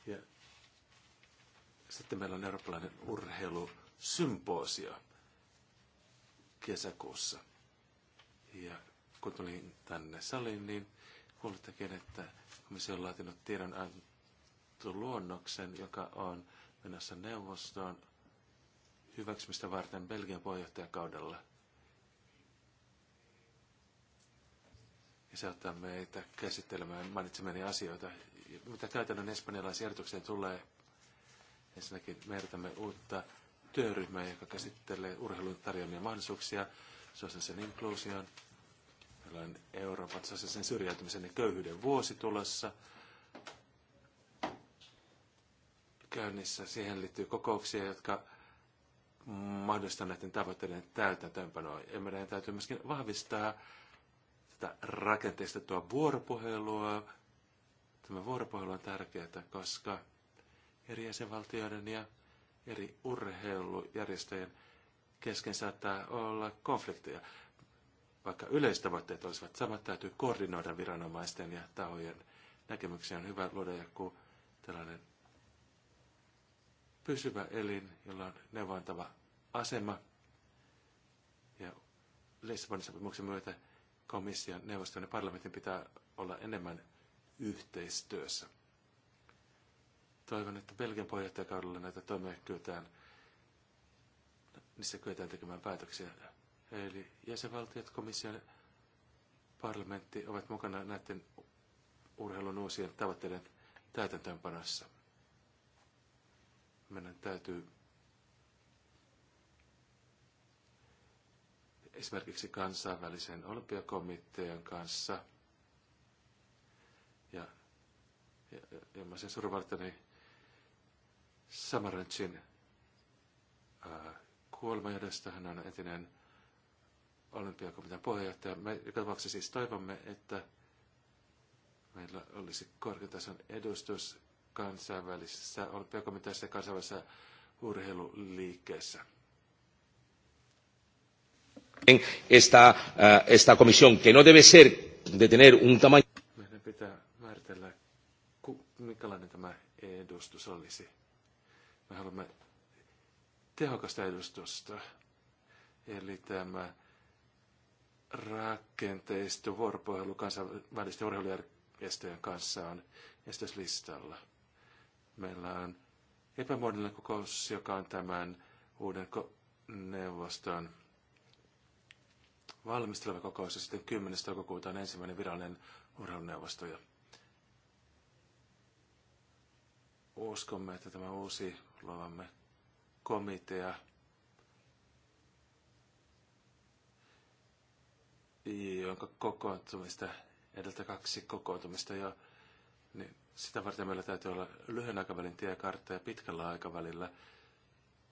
Ja sitten meillä on eurooppalainen urheilusymposio kesäkuussa. Ja kun tulin tänne saliin, niin kuulittekin, että komissio on laatinut tiedon luonnoksen, joka on menossa neuvostoon hyväksymistä varten Belgian puheenjohtajakaudella. Ja se ottaa meitä käsittelemään mainitsemiani asioita. Mitä käytännön espanjalaisiin tulee, ensinnäkin me ehdotamme uutta työryhmää, joka käsittelee urheilun tarjoamia mahdollisuuksia, sosiaalisen inkluusion. Meillä on Euroopan sosiaalisen syrjäytymisen ja köyhyyden vuosi tulossa käynnissä. Siihen liittyy kokouksia, jotka mahdollistaa näiden tavoitteiden täytäntöönpanoa. Ja meidän täytyy myöskin vahvistaa tätä rakenteista tuo vuoropuhelua. Tämä vuoropuhelu on tärkeää, koska eri jäsenvaltioiden ja eri urheilujärjestöjen kesken saattaa olla konflikteja. Vaikka yleistavoitteet olisivat samat, täytyy koordinoida viranomaisten ja tahojen näkemyksiä. On hyvä luoda joku tällainen pysyvä elin, jolla on neuvontava asema. Ja Lissabonin sopimuksen myötä komission, neuvoston ja parlamentin pitää olla enemmän yhteistyössä. Toivon, että Belgian puheenjohtajakaudella näitä toimia kyetään, niissä kyetään tekemään päätöksiä. Eli jäsenvaltiot, ja parlamentti ovat mukana näiden urheilun uusien tavoitteiden täytäntöönpanossa meidän täytyy esimerkiksi kansainvälisen olympiakomitean kanssa ja ilmaisen survaltani Samarancin kuolemanjohdosta. Hän on entinen olympiakomitean puheenjohtaja. Me joka tapauksessa siis toivomme, että meillä olisi korkeatason edustus kansainvälisessä olympiakomiteassa ja kansainvälisessä urheiluliikkeessä. Esta, eh, esta comisión, que no debe ser de tener un tamaño... Meidän pitää määritellä, minkälainen tämä edustus olisi. Me haluamme tehokasta edustusta. Eli tämä rakenteisto vuoropuhelu kansainvälisten urheilujärjestöjen kanssa on estoslistalla. Meillä on epämuodollinen kokous, joka on tämän uuden neuvoston valmisteleva kokous ja sitten 10. toukokuuta on ensimmäinen virallinen urheiluneuvosto. Ja uskomme, että tämä uusi luovamme komitea jonka kokoontumista edeltä kaksi kokoontumista jo, niin sitä varten meillä täytyy olla lyhyen aikavälin tiekartta ja pitkällä aikavälillä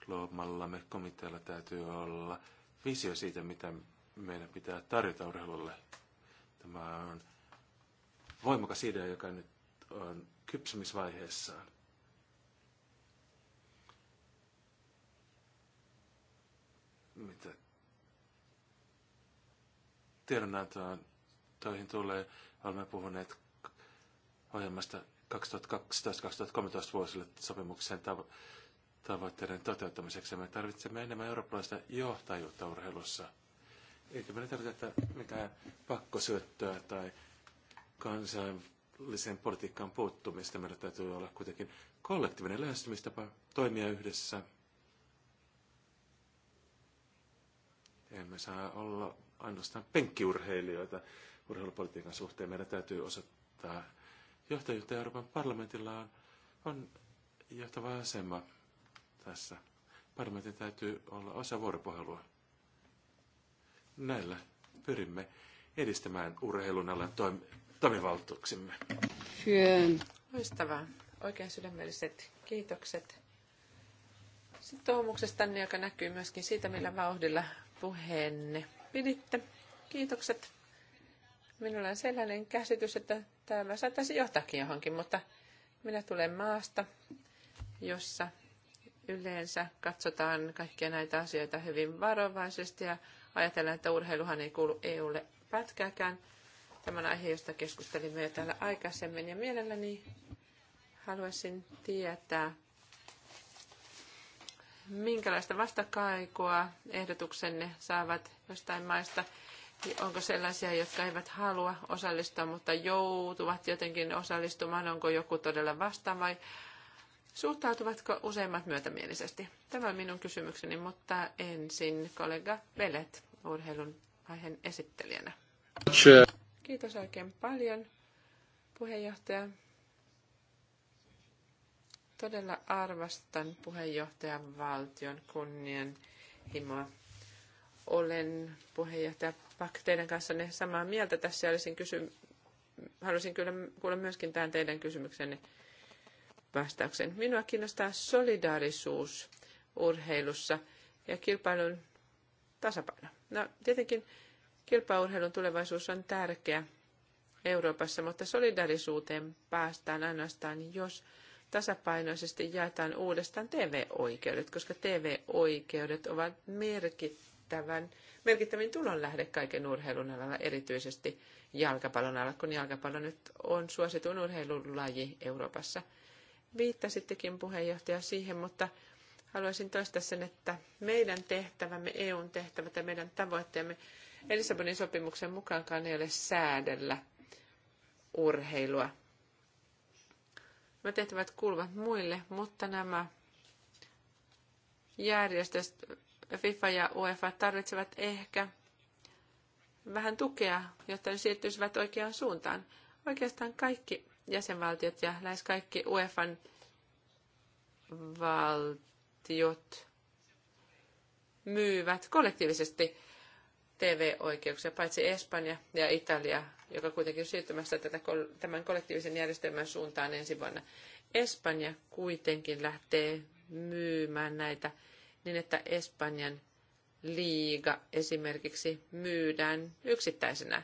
luomallamme komitealla täytyy olla visio siitä, mitä meidän pitää tarjota urheilulle. Tämä on voimakas idea, joka nyt on kypsymisvaiheessaan. Mitä tiedonantoon toihin tulee, olemme puhuneet ohjelmasta 2012-2013 vuosille sopimuksen tavo- tavoitteiden toteuttamiseksi. Me tarvitsemme enemmän eurooppalaista johtajuutta urheilussa. Eikä meidän tarvita mitään pakkosyöttöä tai kansainväliseen politiikkaan puuttumista. Meillä täytyy olla kuitenkin kollektiivinen lähestymistapa toimia yhdessä. Emme saa olla ainoastaan penkkiurheilijoita urheilupolitiikan suhteen. Meidän täytyy osoittaa johtajuutta Euroopan parlamentilla on, on johtava asema tässä. Parlamentin täytyy olla osa vuoropuhelua. Näillä pyrimme edistämään urheilun alan toim- toimivaltuuksimme. Loistavaa. Oikein sydämelliset kiitokset sitoumuksestanne, joka näkyy myöskin siitä, millä vauhdilla puheenne piditte. Kiitokset. Minulla on sellainen käsitys, että tämä saattaisi johtakin johonkin, mutta minä tulen maasta, jossa yleensä katsotaan kaikkia näitä asioita hyvin varovaisesti ja ajatellaan, että urheiluhan ei kuulu EUlle pätkääkään. Tämän aihe, josta keskustelimme jo täällä aikaisemmin ja mielelläni haluaisin tietää, minkälaista vastakaikua ehdotuksenne saavat jostain maista, niin onko sellaisia, jotka eivät halua osallistua, mutta joutuvat jotenkin osallistumaan? Onko joku todella vastaan vai suhtautuvatko useimmat myötämielisesti? Tämä on minun kysymykseni, mutta ensin kollega Velet urheilun aiheen esittelijänä. Kiitos oikein paljon, puheenjohtaja. Todella arvostan puheenjohtajan valtion kunnianhimoa. Olen puheenjohtaja Pak teidän kanssanne samaa mieltä. Tässä olisin kysy... haluaisin kyllä kuulla myöskin tämän teidän kysymyksenne vastauksen. Minua kiinnostaa solidaarisuus urheilussa ja kilpailun tasapaino. No tietenkin kilpaurheilun tulevaisuus on tärkeä Euroopassa, mutta solidarisuuteen päästään ainoastaan, jos tasapainoisesti jaetaan uudestaan TV-oikeudet, koska TV-oikeudet ovat merkittäviä merkittävän, merkittävin tulonlähde kaiken urheilun alalla, erityisesti jalkapallon alalla, kun jalkapallo nyt on suosituin urheilulaji Euroopassa. Viittasittekin puheenjohtaja siihen, mutta haluaisin toistaa sen, että meidän tehtävämme, EUn tehtävät ja meidän tavoitteemme Elisabonin sopimuksen mukaankaan ei ole säädellä urheilua. Nämä tehtävät kuuluvat muille, mutta nämä järjestöt FIFA ja UEFA tarvitsevat ehkä vähän tukea, jotta ne siirtyisivät oikeaan suuntaan. Oikeastaan kaikki jäsenvaltiot ja lähes kaikki UEFan valtiot myyvät kollektiivisesti TV-oikeuksia, paitsi Espanja ja Italia, joka kuitenkin on siirtymässä tätä, tämän kollektiivisen järjestelmän suuntaan ensi vuonna. Espanja kuitenkin lähtee myymään näitä niin että Espanjan liiga esimerkiksi myydään yksittäisenä.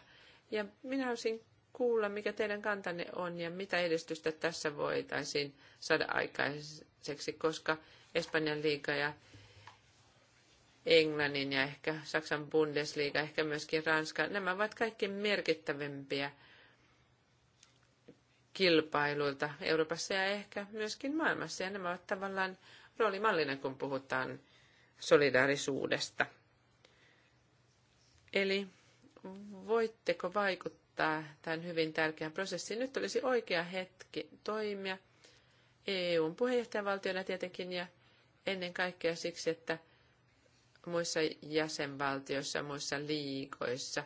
Ja minä haluaisin kuulla, mikä teidän kantanne on ja mitä edistystä tässä voitaisiin saada aikaiseksi, koska Espanjan liiga ja Englannin ja ehkä Saksan Bundesliga, ehkä myöskin Ranska, nämä ovat kaikki merkittävimpiä kilpailuilta Euroopassa ja ehkä myöskin maailmassa. Ja nämä ovat tavallaan roolimallinen, kun puhutaan solidaarisuudesta. Eli voitteko vaikuttaa tämän hyvin tärkeän prosessiin? Nyt olisi oikea hetki toimia EUn puheenjohtajavaltiona tietenkin ja ennen kaikkea siksi, että muissa jäsenvaltioissa, muissa liikoissa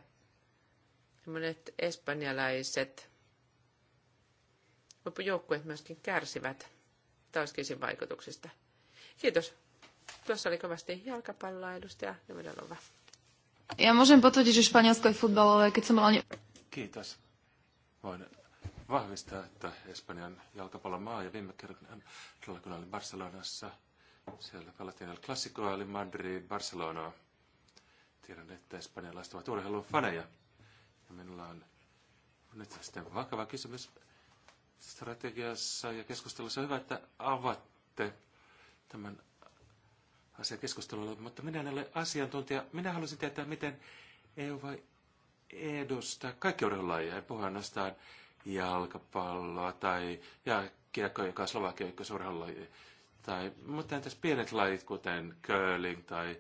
monet espanjalaiset joukkueet myöskin kärsivät tauskin vaikutuksista. Kiitos. Tuossa oli kovasti jalkapalloa edustaja Nemedelova. Ja možem potvrdiť, že Španielsko je futbalové, keď som bola... Kiitos. Voin vahvistaa, että Espanjan jalkapallon maa ja viime kerralla kun olin Barcelonassa, siellä pelattiin El oli eli Madrid, barcelona Tiedän, että espanjalaiset ovat urheilun faneja. Ja minulla on nyt sitten vakava kysymys strategiassa ja keskustelussa. hyvä, että avatte tämän asian keskustelulla, mutta minä en ole asiantuntija. Minä haluaisin tietää, miten EU voi edustaa kaikki urheilulajia, ei puhu ainoastaan jalkapalloa tai jääkiekko, joka on Slovakia ykkösurheilulaji. Tai, mutta entäs pienet lajit, kuten curling tai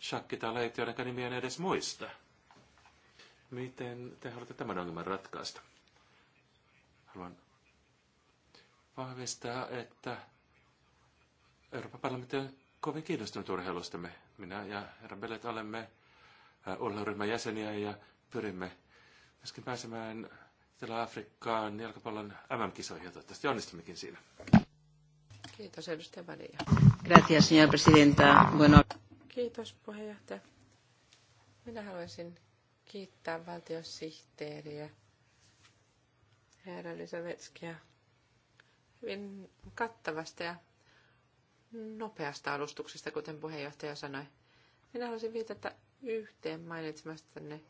shakki tai lajit, joiden nimi en edes muista. Miten te haluatte tämän ongelman ratkaista? Haluan vahvistaa, että Euroopan parlamentti on kovin kiinnostunut urheilustamme. Minä ja herra Bellet olemme äh, urheiluryhmän jäseniä ja pyrimme myöskin pääsemään Etelä-Afrikkaan jalkapallon MM-kisoihin ja toivottavasti onnistummekin siinä. Kiitos edustaja Vadia. Gracias, señor presidenta. Bueno. Kiitos puheenjohtaja. Minä haluaisin kiittää valtiosihteeriä herra Lisavetskia hyvin kattavasta ja nopeasta alustuksesta, kuten puheenjohtaja sanoi. Minä haluaisin viitata yhteen mainitsemastanne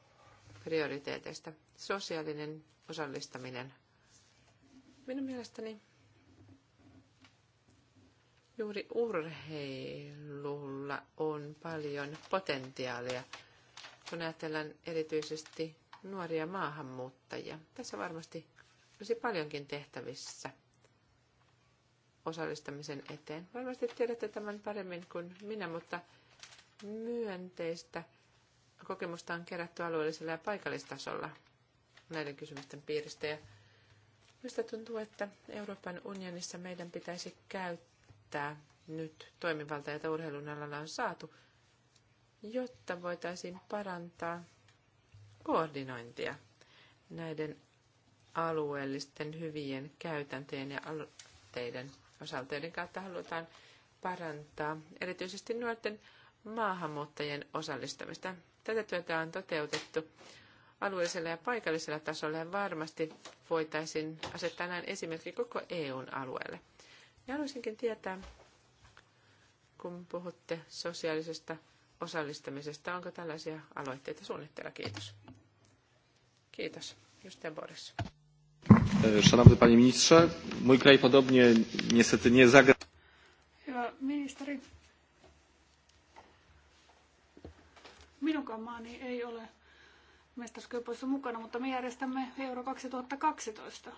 prioriteeteista. Sosiaalinen osallistaminen. Minun mielestäni juuri urheilulla on paljon potentiaalia, kun ajatellaan erityisesti nuoria maahanmuuttajia. Tässä varmasti olisi paljonkin tehtävissä – osallistamisen eteen. Varmasti tiedätte tämän paremmin kuin minä, mutta myönteistä kokemusta on kerätty alueellisella ja paikallistasolla näiden kysymysten piiristä. Ja Minusta tuntuu, että Euroopan unionissa meidän pitäisi käyttää nyt toimivalta, jota urheilun alalla on saatu, jotta voitaisiin parantaa koordinointia näiden alueellisten hyvien käytäntöjen ja aloitteiden osalta, kautta halutaan parantaa erityisesti nuorten maahanmuuttajien osallistamista. Tätä työtä on toteutettu alueellisella ja paikallisella tasolla ja varmasti voitaisiin asettaa näin esimerkki koko EUn alueelle. Ja haluaisinkin tietää, kun puhutte sosiaalisesta osallistamisesta, onko tällaisia aloitteita suunnitteilla? Kiitos. Kiitos. Justin Boris. Szanowny panie ministrze, mój kraj podobnie niestety nie zagra... Hyvä ministeri. Minunkaan ei ole mestaruuskilpailussa mukana, mutta me järjestämme Euro 2012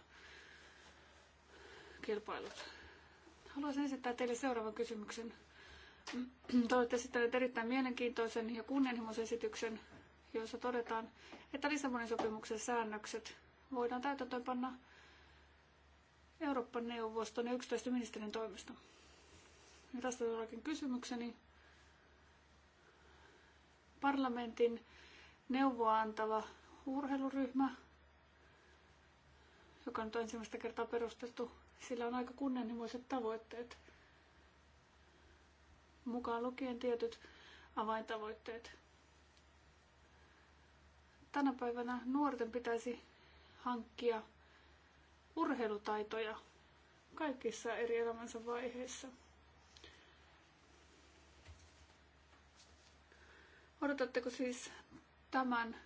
kilpailut. Haluaisin esittää teille seuraavan kysymyksen. Te olette esittäneet erittäin mielenkiintoisen ja kunnianhimoisen esityksen, jossa todetaan, että Lissabonin sopimuksen säännökset voidaan täytäntöönpanna Euroopan neuvoston ja yksittäisten ministerin toimesta. Ja tästä todellakin kysymykseni. Parlamentin neuvoa antava urheiluryhmä, joka nyt on ensimmäistä kertaa perustettu, sillä on aika kunnianhimoiset tavoitteet, mukaan lukien tietyt avaintavoitteet. Tänä päivänä nuorten pitäisi hankkia urheilutaitoja kaikissa eri elämänsä vaiheissa. Odotatteko siis tämän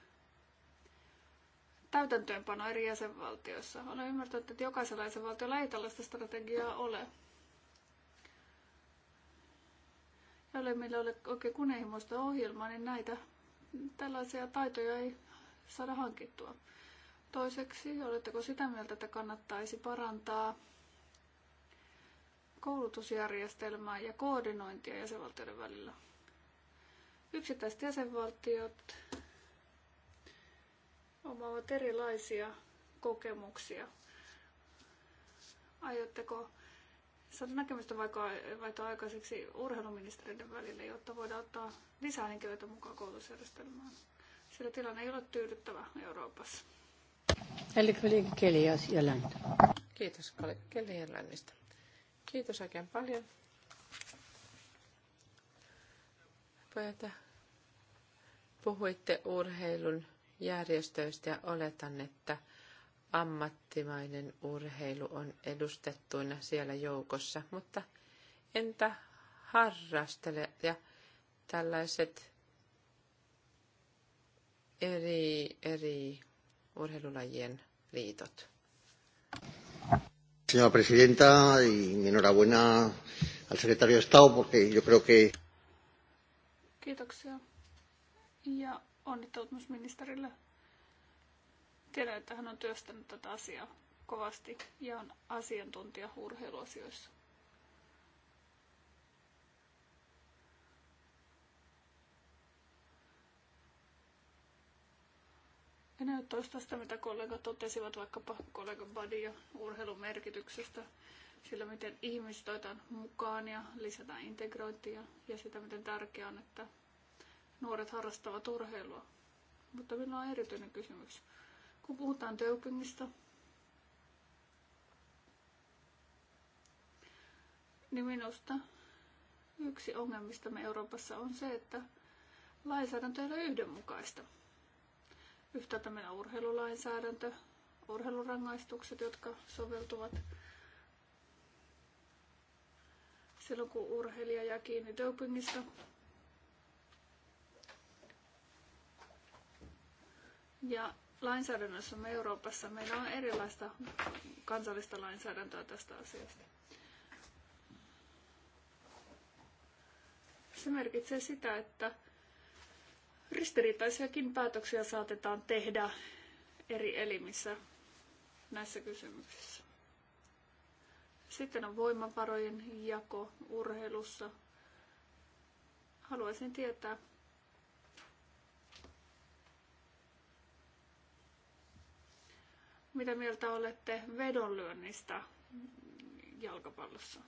täytäntöönpano eri jäsenvaltioissa? Olen ymmärtänyt, että jokaisella jäsenvaltiolla ei tällaista strategiaa ole. ja ole meillä ole oikein kunnianhimoista ohjelmaa, niin näitä tällaisia taitoja ei saada hankittua. Toiseksi, oletteko sitä mieltä, että kannattaisi parantaa koulutusjärjestelmää ja koordinointia jäsenvaltioiden välillä? Yksittäiset jäsenvaltiot omaavat erilaisia kokemuksia. Aiotteko saada näkemystä vaikka, vaikka aikaiseksi urheiluministeriöiden välille, jotta voidaan ottaa lisää henkilöitä mukaan koulutusjärjestelmään? Sillä tilanne ei ole tyydyttävä Euroopassa. Eli kollega Kelly Irlannista. Kiitos Kelly Irlannista. Kiitos oikein paljon. Pojata, puhuitte urheilun järjestöistä ja oletan, että ammattimainen urheilu on edustettuina siellä joukossa, mutta entä harrastele ja tällaiset eri, eri urheilulajien liitot. Señora presidenta, y enhorabuena al secretario de Estado, porque yo creo que... Kiitoksia. Ja onnittelut myös ministerille. Tiedän, että hän on työstänyt tätä asiaa kovasti ja on asiantuntija urheiluasioissa. Ja nyt toista sitä, mitä kollegat totesivat vaikkapa kollega body ja urheilun merkityksestä, sillä miten ihmiset otetaan mukaan ja lisätään integrointia ja sitä, miten tärkeää on, että nuoret harrastavat urheilua. Mutta minulla on erityinen kysymys. Kun puhutaan dopingista, niin minusta yksi ongelmista me Euroopassa on se, että lainsäädäntö ei ole yhdenmukaista. Yhtäältä meidän urheilulainsäädäntö, urheilurangaistukset, jotka soveltuvat silloin, kun urheilija jää kiinni dopingista. Ja lainsäädännössä me Euroopassa meillä on erilaista kansallista lainsäädäntöä tästä asiasta. Se merkitsee sitä, että Ristiriitaisiakin päätöksiä saatetaan tehdä eri elimissä näissä kysymyksissä. Sitten on voimavarojen jako urheilussa. Haluaisin tietää, mitä mieltä olette vedonlyönnistä jalkapallossa?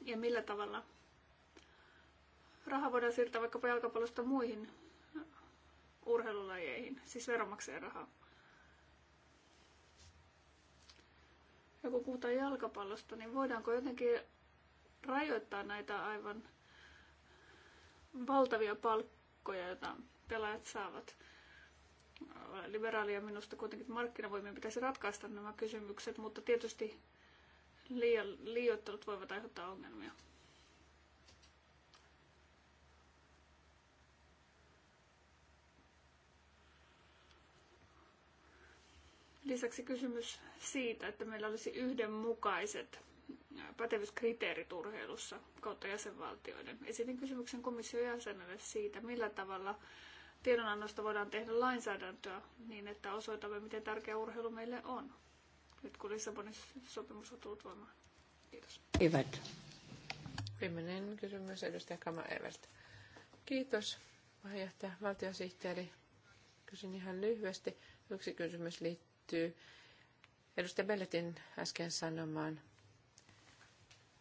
Ja millä tavalla raha voidaan siirtää vaikkapa jalkapallosta muihin urheilulajeihin, siis veronmaksajan rahaa. Ja kun puhutaan jalkapallosta, niin voidaanko jotenkin rajoittaa näitä aivan valtavia palkkoja, joita pelaajat saavat? Liberaalia minusta kuitenkin markkinavoimien pitäisi ratkaista nämä kysymykset, mutta tietysti liian liioittelut voivat aiheuttaa ongelmia. Lisäksi kysymys siitä, että meillä olisi yhdenmukaiset pätevyyskriteerit urheilussa kautta jäsenvaltioiden. Esitin kysymyksen komission jäsenelle siitä, millä tavalla tiedonannosta voidaan tehdä lainsäädäntöä niin, että osoitamme, miten tärkeä urheilu meille on. Nyt kun Lissabonin sopimus on tullut voimaan. Kiitos. Evert. Viimeinen kysymys edustaja Kama Evert. Kiitos, puheenjohtaja, valtiosihteeri. Kysyn ihan lyhyesti. Yksi kysymys liittyy liittyy edustaja Belletin äsken sanomaan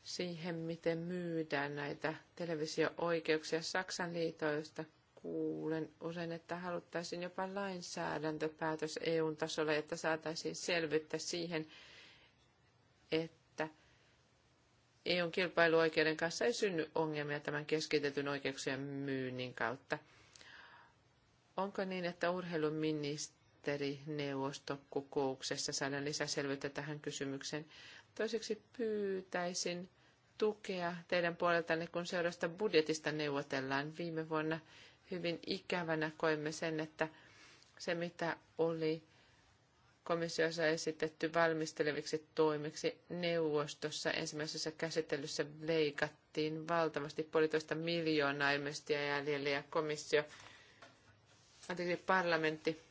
siihen, miten myydään näitä televisio-oikeuksia. Saksan liitoista kuulen usein, että haluttaisiin jopa lainsäädäntöpäätös eu tasolla, että saataisiin selvyyttä siihen, että EUn kilpailuoikeuden kanssa ei synny ongelmia tämän keskitetyn oikeuksien myynnin kautta. Onko niin, että urheiluministeri ministerineuvostokokouksessa saada lisäselvyyttä tähän kysymykseen. Toiseksi pyytäisin tukea teidän puoleltanne, kun seuraavasta budjetista neuvotellaan. Viime vuonna hyvin ikävänä koimme sen, että se mitä oli komissiossa esitetty valmisteleviksi toimiksi neuvostossa ensimmäisessä käsittelyssä leikattiin valtavasti puolitoista miljoonaa ilmeisesti jäljelle ja komissio, anteeksi parlamentti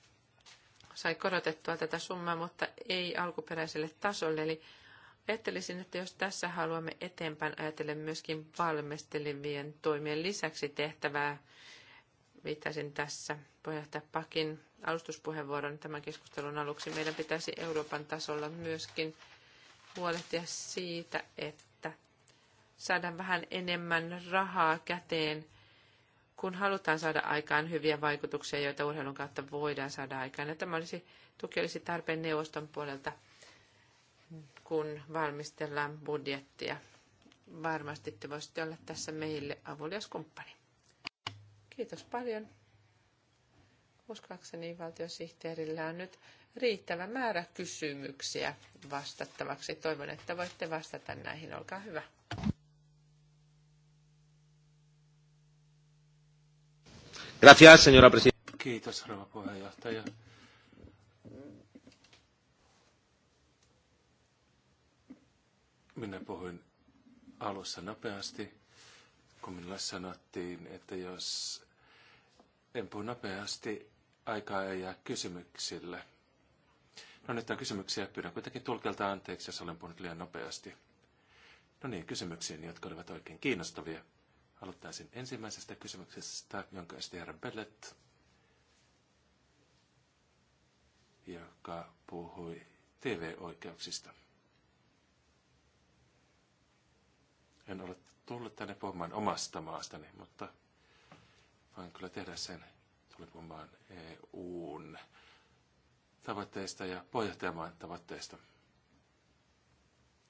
sai korotettua tätä summaa, mutta ei alkuperäiselle tasolle. Eli ajattelisin, että jos tässä haluamme eteenpäin ajatellen myöskin valmistelivien toimien lisäksi tehtävää, viittasin tässä puheenjohtaja Pakin alustuspuheenvuoron tämän keskustelun aluksi. Meidän pitäisi Euroopan tasolla myöskin huolehtia siitä, että saadaan vähän enemmän rahaa käteen kun halutaan saada aikaan hyviä vaikutuksia, joita urheilun kautta voidaan saada aikaan. Ja tämä olisi, tuki olisi tarpeen neuvoston puolelta, kun valmistellaan budjettia. Varmasti te voisitte olla tässä meille avulias kumppani. Kiitos paljon. Uskoakseni valtiosihteerillä on nyt riittävä määrä kysymyksiä vastattavaksi. Toivon, että voitte vastata näihin. Olkaa hyvä. Gracias, señora presidenta. Kiitos, rouva puheenjohtaja. Minä puhuin alussa nopeasti, kun minulle sanottiin, että jos en puhu nopeasti, aikaa ei jää kysymyksille. No nyt on kysymyksiä. Pyydän kuitenkin tulkelta anteeksi, jos olen puhunut liian nopeasti. No niin, kysymyksiin, jotka olivat oikein kiinnostavia. Aloittaisin ensimmäisestä kysymyksestä, jonka esitti herra Bellet, joka puhui TV-oikeuksista. En ole tullut tänne puhumaan omasta maastani, mutta voin kyllä tehdä sen. Tulin puhumaan EUn tavoitteista ja puheenjohtajamaan tavoitteista.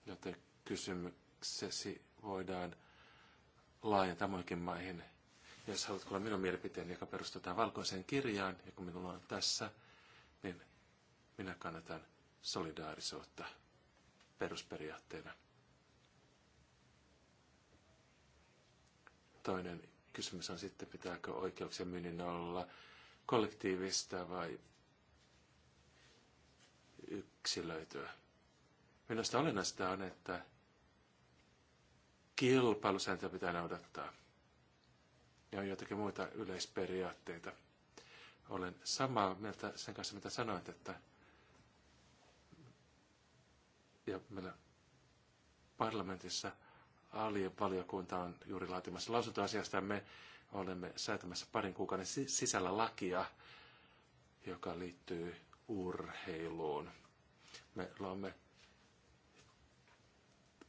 Joten kysymyksesi voidaan laajentaa muihinkin maihin. Jos haluat kuulla minun mielipiteeni, joka perustuu tähän valkoiseen kirjaan, kun minulla on tässä, niin minä kannatan solidaarisuutta perusperiaatteena. Toinen kysymys on sitten, pitääkö oikeuksien myynnin olla kollektiivista vai yksilöityä. Minusta olennaista on, että kilpailusääntöjä pitää noudattaa. Ja on joitakin muita yleisperiaatteita. Olen samaa mieltä sen kanssa, mitä sanoit, että ja meillä parlamentissa Alien valiokunta on juuri laatimassa lausuntoasiasta ja me olemme säätämässä parin kuukauden sisällä lakia, joka liittyy urheiluun. Me luomme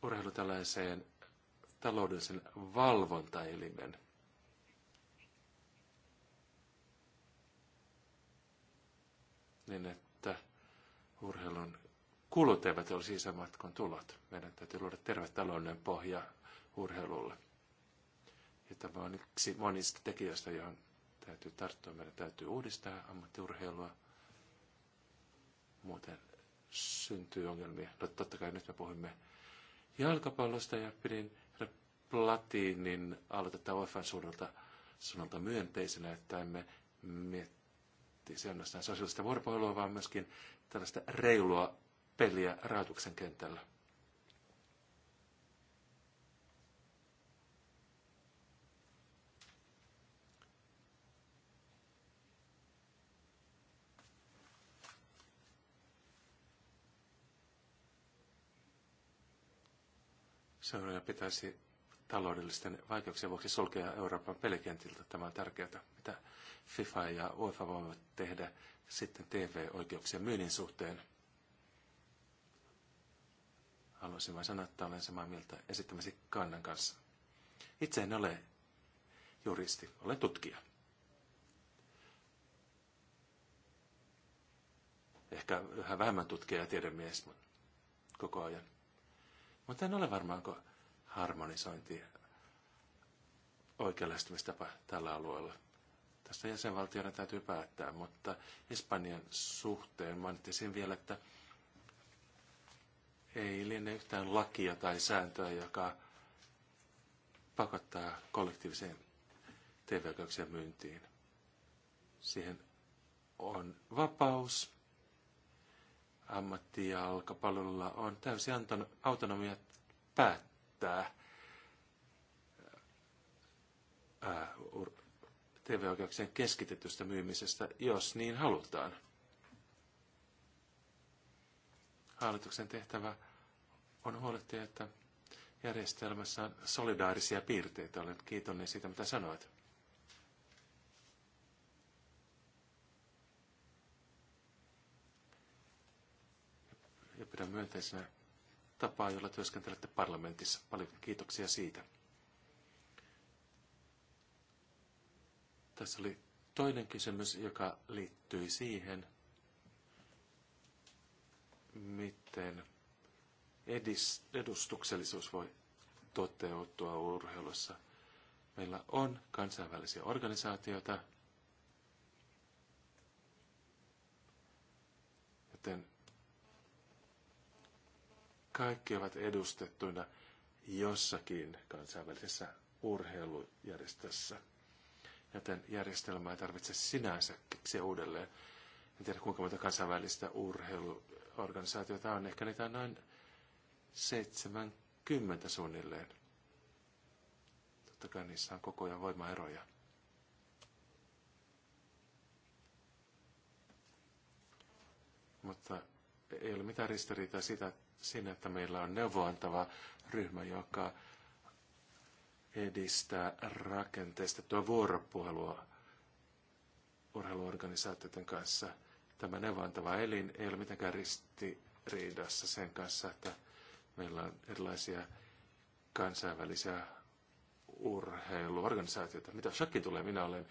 urheilu tällaiseen taloudellisen valvontaelimen. Niin, että urheilun kulut eivät olisi isommat kuin tulot. Meidän täytyy luoda terve taloudellinen pohja urheilulle. Ja tämä on yksi monista tekijöistä, johon täytyy tarttua. Meidän täytyy uudistaa ammattiurheilua. Muuten syntyy ongelmia. No totta kai nyt me puhumme jalkapallosta ja pidin Platinin aloitetta OFN e suunnalta, suunnalta myönteisenä, että emme miettisi ainoastaan sosiaalista vuoropuhelua, vaan myöskin tällaista reilua peliä rahoituksen kentällä. seuraaja pitäisi taloudellisten vaikeuksien vuoksi sulkea Euroopan pelikentiltä. Tämä on tärkeää, mitä FIFA ja UEFA voivat tehdä sitten TV-oikeuksien myynnin suhteen. Haluaisin vain sanoa, että olen samaa mieltä esittämäsi kannan kanssa. Itse en ole juristi, olen tutkija. Ehkä yhä vähemmän tutkija ja tiedemies koko ajan. Mutta en ole varmaanko harmonisointi, oikeellistumistapa tällä alueella. Tästä jäsenvaltioiden täytyy päättää, mutta Espanjan suhteen mainitsin vielä, että ei liene yhtään lakia tai sääntöä, joka pakottaa kollektiiviseen TV-oikeuksien myyntiin. Siihen on vapaus. Ammattijalkapalvelulla on täysi autonomia päättää käyttää TV-oikeuksien keskitetystä myymisestä, jos niin halutaan. Hallituksen tehtävä on huolehtia, että järjestelmässä on solidaarisia piirteitä. Olen kiitollinen siitä, mitä sanoit. Ja pidän myönteisenä tapaa, jolla työskentelette parlamentissa. Paljon kiitoksia siitä. Tässä oli toinen kysymys, joka liittyi siihen, miten edustuksellisuus voi toteutua urheilussa. Meillä on kansainvälisiä organisaatioita, joten kaikki ovat edustettuina jossakin kansainvälisessä urheilujärjestössä. Joten järjestelmää ei tarvitse sinänsä keksiä uudelleen. En tiedä kuinka monta kansainvälistä urheiluorganisaatiota on. Ehkä niitä on noin 70 suunnilleen. Totta kai niissä on koko ajan voimaeroja. Mutta ei ole mitään ristiriitaa sitä, siinä, että meillä on neuvoantava ryhmä, joka edistää rakenteista tuo vuoropuhelua urheiluorganisaatioiden kanssa. Tämä neuvoantava elin ei ole mitenkään ristiriidassa sen kanssa, että meillä on erilaisia kansainvälisiä urheiluorganisaatioita. Mitä Shakin tulee, minä olen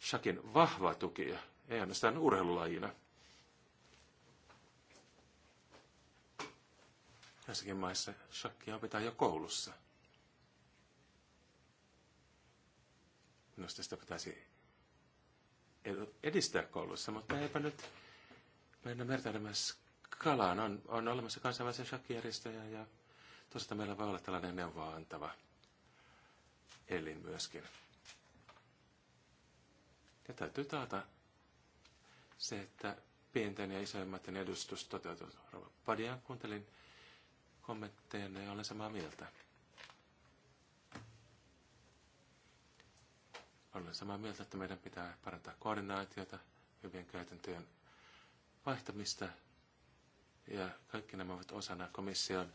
Shakin vahva tukija, ei ainoastaan urheilulajina – Tässäkin maissa shakkia opitaan jo koulussa. Minusta sitä pitäisi edistää koulussa, mutta eipä nyt mennä mertailemaan skalaan. On, on olemassa kansainvälisiä shakkijärjestöjä ja toisaalta meillä voi olla tällainen neuvoa antava elin myöskin. Ja täytyy taata se, että pienten ja isoimmat edustus toteutuu. Padia kuuntelin kommentteille ja olen samaa mieltä. Olen samaa mieltä, että meidän pitää parantaa koordinaatiota, hyvien käytäntöjen vaihtamista ja kaikki nämä ovat osana komission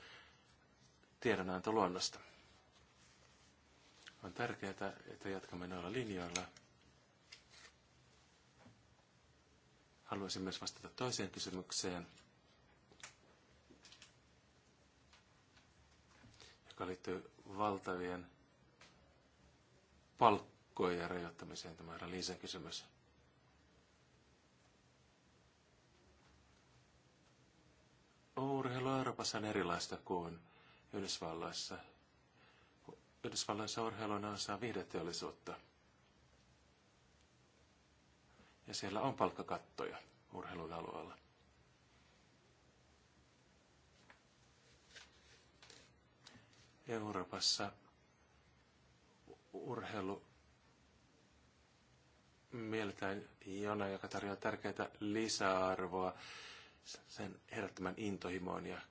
tiedonantoluonnosta. On tärkeää, että jatkamme noilla linjoilla. Haluaisin myös vastata toiseen kysymykseen. joka liittyy valtavien palkkojen rajoittamiseen, tämä herra Liisen kysymys. Urheilu Euroopassa on erilaista kuin Yhdysvalloissa. Yhdysvalloissa urheiluna saa viihdeteollisuutta. Ja siellä on palkkakattoja urheilun alueella. Euroopassa urheilu mielletään jona, joka tarjoaa tärkeää lisäarvoa sen herättämän intohimoon ja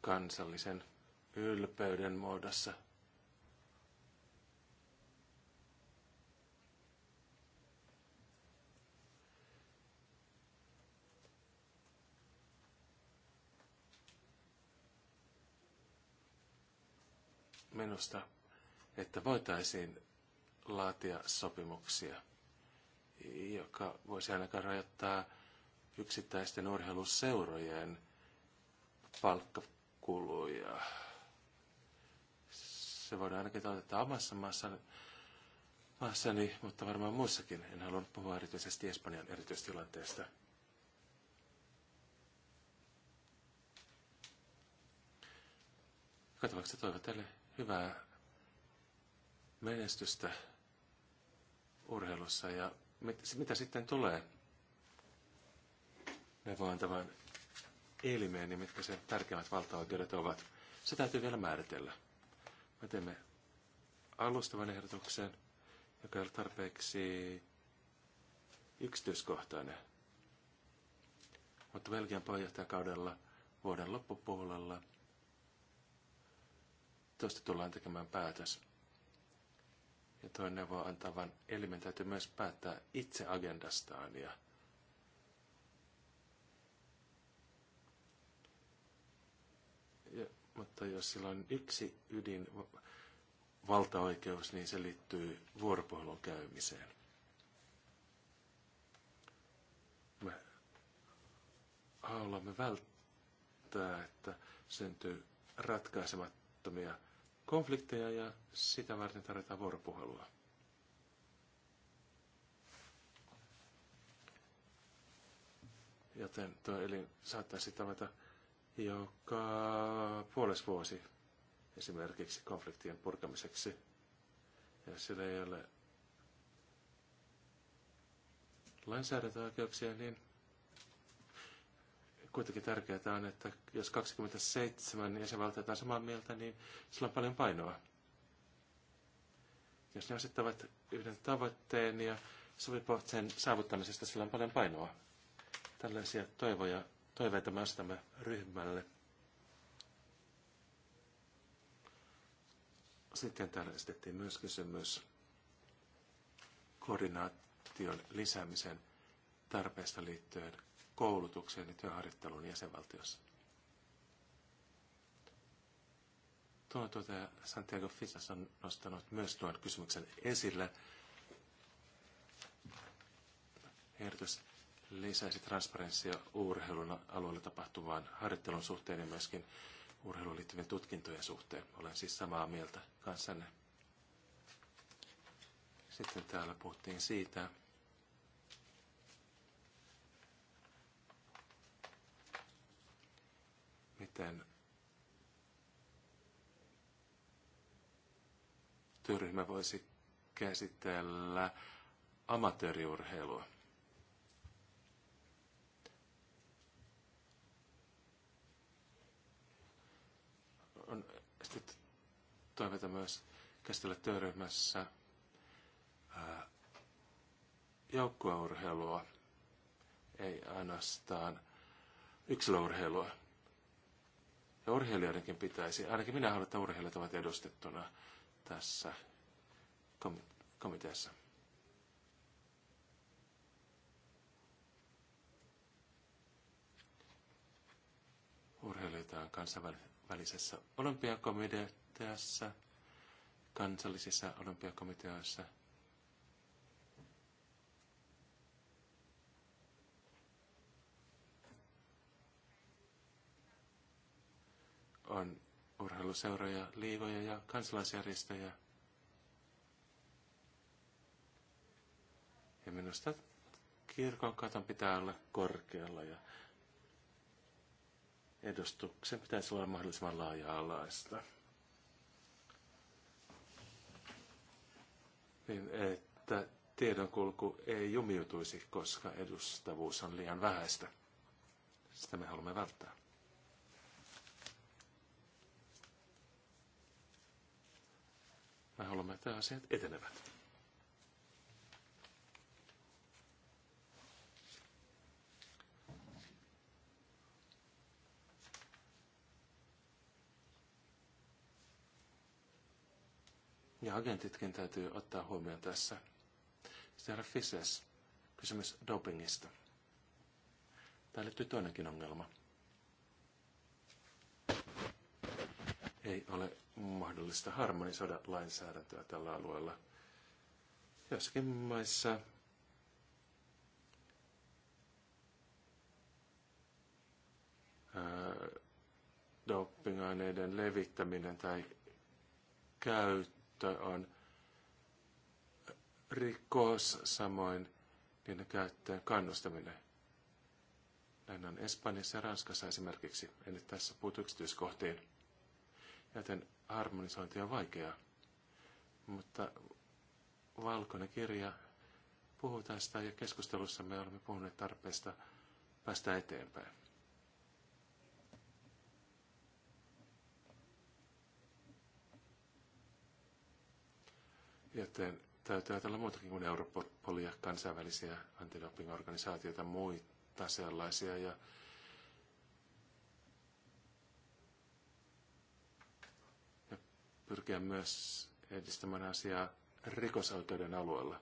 kansallisen ylpeyden muodossa – minusta, että voitaisiin laatia sopimuksia, joka voisi ainakaan rajoittaa yksittäisten urheiluseurojen palkkakuluja. Se voidaan ainakin toteuttaa omassa maassani, maassani, mutta varmaan muissakin. En halunnut puhua erityisesti Espanjan erityistilanteesta. Katsotaanko se teille hyvää menestystä urheilussa ja mit, mitä sitten tulee neuvoan tämän ilmeen, niin mitkä sen tärkeimmät valtaoikeudet ovat. Se täytyy vielä määritellä. Me teemme alustavan ehdotuksen, joka on tarpeeksi yksityiskohtainen. Mutta Belgian puheenjohtajakaudella vuoden loppupuolella – tuosta tullaan tekemään päätös. Ja toinen antaa antavan elimen täytyy myös päättää itse agendastaan ja Ja, mutta jos sillä on yksi ydin valtaoikeus, niin se liittyy vuoropuhelun käymiseen. Me haluamme välttää, että syntyy ratkaisemattomia konflikteja ja sitä varten tarvitaan vuoropuhelua. Joten tuo elin saattaisi tavata joka puoles vuosi esimerkiksi konfliktien purkamiseksi. Ja sillä ei ole lainsäädäntöoikeuksia, niin Kuitenkin tärkeää on, että jos 27 jäsenvaltiota on samaa mieltä, niin sillä on paljon painoa. Jos ne asettavat yhden tavoitteen ja sopivat sen saavuttamisesta, sillä on paljon painoa. Tällaisia toivoja, toiveita me asetamme ryhmälle. Sitten täällä esitettiin myös kysymys koordinaation lisäämisen tarpeesta liittyen koulutukseen ja työharjoitteluun jäsenvaltiossa. Tuo tuota, Santiago Fisas on nostanut myös tuon kysymyksen esille. Ehdotus lisäisi transparenssia urheilun alueella tapahtuvaan harjoittelun suhteen ja myöskin urheiluun liittyvien tutkintojen suhteen. Olen siis samaa mieltä kanssanne. Sitten täällä puhuttiin siitä, miten työryhmä voisi käsitellä amatööriurheilua. On toiveita myös käsitellä työryhmässä joukkueurheilua, ei ainoastaan yksilöurheilua. Ja urheilijoidenkin pitäisi, ainakin minä haluan, että urheilijat ovat edustettuna tässä komiteassa. Urheilijoita on kansainvälisessä olympiakomiteassa, kansallisissa olympiakomiteassa – on urheiluseuroja, liigoja ja kansalaisjärjestöjä. Ja minusta kirkon katon pitää olla korkealla ja edustuksen pitäisi olla mahdollisimman laaja-alaista. Niin, että tiedonkulku ei jumiutuisi, koska edustavuus on liian vähäistä. Sitä me haluamme välttää. Me haluamme, että asiat etenevät. Ja agentitkin täytyy ottaa huomioon tässä. Sitten herra Fises, kysymys dopingista. Tämä liittyy toinenkin ongelma. Ei ole mahdollista harmonisoida lainsäädäntöä tällä alueella. Joskin maissa dopingaineiden levittäminen tai käyttö on rikos, samoin niiden käyttöön kannustaminen. Näin on Espanjassa ja Ranskassa esimerkiksi, en nyt tässä puutu yksityiskohtiin. Joten harmonisointi on vaikeaa. Mutta valkoinen kirja puhuu tästä ja keskustelussa me olemme puhuneet tarpeesta päästä eteenpäin. Joten täytyy ajatella muutakin kuin Europolia, kansainvälisiä antidoping-organisaatioita, muita sellaisia ja pyrkiä myös edistämään asiaa rikosoikeuden alueella.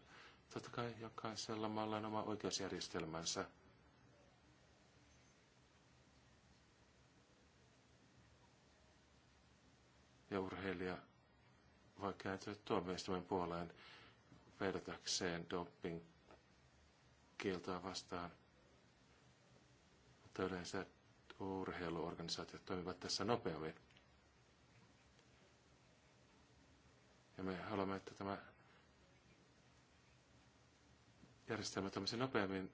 Totta kai jokaisella maalla on oma oikeusjärjestelmänsä. Ja urheilija voi kääntyä tuomioistuimen puoleen vedotakseen doping kieltoa vastaan. Mutta yleensä urheiluorganisaatiot toimivat tässä nopeammin. Ja me haluamme, että tämä järjestelmä toimisi nopeammin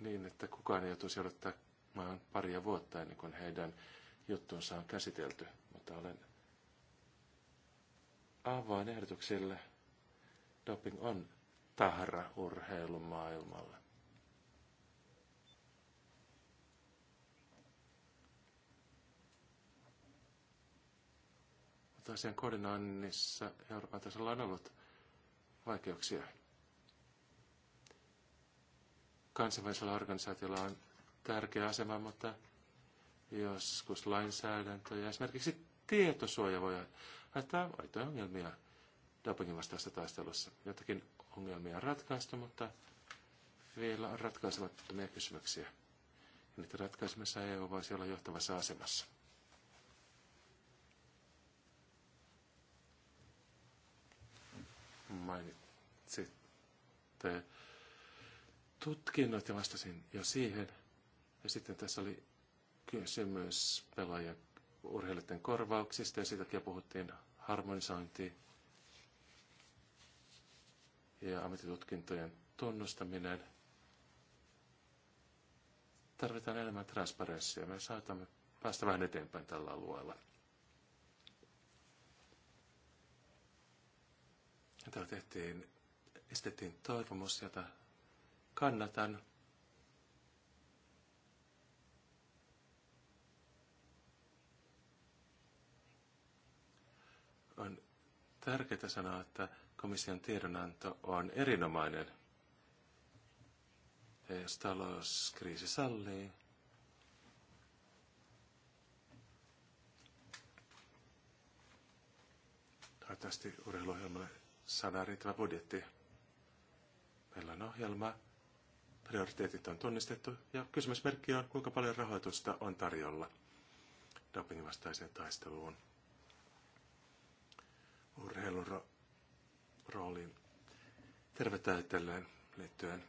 niin, että kukaan ei joutuisi odottamaan paria vuotta ennen kuin heidän juttunsa on käsitelty. Mutta olen avoin ehdotuksille. Doping on tahra urheilumaailmalla. mutta sen koordinoinnissa Euroopan tasolla on ollut vaikeuksia. Kansainvälisellä organisaatiolla on tärkeä asema, mutta joskus lainsäädäntö ja esimerkiksi tietosuoja voi aiheuttaa aitoja ongelmia dopingin vastaisessa taistelussa. Jotakin ongelmia on ratkaistu, mutta vielä on ratkaisemattomia kysymyksiä. Ja niiden ratkaisemassa EU voisi olla johtavassa asemassa. mainitsitte tutkinnot ja vastasin jo siihen. Ja sitten tässä oli kysymys pelaajien urheilijoiden korvauksista ja siitäkin puhuttiin harmonisointi ja ammattitutkintojen tunnustaminen. Tarvitaan enemmän transparenssia. Me saatamme päästä vähän eteenpäin tällä alueella. Ja täällä tehtiin, estettiin toivomus, jota kannatan. On tärkeää sanoa, että komission tiedonanto on erinomainen. Ja jos talouskriisi sallii, toivottavasti urheiluohjelmalle saadaan budjetti. Meillä on ohjelma, prioriteetit on tunnistettu ja kysymysmerkki on, kuinka paljon rahoitusta on tarjolla dopingvastaiseen taisteluun. Urheilun ro- rooliin tervetäytelleen liittyen.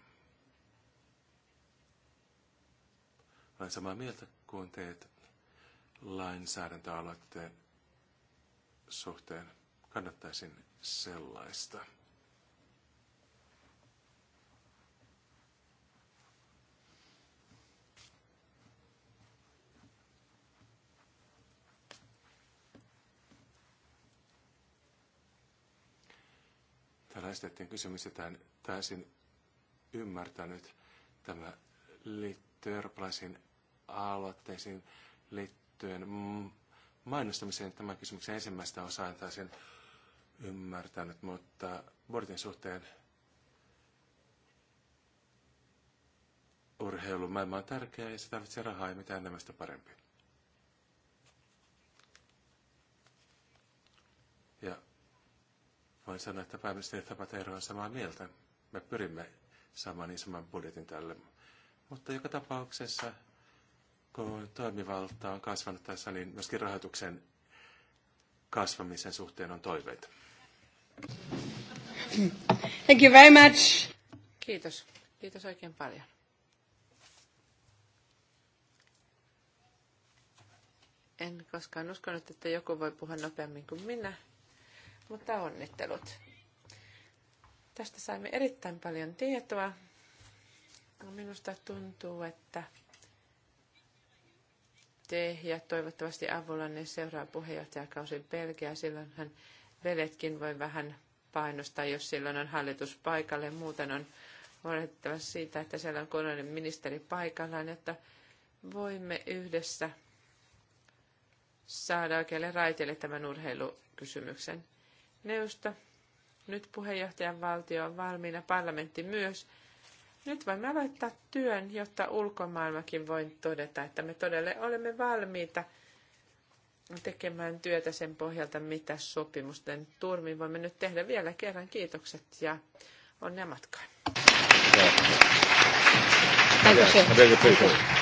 Olen samaa mieltä kuin teet lainsäädäntöaloitteen suhteen kannattaisin sellaista. Täällä esitettiin kysymys, että en täysin ymmärtänyt. Tämä liittyy eurooppalaisiin aloitteisiin liittyen mm, mainostamiseen tämän kysymyksen ensimmäistä osaa antaisin ymmärtänyt, mutta Bortin suhteen urheilumaailma on tärkeä ja se tarvitsee rahaa ja mitä enemmän sitä parempi. Ja voin sanoa, että pääministeri Tapatero on samaa mieltä. Me pyrimme saamaan saman budjetin tälle. Mutta joka tapauksessa, kun toimivalta on kasvanut tässä, niin myöskin rahoituksen kasvamisen suhteen on toiveita. Thank you very much. Kiitos. Kiitos oikein paljon. En koskaan uskonut, että joku voi puhua nopeammin kuin minä, mutta onnittelut. Tästä saimme erittäin paljon tietoa. Minusta tuntuu, että te ja toivottavasti ne seuraa puheenjohtajakausin Belgia. Silloin hän Veletkin voi vähän painostaa, jos silloin on hallitus paikalle. Muuten on huolehdittava siitä, että siellä on kunnollinen ministeri paikallaan, jotta voimme yhdessä saada oikealle raiteille tämän urheilukysymyksen. Neusta nyt puheenjohtajan valtio on valmiina, parlamentti myös. Nyt voimme aloittaa työn, jotta ulkomaailmakin voi todeta, että me todella olemme valmiita – tekemään työtä sen pohjalta, mitä sopimusten turmin voimme nyt tehdä. Vielä kerran kiitokset ja onnea matkaan. Yeah. Kiitos. Kiitos.